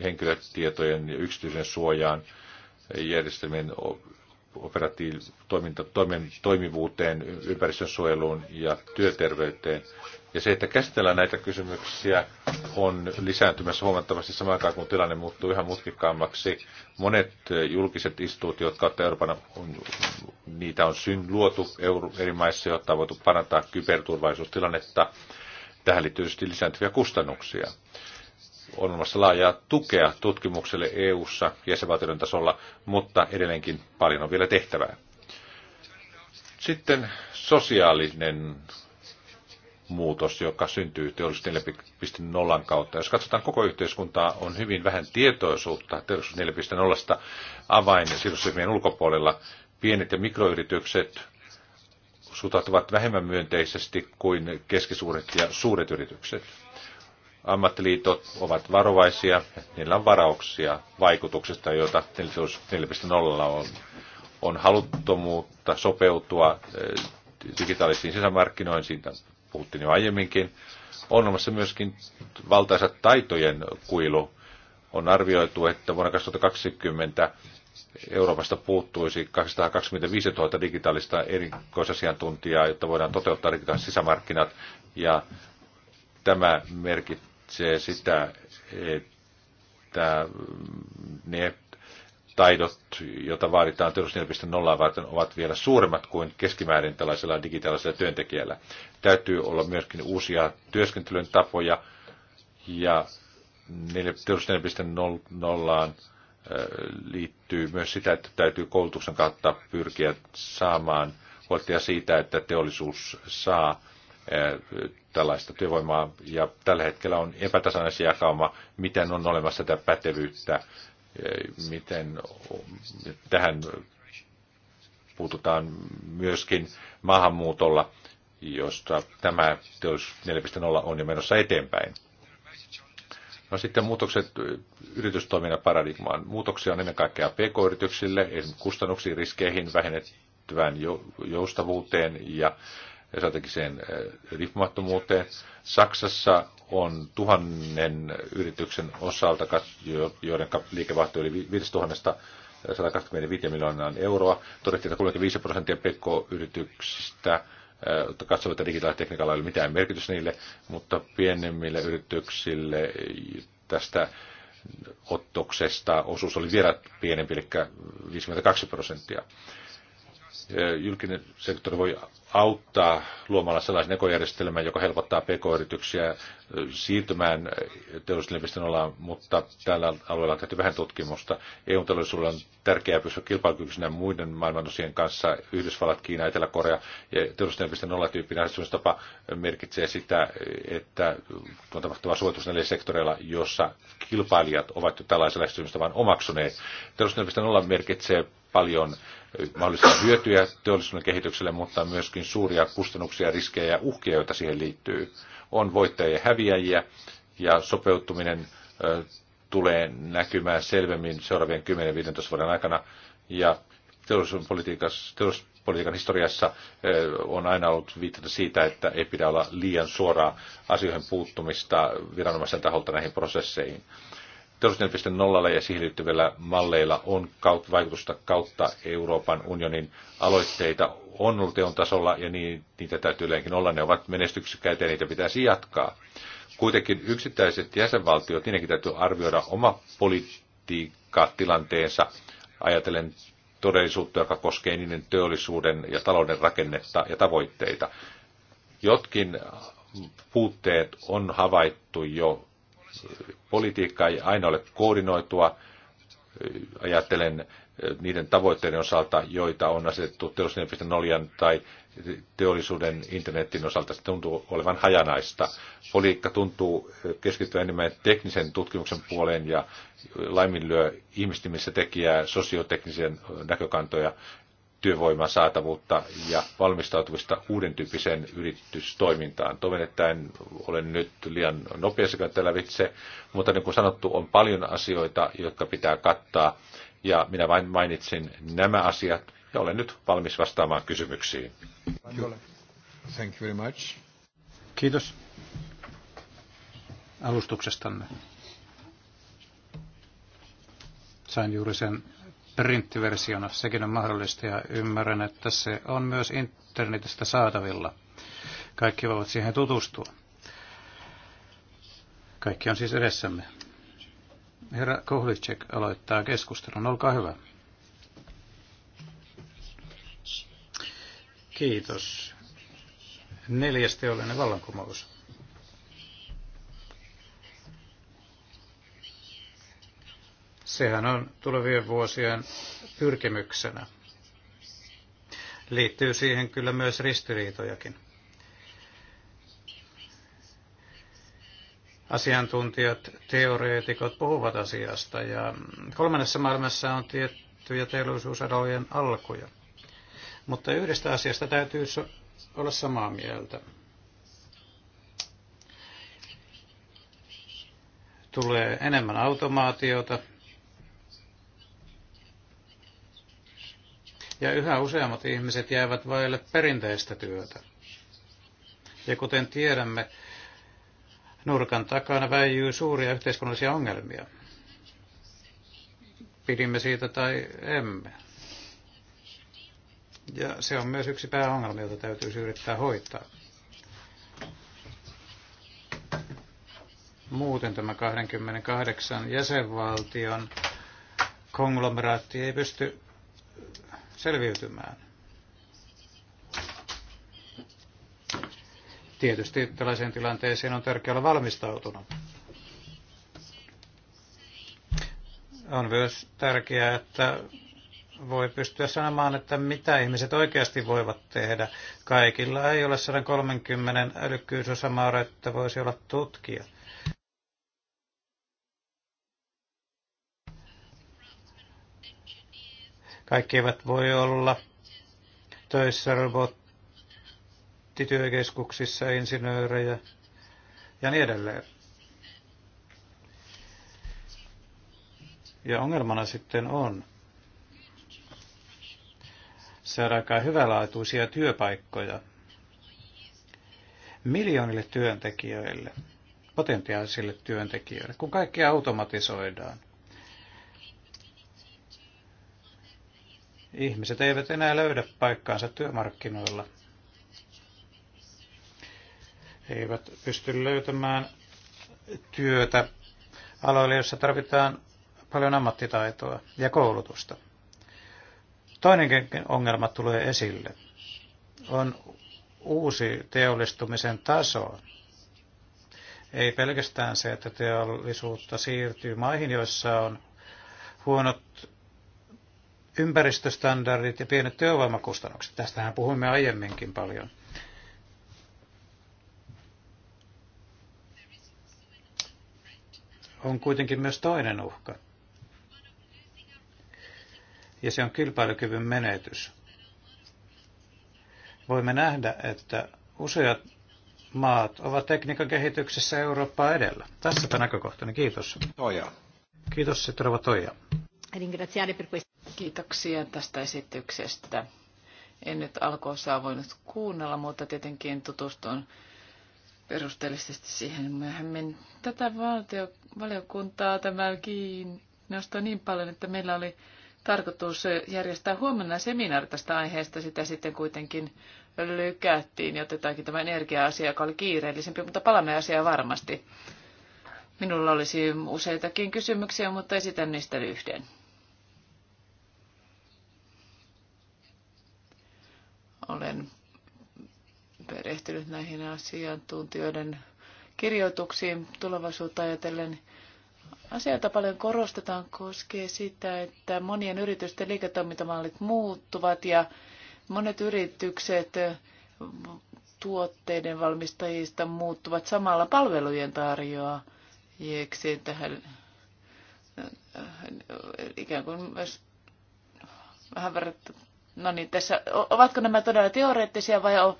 henkilötietojen ja yksityisen suojaan, järjestelmien operatiivitoiminta, toimivuuteen, suojeluun ja työterveyteen. Ja se, että käsitellään näitä kysymyksiä, on lisääntymässä huomattavasti samaan aikaan, kun tilanne muuttuu yhä mutkikkaammaksi. Monet julkiset instituutiot kautta Euroopan, on, niitä on syn luotu eri maissa, jotta on voitu parantaa kyberturvallisuustilannetta Tähän liittyy tietysti lisääntyviä kustannuksia. On olemassa laajaa tukea tutkimukselle EU-ssa jäsenvaltioiden tasolla, mutta edelleenkin paljon on vielä tehtävää. Sitten sosiaalinen muutos, joka syntyy teollisuus 4.0 kautta. Jos katsotaan koko yhteiskuntaa, on hyvin vähän tietoisuutta teollisuus 4.0 avain- ja sidosryhmien ulkopuolella. Pienet ja mikroyritykset suhtautuvat vähemmän myönteisesti kuin keskisuuret ja suuret yritykset. Ammattiliitot ovat varovaisia, niillä on varauksia vaikutuksesta, joita 4.0 on. On haluttomuutta sopeutua eh, digitaalisiin sisämarkkinoihin, siitä puhuttiin jo aiemminkin. On olemassa myöskin valtaisa taitojen kuilu. On arvioitu, että vuonna 2020 Euroopasta puuttuisi 225 000 digitaalista erikoisasiantuntijaa, jotta voidaan toteuttaa digitaaliset sisämarkkinat. Ja tämä merkitsee sitä, että ne taidot, joita vaaditaan Teollisuus 4.0 varten, ovat vielä suuremmat kuin keskimäärin tällaisella digitaalisella työntekijällä. Täytyy olla myöskin uusia työskentelyn tapoja, ja 4.0 liittyy myös sitä, että täytyy koulutuksen kautta pyrkiä saamaan huolta siitä, että teollisuus saa tällaista työvoimaa. Ja tällä hetkellä on epätasainen jakauma, miten on olemassa tätä pätevyyttä, miten tähän puututaan myöskin maahanmuutolla, josta tämä teollisuus 4.0 on jo menossa eteenpäin. No sitten muutokset yritystoiminnan paradigmaan. Muutoksia on ennen kaikkea pk-yrityksille, kustannuksiin, riskeihin, vähennettyvään joustavuuteen ja strategiseen äh, riippumattomuuteen. Saksassa on tuhannen yrityksen osalta, joiden liikevaihto oli 5000 125 miljoonaa euroa. Todettiin, että 35 prosenttia pk-yrityksistä katsovat, että digitaalitekniikalla ei ole mitään merkitystä niille, mutta pienemmille yrityksille tästä ottoksesta osuus oli vielä pienempi, eli 52 prosenttia. Julkinen sektori voi auttaa luomalla sellaisen ekojärjestelmän, joka helpottaa pk-yrityksiä siirtymään teollisuuden alaan, mutta tällä alueella on tehty vähän tutkimusta. EU-teollisuudella on tärkeää pysyä kilpailukykyisenä muiden maailmanosien kanssa, Yhdysvallat, Kiina, Etelä-Korea, ja teollisuuden olla tyyppinen tapa merkitsee sitä, että on tapahtuva suotus näillä sektoreilla, jossa kilpailijat ovat jo tällaisella asetustavan omaksuneet. Teollisuuden olla merkitsee paljon eh, mahdollisia hyötyjä teollisuuden kehitykselle, mutta myöskin suuria kustannuksia, riskejä ja uhkia, joita siihen liittyy. On voittajia ja häviäjiä, ja sopeutuminen eh, tulee näkymään selvemmin seuraavien 10-15 vuoden aikana. Ja teollisuuspolitiikan historiassa eh, on aina ollut viitata siitä, että ei pidä olla liian suoraa asioihin puuttumista viranomaisen taholta näihin prosesseihin teollisuuden 4.0 ja siihen liittyvillä malleilla on kautta, vaikutusta kautta Euroopan unionin aloitteita on ollut teon tasolla ja niin, niitä täytyy edelleenkin olla. Ne ovat menestyksekkäitä ja niitä pitäisi jatkaa. Kuitenkin yksittäiset jäsenvaltiot, niidenkin täytyy arvioida oma politiikka tilanteensa ajatellen todellisuutta, joka koskee niiden teollisuuden ja talouden rakennetta ja tavoitteita. Jotkin puutteet on havaittu jo politiikka ei aina ole koordinoitua. Ajattelen eh, niiden tavoitteiden osalta, joita on asetettu teollisuuden 4.0 tai teollisuuden internetin osalta, se tuntuu olevan hajanaista. Politiikka tuntuu eh, keskittyä enemmän teknisen tutkimuksen puoleen ja eh, laiminlyö ihmistimissä tekijää, sosioteknisen näkökantoja, työvoiman saatavuutta ja valmistautumista uuden tyyppiseen yritystoimintaan. Toivon, että en ole nyt liian nopeasti käyttä lävitse, mutta niin kuin sanottu, on paljon asioita, jotka pitää kattaa, ja minä vain mainitsin nämä asiat, ja olen nyt valmis vastaamaan kysymyksiin. Thank you very much. Kiitos alustuksestanne. Sain juuri sen printtiversiona. Sekin on mahdollista ja ymmärrän, että se on myös internetistä saatavilla. Kaikki voivat siihen tutustua. Kaikki on siis edessämme. Herra Kohlicek aloittaa keskustelun. Olkaa hyvä. Kiitos. Neljäs teollinen vallankumous. Sehän on tulevien vuosien pyrkimyksenä. Liittyy siihen kyllä myös ristiriitojakin. asiantuntijat, teoreetikot puhuvat asiasta. Ja kolmannessa maailmassa on tiettyjä teollisuusalojen alkuja. Mutta yhdestä asiasta täytyy olla samaa mieltä. Tulee enemmän automaatiota, ja yhä useammat ihmiset jäävät vaille perinteistä työtä. Ja kuten tiedämme, nurkan takana väijyy suuria yhteiskunnallisia ongelmia. Pidimme siitä tai emme. Ja se on myös yksi pääongelma, jota täytyy yrittää hoitaa. Muuten tämä 28 jäsenvaltion konglomeraatti ei pysty selviytymään. Tietysti tällaiseen tilanteeseen on tärkeää olla valmistautunut. On myös tärkeää, että voi pystyä sanomaan, että mitä ihmiset oikeasti voivat tehdä. Kaikilla ei ole 130 älykkyysosamäärä, että voisi olla tutkija. Kaikki eivät voi olla töissä robottityökeskuksissa, insinöörejä ja niin edelleen. Ja ongelmana sitten on saada aika hyvälaatuisia työpaikkoja miljoonille työntekijöille, potentiaalisille työntekijöille, kun kaikki automatisoidaan. Ihmiset eivät enää löydä paikkaansa työmarkkinoilla. He eivät pysty löytämään työtä aloille, jossa tarvitaan paljon ammattitaitoa ja koulutusta. Toinenkin ongelma tulee esille. On uusi teollistumisen taso. Ei pelkästään se, että teollisuutta siirtyy maihin, joissa on huonot ympäristöstandardit ja pienet työvoimakustannukset. Tästähän puhuimme aiemminkin paljon. On kuitenkin myös toinen uhka. Ja se on kilpailukyvyn menetys. Voimme nähdä, että useat maat ovat tekniikan kehityksessä Eurooppaa edellä. Tässäpä näkökohtani. Kiitos. Toja. Kiitos, että Sitrova toja. Kiitoksia tästä esityksestä. En nyt alkuosaa voinut kuunnella, mutta tietenkin tutustun perusteellisesti siihen myöhemmin. Tätä valtio, valiokuntaa tämä kiinnostaa niin paljon, että meillä oli tarkoitus järjestää huomenna seminaari tästä aiheesta. Sitä sitten kuitenkin lykättiin ja otetaankin tämä energia-asia, joka oli kiireellisempi, mutta palamme asiaan varmasti. Minulla olisi useitakin kysymyksiä, mutta esitän niistä yhden. olen perehtynyt näihin asiantuntijoiden kirjoituksiin tulevaisuutta ajatellen. Asioita paljon korostetaan koskee sitä, että monien yritysten liiketoimintamallit muuttuvat ja monet yritykset tuotteiden valmistajista muuttuvat samalla palvelujen tarjoajiksi tähän äh, äh, ikään kuin myös vähän verrattuna No niin, tässä, ovatko nämä todella teoreettisia vai on,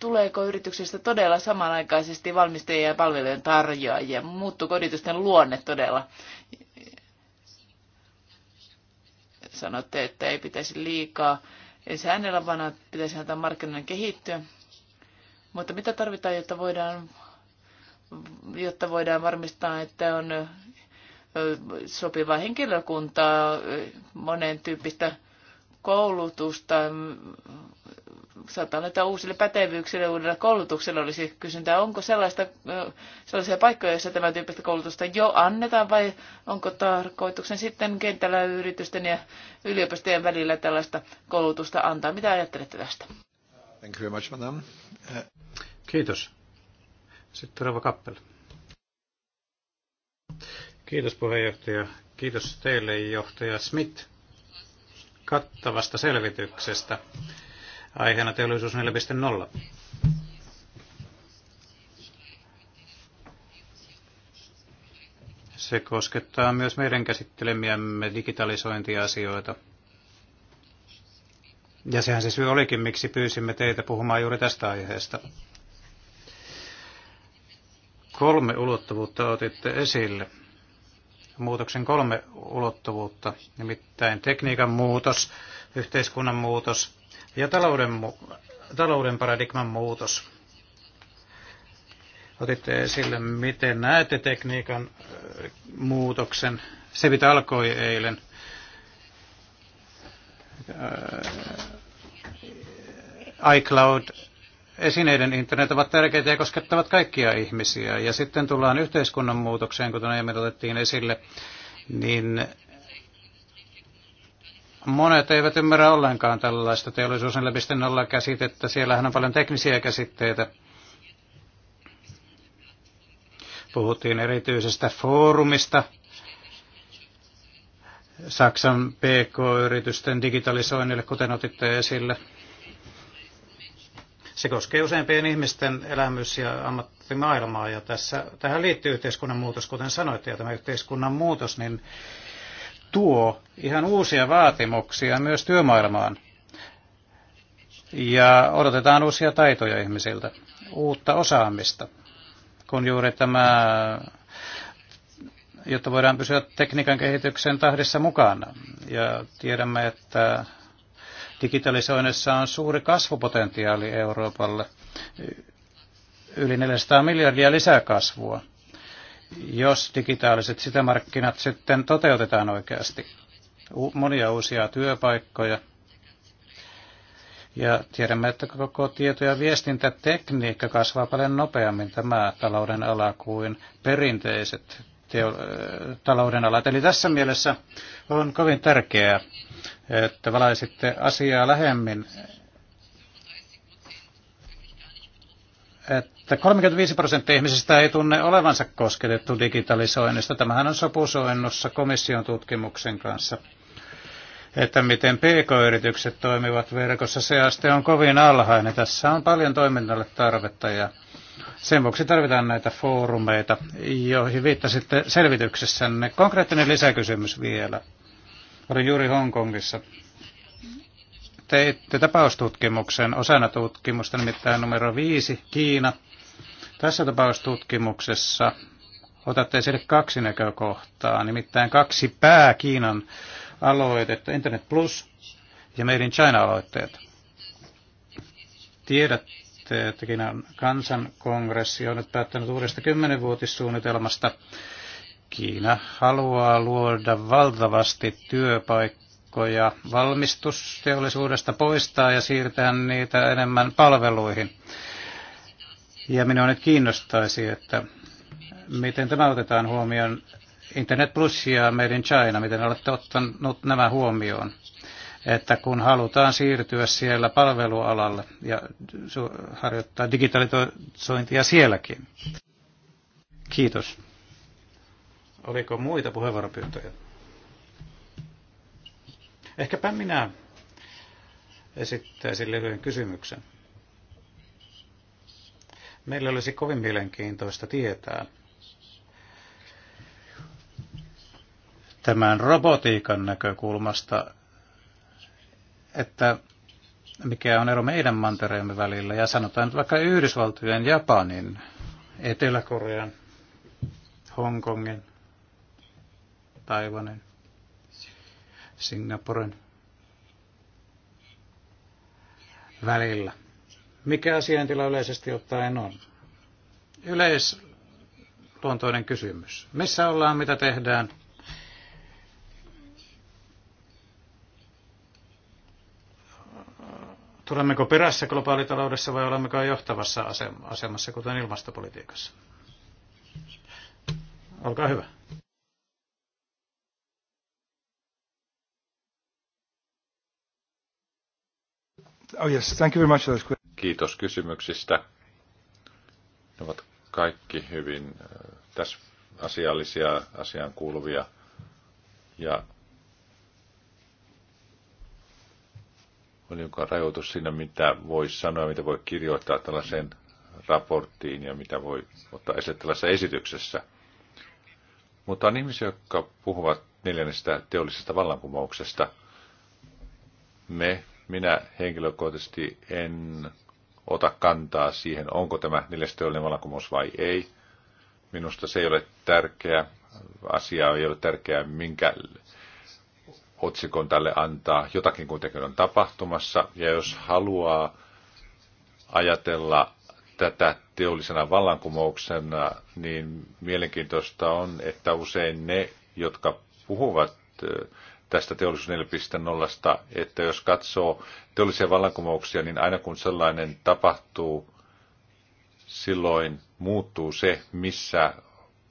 tuleeko yrityksestä todella samanaikaisesti valmistajia ja palvelujen tarjoajia? Muuttuuko yritysten luonne todella? Sanotte, että ei pitäisi liikaa säännellä, vaan pitäisi antaa markkinoiden kehittyä. Mutta mitä tarvitaan, jotta voidaan, jotta voidaan varmistaa, että on sopivaa henkilökuntaa, monen tyyppistä koulutusta, saattaa näitä uusille pätevyyksille, uudella koulutuksella olisi kysyntää. Onko sellaista, sellaisia paikkoja, joissa tämä tyyppistä koulutusta jo annetaan vai onko tarkoituksen sitten kentällä yritysten ja yliopistojen välillä tällaista koulutusta antaa? Mitä ajattelette tästä? Thank you very much, madam. Kiitos. Sitten Rova Kappel. Kiitos puheenjohtaja. Kiitos teille johtaja Smith kattavasta selvityksestä aiheena teollisuus 4.0. Se koskettaa myös meidän käsittelemiämme digitalisointiasioita. Ja sehän se syy olikin, miksi pyysimme teitä puhumaan juuri tästä aiheesta. Kolme ulottuvuutta otitte esille muutoksen kolme ulottuvuutta, nimittäin tekniikan muutos, yhteiskunnan muutos ja talouden, talouden paradigman muutos. Otitte esille, miten näette tekniikan äh, muutoksen. Se mitä alkoi eilen. Äh, iCloud esineiden internet ovat tärkeitä ja koskettavat kaikkia ihmisiä. Ja sitten tullaan yhteiskunnan muutokseen, kuten aiemmin otettiin esille, niin monet eivät ymmärrä ollenkaan tällaista teollisuus 4.0 käsitettä. Siellähän on paljon teknisiä käsitteitä. Puhuttiin erityisestä foorumista, Saksan PK-yritysten digitalisoinnille, kuten otitte esille. Se koskee useimpien ihmisten elämys- ja ammattimaailmaa, ja tässä, tähän liittyy yhteiskunnan muutos, kuten sanoitte, ja tämä yhteiskunnan muutos niin tuo ihan uusia vaatimuksia myös työmaailmaan. Ja odotetaan uusia taitoja ihmisiltä, uutta osaamista, kun juuri tämä jotta voidaan pysyä tekniikan kehityksen tahdissa mukana. Ja tiedämme, että Digitalisoinnissa on suuri kasvupotentiaali Euroopalle, yli 400 miljardia lisäkasvua, jos digitaaliset sitemarkkinat sitten toteutetaan oikeasti. Monia uusia työpaikkoja. Ja tiedämme, että koko tieto- ja viestintätekniikka kasvaa paljon nopeammin tämä talouden ala kuin perinteiset teo- talouden alat. Eli tässä mielessä on kovin tärkeää että valaisitte asiaa lähemmin. Että 35 prosenttia ihmisistä ei tunne olevansa kosketettu digitalisoinnista. Tämähän on sopusoinnossa komission tutkimuksen kanssa että miten pk-yritykset toimivat verkossa, se aste on kovin alhainen. Tässä on paljon toiminnalle tarvetta ja sen vuoksi tarvitaan näitä foorumeita, joihin viittasitte selvityksessänne. Konkreettinen lisäkysymys vielä. Olin juuri Hongkongissa. Teitte tapaustutkimuksen osana tutkimusta, nimittäin numero viisi, Kiina. Tässä tapaustutkimuksessa otatte esille kaksi näkökohtaa, nimittäin kaksi pää Kiinan aloitetta, Internet Plus ja Made in China-aloitteet. Tiedätte, että Kiinan kansankongressi on nyt päättänyt uudesta kymmenenvuotissuunnitelmasta, Kiina haluaa luoda valtavasti työpaikkoja valmistusteollisuudesta poistaa ja siirtää niitä enemmän palveluihin. Ja minua nyt kiinnostaisi, että miten tämä otetaan huomioon Internet Plus ja Made in China, miten olette ottanut nämä huomioon, että kun halutaan siirtyä siellä palvelualalle ja harjoittaa digitalisointia sielläkin. Kiitos. Oliko muita puheenvuoropyyntöjä? Ehkäpä minä esittäisin lyhyen kysymyksen. Meillä olisi kovin mielenkiintoista tietää tämän robotiikan näkökulmasta, että mikä on ero meidän mantereemme välillä, ja sanotaan nyt vaikka Yhdysvaltojen, Japanin, Etelä-Korean, Hongkongin, Taiwanin, Singaporen välillä. Mikä asiantila yleisesti ottaen on? Yleisluontoinen kysymys. Missä ollaan, mitä tehdään? Tulemmeko perässä globaalitaloudessa vai olemmeko johtavassa asemassa, kuten ilmastopolitiikassa? Olkaa hyvä. Oh yes, thank you very much. Kiitos kysymyksistä. Ne ovat kaikki hyvin äh, tässä asiallisia, asian kuuluvia. Ja on jonkun rajoitus siinä, mitä voi sanoa, mitä voi kirjoittaa tällaiseen raporttiin ja mitä voi ottaa esille tällaisessa esityksessä. Mutta on ihmisiä, jotka puhuvat neljännestä teollisesta vallankumouksesta. Me minä henkilökohtaisesti en ota kantaa siihen, onko tämä neljäs teollinen vallankumous vai ei. Minusta se ei ole tärkeä asia, ei ole tärkeää, minkä otsikon tälle antaa. Jotakin kuitenkin on tapahtumassa, ja jos haluaa ajatella tätä teollisena vallankumouksena, niin mielenkiintoista on, että usein ne, jotka puhuvat tästä teollisuus 4.0, että jos katsoo teollisia vallankumouksia, niin aina kun sellainen tapahtuu, silloin muuttuu se, missä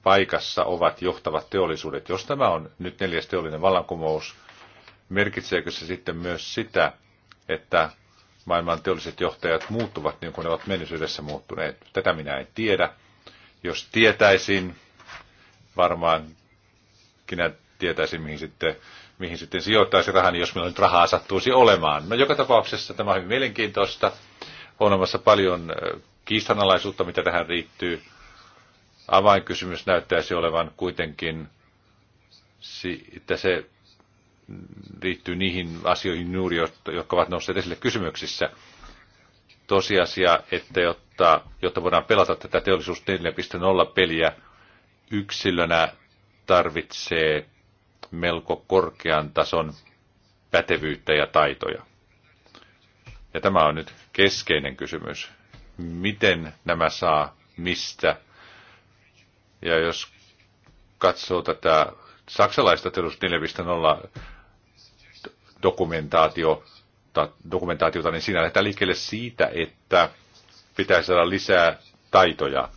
paikassa ovat johtavat teollisuudet. Jos tämä on nyt neljäs teollinen vallankumous, merkitseekö se sitten myös sitä, että maailman teolliset johtajat muuttuvat niin kuin ne ovat menneisyydessä muuttuneet? Tätä minä en tiedä. Jos tietäisin, varmaankin tietäisin, mihin sitten mihin sitten sijoittaisi rahani, niin jos meillä nyt rahaa sattuisi olemaan. No joka tapauksessa tämä on hyvin mielenkiintoista. On olemassa paljon kiistanalaisuutta, mitä tähän riittyy. Avainkysymys näyttäisi olevan kuitenkin, että se liittyy niihin asioihin juuri, jotka ovat nousseet esille kysymyksissä. Tosiasia, että jotta, jotta voidaan pelata tätä teollisuus 4.0-peliä, yksilönä tarvitsee melko korkean tason pätevyyttä ja taitoja. Ja tämä on nyt keskeinen kysymys. Miten nämä saa, mistä? Ja jos katsoo tätä saksalaista Terus 4.0 dokumentaatiota, dokumentaatiota, niin siinä lähdetään liikkeelle siitä, että pitäisi saada lisää taitoja –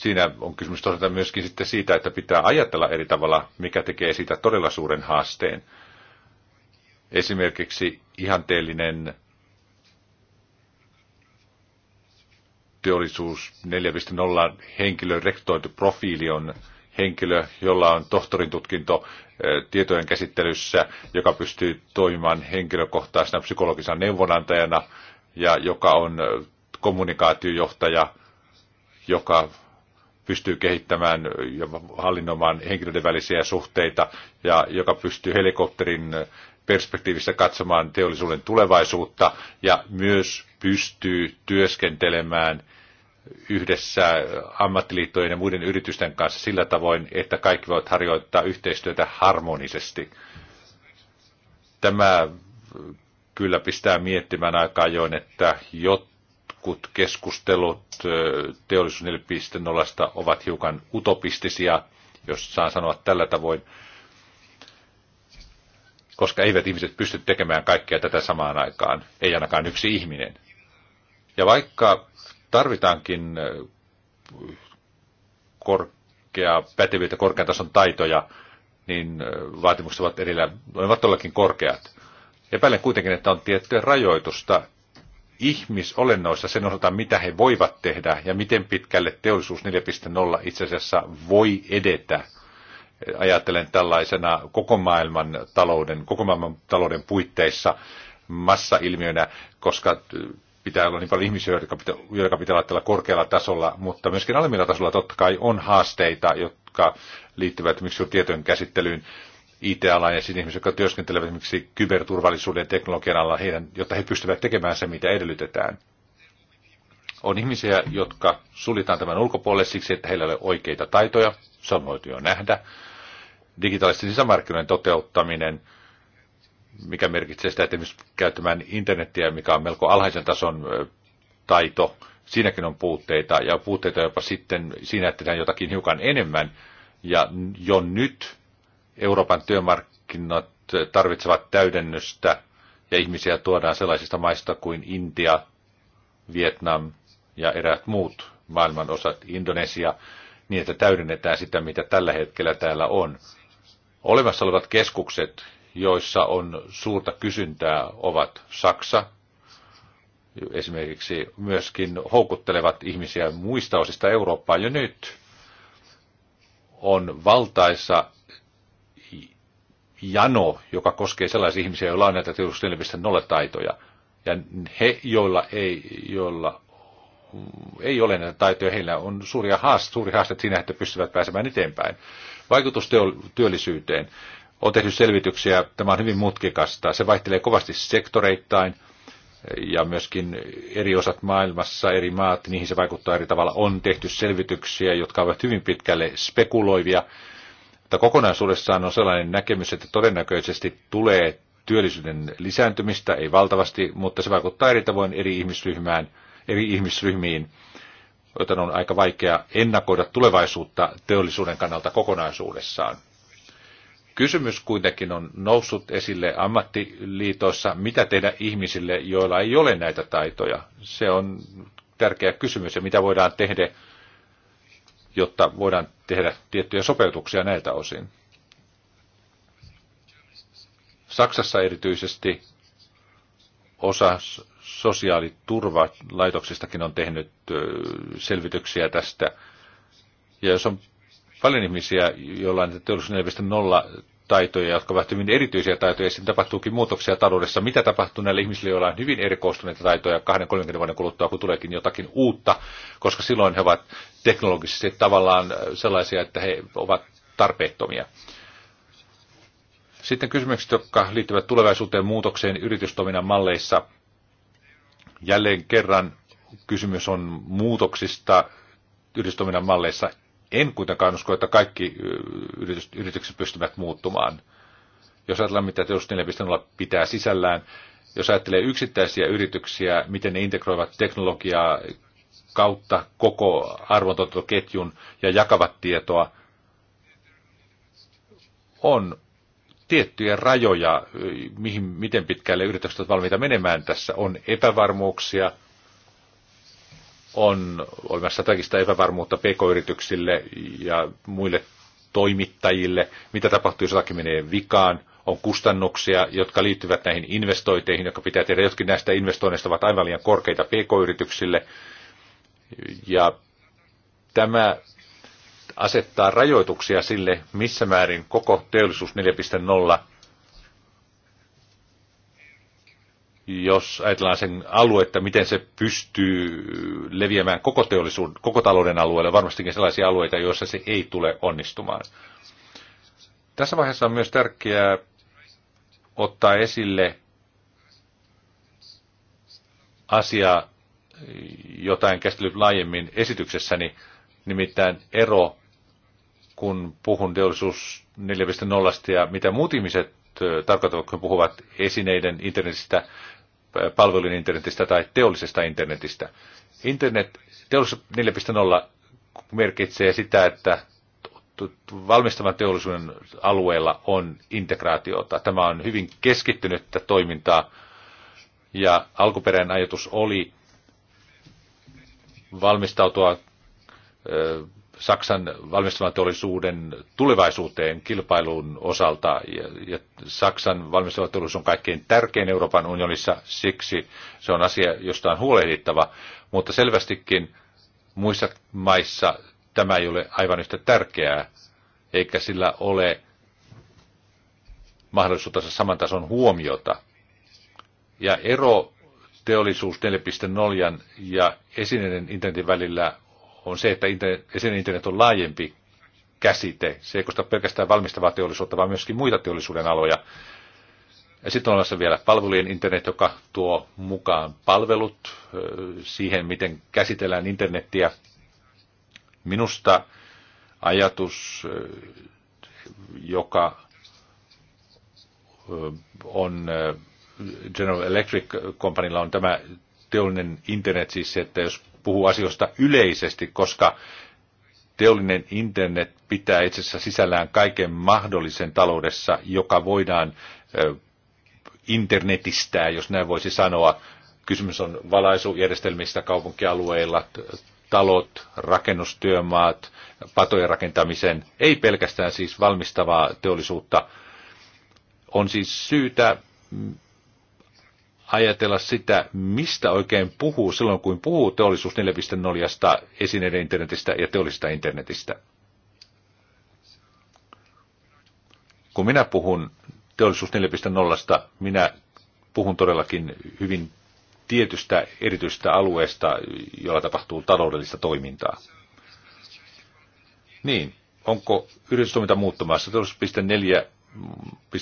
siinä on kysymys toisaalta myöskin sitten siitä, että pitää ajatella eri tavalla, mikä tekee siitä todella suuren haasteen. Esimerkiksi ihanteellinen teollisuus 4.0 henkilön rektoitu profiili on henkilö, jolla on tohtorin tutkinto eh, tietojen käsittelyssä, joka pystyy toimimaan henkilökohtaisena psykologisena neuvonantajana ja joka on eh, kommunikaatiojohtaja, joka pystyy kehittämään ja hallinnoimaan henkilöiden välisiä suhteita ja joka pystyy helikopterin perspektiivistä katsomaan teollisuuden tulevaisuutta ja myös pystyy työskentelemään yhdessä ammattiliittojen ja muiden yritysten kanssa sillä tavoin, että kaikki voivat harjoittaa yhteistyötä harmonisesti. Tämä kyllä pistää miettimään aika ajoin, että jotta jotkut keskustelut teollisuus 4.0 ovat hiukan utopistisia, jos saan sanoa tällä tavoin, koska eivät ihmiset pysty tekemään kaikkea tätä samaan aikaan, ei ainakaan yksi ihminen. Ja vaikka tarvitaankin korkeaa pätevyyttä, korkean tason taitoja, niin vaatimukset ovat erillä, ovat todellakin korkeat. Epäilen kuitenkin, että on tiettyä rajoitusta ihmisolennoissa sen osalta, mitä he voivat tehdä ja miten pitkälle teollisuus 4.0 itse asiassa voi edetä. Ajattelen tällaisena koko maailman talouden, koko maailman talouden puitteissa massailmiönä, koska pitää olla niin paljon ihmisiä, jotka pitää, jotka pitää olla tällä korkealla tasolla, mutta myöskin alemmilla tasolla totta kai on haasteita, jotka liittyvät esimerkiksi tietojen käsittelyyn IT-alan ja ihmisiä, jotka työskentelevät esimerkiksi kyberturvallisuuden ja teknologian alla, heidän, jotta he pystyvät tekemään se, mitä edellytetään. On ihmisiä, jotka suljetaan tämän ulkopuolelle siksi, että heillä ei ole oikeita taitoja, se on voitu jo nähdä. Digitaalisten sisämarkkinoiden toteuttaminen, mikä merkitsee sitä, että esimerkiksi käyttämään internettiä, mikä on melko alhaisen tason taito, siinäkin on puutteita ja puutteita jopa sitten siinä, että tehdään jotakin hiukan enemmän. Ja jo nyt Euroopan työmarkkinat tarvitsevat täydennystä ja ihmisiä tuodaan sellaisista maista kuin Intia, Vietnam ja eräät muut maailman osat, Indonesia, niin että täydennetään sitä, mitä tällä hetkellä täällä on. Olemassa olevat keskukset, joissa on suurta kysyntää, ovat Saksa, esimerkiksi myöskin houkuttelevat ihmisiä muista osista Eurooppaa jo nyt. On valtaisa jano, joka koskee sellaisia ihmisiä, joilla on näitä teollisuus 4.0 taitoja. Ja he, joilla ei, joilla ei ole näitä taitoja, heillä on suuria haaste, suuri haaste siinä, että pystyvät pääsemään eteenpäin. Vaikutus työllisyyteen. On tehty selvityksiä, tämä on hyvin mutkikasta. Se vaihtelee kovasti sektoreittain ja myöskin eri osat maailmassa, eri maat, niihin se vaikuttaa eri tavalla. On tehty selvityksiä, jotka ovat hyvin pitkälle spekuloivia mutta kokonaisuudessaan on sellainen näkemys, että todennäköisesti tulee työllisyyden lisääntymistä, ei valtavasti, mutta se vaikuttaa eri tavoin eri, ihmisryhmään, eri ihmisryhmiin, joten on aika vaikea ennakoida tulevaisuutta teollisuuden kannalta kokonaisuudessaan. Kysymys kuitenkin on noussut esille ammattiliitoissa, mitä tehdä ihmisille, joilla ei ole näitä taitoja. Se on tärkeä kysymys ja mitä voidaan tehdä jotta voidaan tehdä tiettyjä sopeutuksia näiltä osin. Saksassa erityisesti osa sosiaaliturvalaitoksistakin on tehnyt selvityksiä tästä. Ja jos on paljon ihmisiä, joilla on teollisuus taitoja, jotka ovat hyvin erityisiä taitoja, ja sitten tapahtuukin muutoksia taloudessa. Mitä tapahtuu näille ihmisille, joilla on hyvin erikoistuneita taitoja 20-30 vuoden kuluttua, kun tuleekin jotakin uutta, koska silloin he ovat teknologisesti tavallaan äh, sellaisia, että he ovat tarpeettomia. Sitten kysymykset, jotka liittyvät tulevaisuuteen muutokseen yritystoiminnan malleissa. Jälleen kerran kysymys on muutoksista yritystoiminnan malleissa en kuitenkaan usko, että kaikki yritykset pystyvät muuttumaan. Jos ajatellaan, mitä teollisuus 4.0 pitää sisällään, jos ajattelee yksittäisiä yrityksiä, miten ne integroivat teknologiaa kautta koko arvontuotantoketjun ja jakavat tietoa, on tiettyjä rajoja, mihin, miten pitkälle yritykset ovat valmiita menemään tässä. On epävarmuuksia, on olemassa strategista epävarmuutta pk-yrityksille ja muille toimittajille, mitä tapahtuu, jos jotakin menee vikaan, on kustannuksia, jotka liittyvät näihin investointeihin, jotka pitää tehdä. Jotkin näistä investoinneista ovat aivan liian korkeita pk-yrityksille. Ja tämä asettaa rajoituksia sille, missä määrin koko teollisuus jos ajatellaan sen aluetta, miten se pystyy leviämään koko, teollisuuden, koko talouden alueelle, varmastikin sellaisia alueita, joissa se ei tule onnistumaan. Tässä vaiheessa on myös tärkeää ottaa esille asia, jota en käsitellyt laajemmin esityksessäni, nimittäin ero, kun puhun teollisuus 4.0 ja mitä muut ihmiset tarkoittavatko kun puhuvat esineiden internetistä, palvelujen internetistä tai teollisesta internetistä. Internet teollisuus 4.0 merkitsee sitä, että valmistavan teollisuuden alueella on integraatiota. Tämä on hyvin keskittynyttä toimintaa ja alkuperäinen ajatus oli valmistautua Saksan valmistumateollisuuden tulevaisuuteen kilpailun osalta. Ja, ja Saksan valmistumateollisuus on kaikkein tärkein Euroopan unionissa, siksi se on asia, josta on huolehdittava. Mutta selvästikin muissa maissa tämä ei ole aivan yhtä tärkeää, eikä sillä ole mahdollisuutta saman tason huomiota. Ja ero teollisuus 4.0 ja esineiden internetin välillä on se, että internet, sen internet on laajempi käsite. Se ei koskaan pelkästään valmistavaa teollisuutta, vaan myöskin muita teollisuuden aloja. Ja sitten on olemassa vielä palvelujen internet, joka tuo mukaan palvelut siihen, miten käsitellään internettiä. Minusta ajatus, joka on General Electric Companylla on tämä teollinen internet, siis se, että jos puhua asioista yleisesti, koska teollinen internet pitää itse asiassa sisällään kaiken mahdollisen taloudessa, joka voidaan internetistää, jos näin voisi sanoa. Kysymys on valaisujärjestelmistä kaupunkialueilla, talot, rakennustyömaat, patojen rakentamisen, ei pelkästään siis valmistavaa teollisuutta. On siis syytä mm, ajatella sitä, mistä oikein puhuu silloin, kun puhuu teollisuus 4.0 esineiden internetistä ja teollisesta internetistä. Kun minä puhun teollisuus 4.0, minä puhun todellakin hyvin tietystä erityistä alueesta, jolla tapahtuu taloudellista toimintaa. Niin, onko yritystoiminta muuttumassa? Teollisuus 4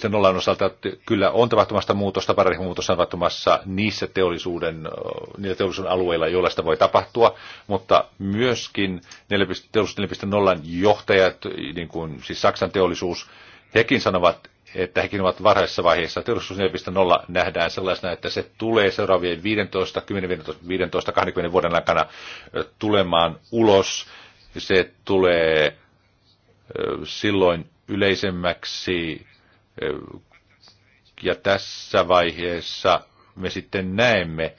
0 osalta kyllä on tapahtumassa muutosta, paradigma muutosta on tapahtumassa niissä teollisuuden, niillä teollisuuden alueilla, joilla sitä voi tapahtua, mutta myöskin teollisuus 4.0 johtajat, niin kuin siis Saksan teollisuus, hekin sanovat, että hekin ovat varhaisessa vaiheessa. Teollisuus 4.0 nähdään sellaisena, että se tulee seuraavien 15, 10, 15, 15 20 vuoden aikana tulemaan ulos. Se tulee silloin yleisemmäksi ja tässä vaiheessa me sitten näemme,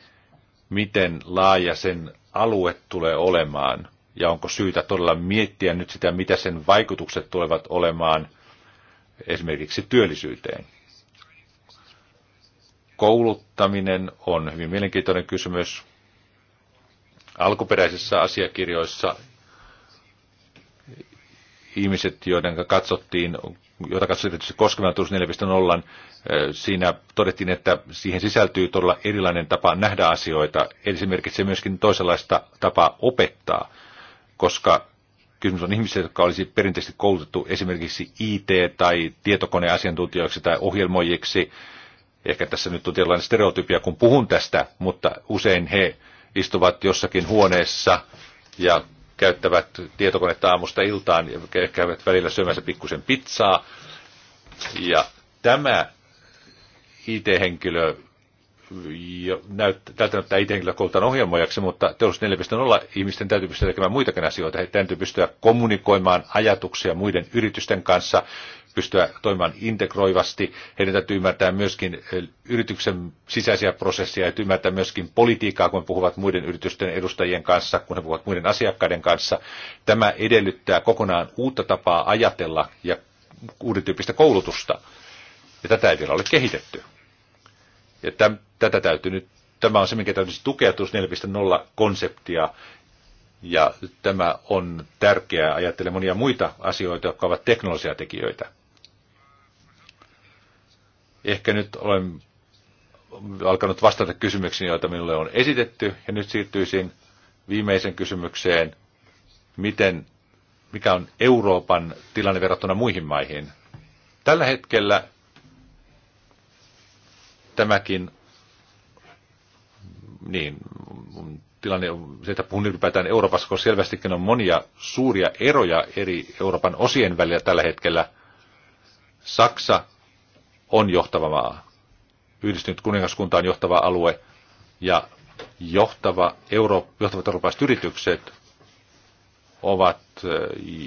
miten laaja sen alue tulee olemaan ja onko syytä todella miettiä nyt sitä, mitä sen vaikutukset tulevat olemaan esimerkiksi työllisyyteen. Kouluttaminen on hyvin mielenkiintoinen kysymys. Alkuperäisissä asiakirjoissa ihmiset, joiden katsottiin, joita katsottiin tietysti koskevan 4.0, siinä todettiin, että siihen sisältyy todella erilainen tapa nähdä asioita, eli se merkitsee myöskin toisenlaista tapaa opettaa, koska kysymys on ihmisiä, jotka olisi perinteisesti koulutettu esimerkiksi IT- tai tietokoneasiantuntijoiksi tai ohjelmoijiksi. Ehkä tässä nyt on tietynlainen stereotypia, kun puhun tästä, mutta usein he istuvat jossakin huoneessa ja käyttävät tietokonetta aamusta iltaan ja käyvät välillä syömässä pikkusen pizzaa. Ja tämä IT-henkilö tältä näyttää IT-henkilö koulutan ohjelmoijaksi, mutta teollisuus 4.0 ihmisten täytyy pystyä tekemään muitakin asioita. He täytyy pystyä kommunikoimaan ajatuksia muiden yritysten kanssa pystyä toimimaan integroivasti. Heidän täytyy ymmärtää myöskin eh, yrityksen sisäisiä prosesseja, ja ymmärtää myöskin politiikkaa, kun puhuvat muiden yritysten edustajien kanssa, kun he puhuvat muiden asiakkaiden kanssa. Tämä edellyttää kokonaan uutta tapaa ajatella ja uuden tyyppistä koulutusta. Ja tätä ei vielä ole kehitetty. Ja tämän, tätä täytyy nyt, tämä on se, minkä täytyisi tukea tuossa 4.0-konseptia, ja tämä on tärkeää, ajattelen monia muita asioita, jotka ovat teknologisia tekijöitä. Ehkä nyt olen alkanut vastata kysymyksiin, joita minulle on esitetty, ja nyt siirtyisin viimeisen kysymykseen, miten, mikä on Euroopan tilanne verrattuna muihin maihin. Tällä hetkellä tämäkin niin, tilanne on se, että puhun ylipäätään Euroopassa, koska selvästikin on monia suuria eroja eri Euroopan osien välillä tällä hetkellä. Saksa on johtava maa. Yhdistynyt kuningaskunta on johtava alue ja johtava Euro, johtavat eurooppalaiset yritykset ovat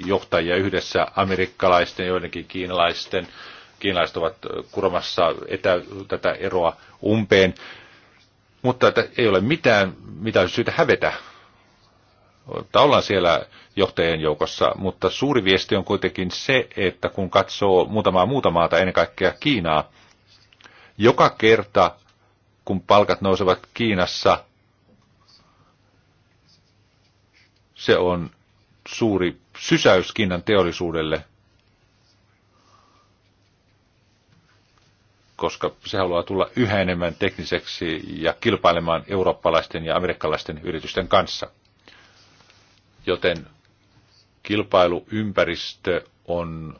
johtajia yhdessä amerikkalaisten, joidenkin kiinalaisten. Kiinalaiset ovat kuromassa etä, tätä eroa umpeen. Mutta että ei ole mitään, mitä olisi syytä hävetä. Että ollaan siellä johtajien joukossa, mutta suuri viesti on kuitenkin se, että kun katsoo muutamaa muuta maata, ennen kaikkea Kiinaa, joka kerta kun palkat nousevat Kiinassa, se on suuri sysäys Kiinan teollisuudelle. koska se haluaa tulla yhä enemmän tekniseksi ja kilpailemaan eurooppalaisten ja amerikkalaisten yritysten kanssa. Joten kilpailuympäristö on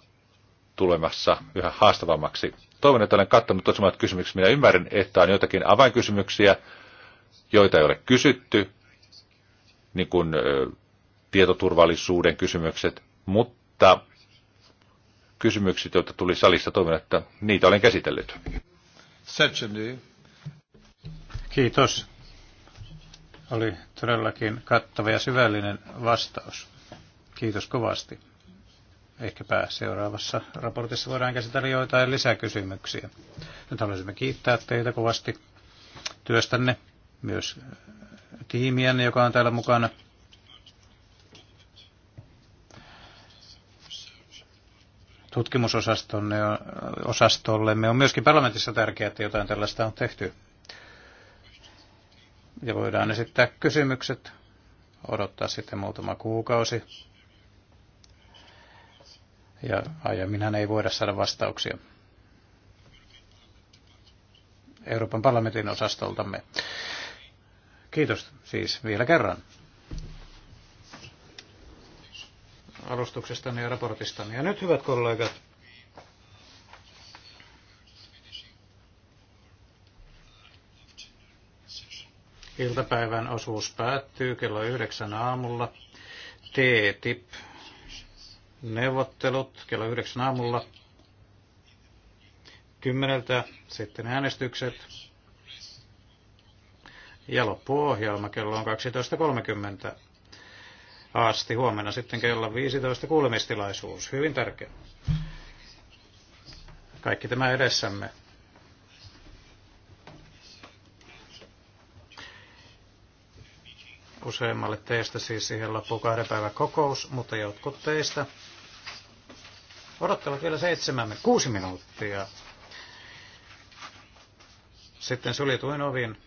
tulemassa yhä haastavammaksi. Toivon, että olen kattanut tosiaan kysymykset. Minä ymmärrän, että on joitakin avainkysymyksiä, joita ei ole kysytty, niin kuin tietoturvallisuuden kysymykset, mutta kysymykset, joita tuli salissa. Toivon, että niitä olen käsitellyt. Kiitos. Oli todellakin kattava ja syvällinen vastaus. Kiitos kovasti. Ehkäpä seuraavassa raportissa voidaan käsitellä joitain lisäkysymyksiä. Nyt haluaisimme kiittää teitä kovasti työstänne, myös tiimiänne, joka on täällä mukana. tutkimusosastollemme on myöskin parlamentissa tärkeää, että jotain tällaista on tehty. Ja voidaan esittää kysymykset, odottaa sitten muutama kuukausi. Ja aiemminhan ei voida saada vastauksia Euroopan parlamentin osastoltamme. Kiitos siis vielä kerran. alustuksestani ja raportistani. Ja nyt, hyvät kollegat, iltapäivän osuus päättyy kello yhdeksän aamulla. TTIP neuvottelut kello yhdeksän aamulla. Kymmeneltä sitten äänestykset. Ja loppuohjelma kello on 12.30 asti. Huomenna sitten kello 15 kuulemistilaisuus. Hyvin tärkeä. Kaikki tämä edessämme. Useimmalle teistä siis siihen loppuu kahden päivän kokous, mutta jotkut teistä odottavat vielä seitsemän, kuusi minuuttia. Sitten suljetuin ovin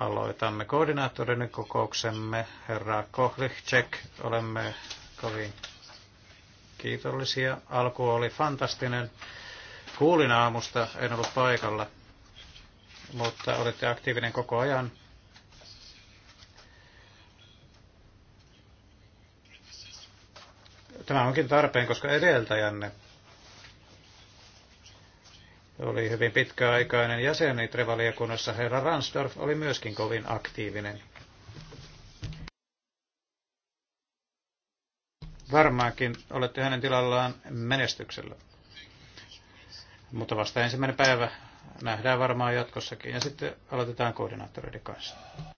Aloitamme koordinaattorin kokouksemme. Herra Kohlichek, olemme kovin kiitollisia. Alku oli fantastinen. Kuulin aamusta, en ollut paikalla, mutta olitte aktiivinen koko ajan. Tämä onkin tarpeen, koska edeltäjänne oli hyvin pitkäaikainen jäsen Itrevaliokunnassa. Herra Ransdorf oli myöskin kovin aktiivinen. Varmaankin olette hänen tilallaan menestyksellä. Mutta vasta ensimmäinen päivä nähdään varmaan jatkossakin ja sitten aloitetaan koordinaattoreiden kanssa.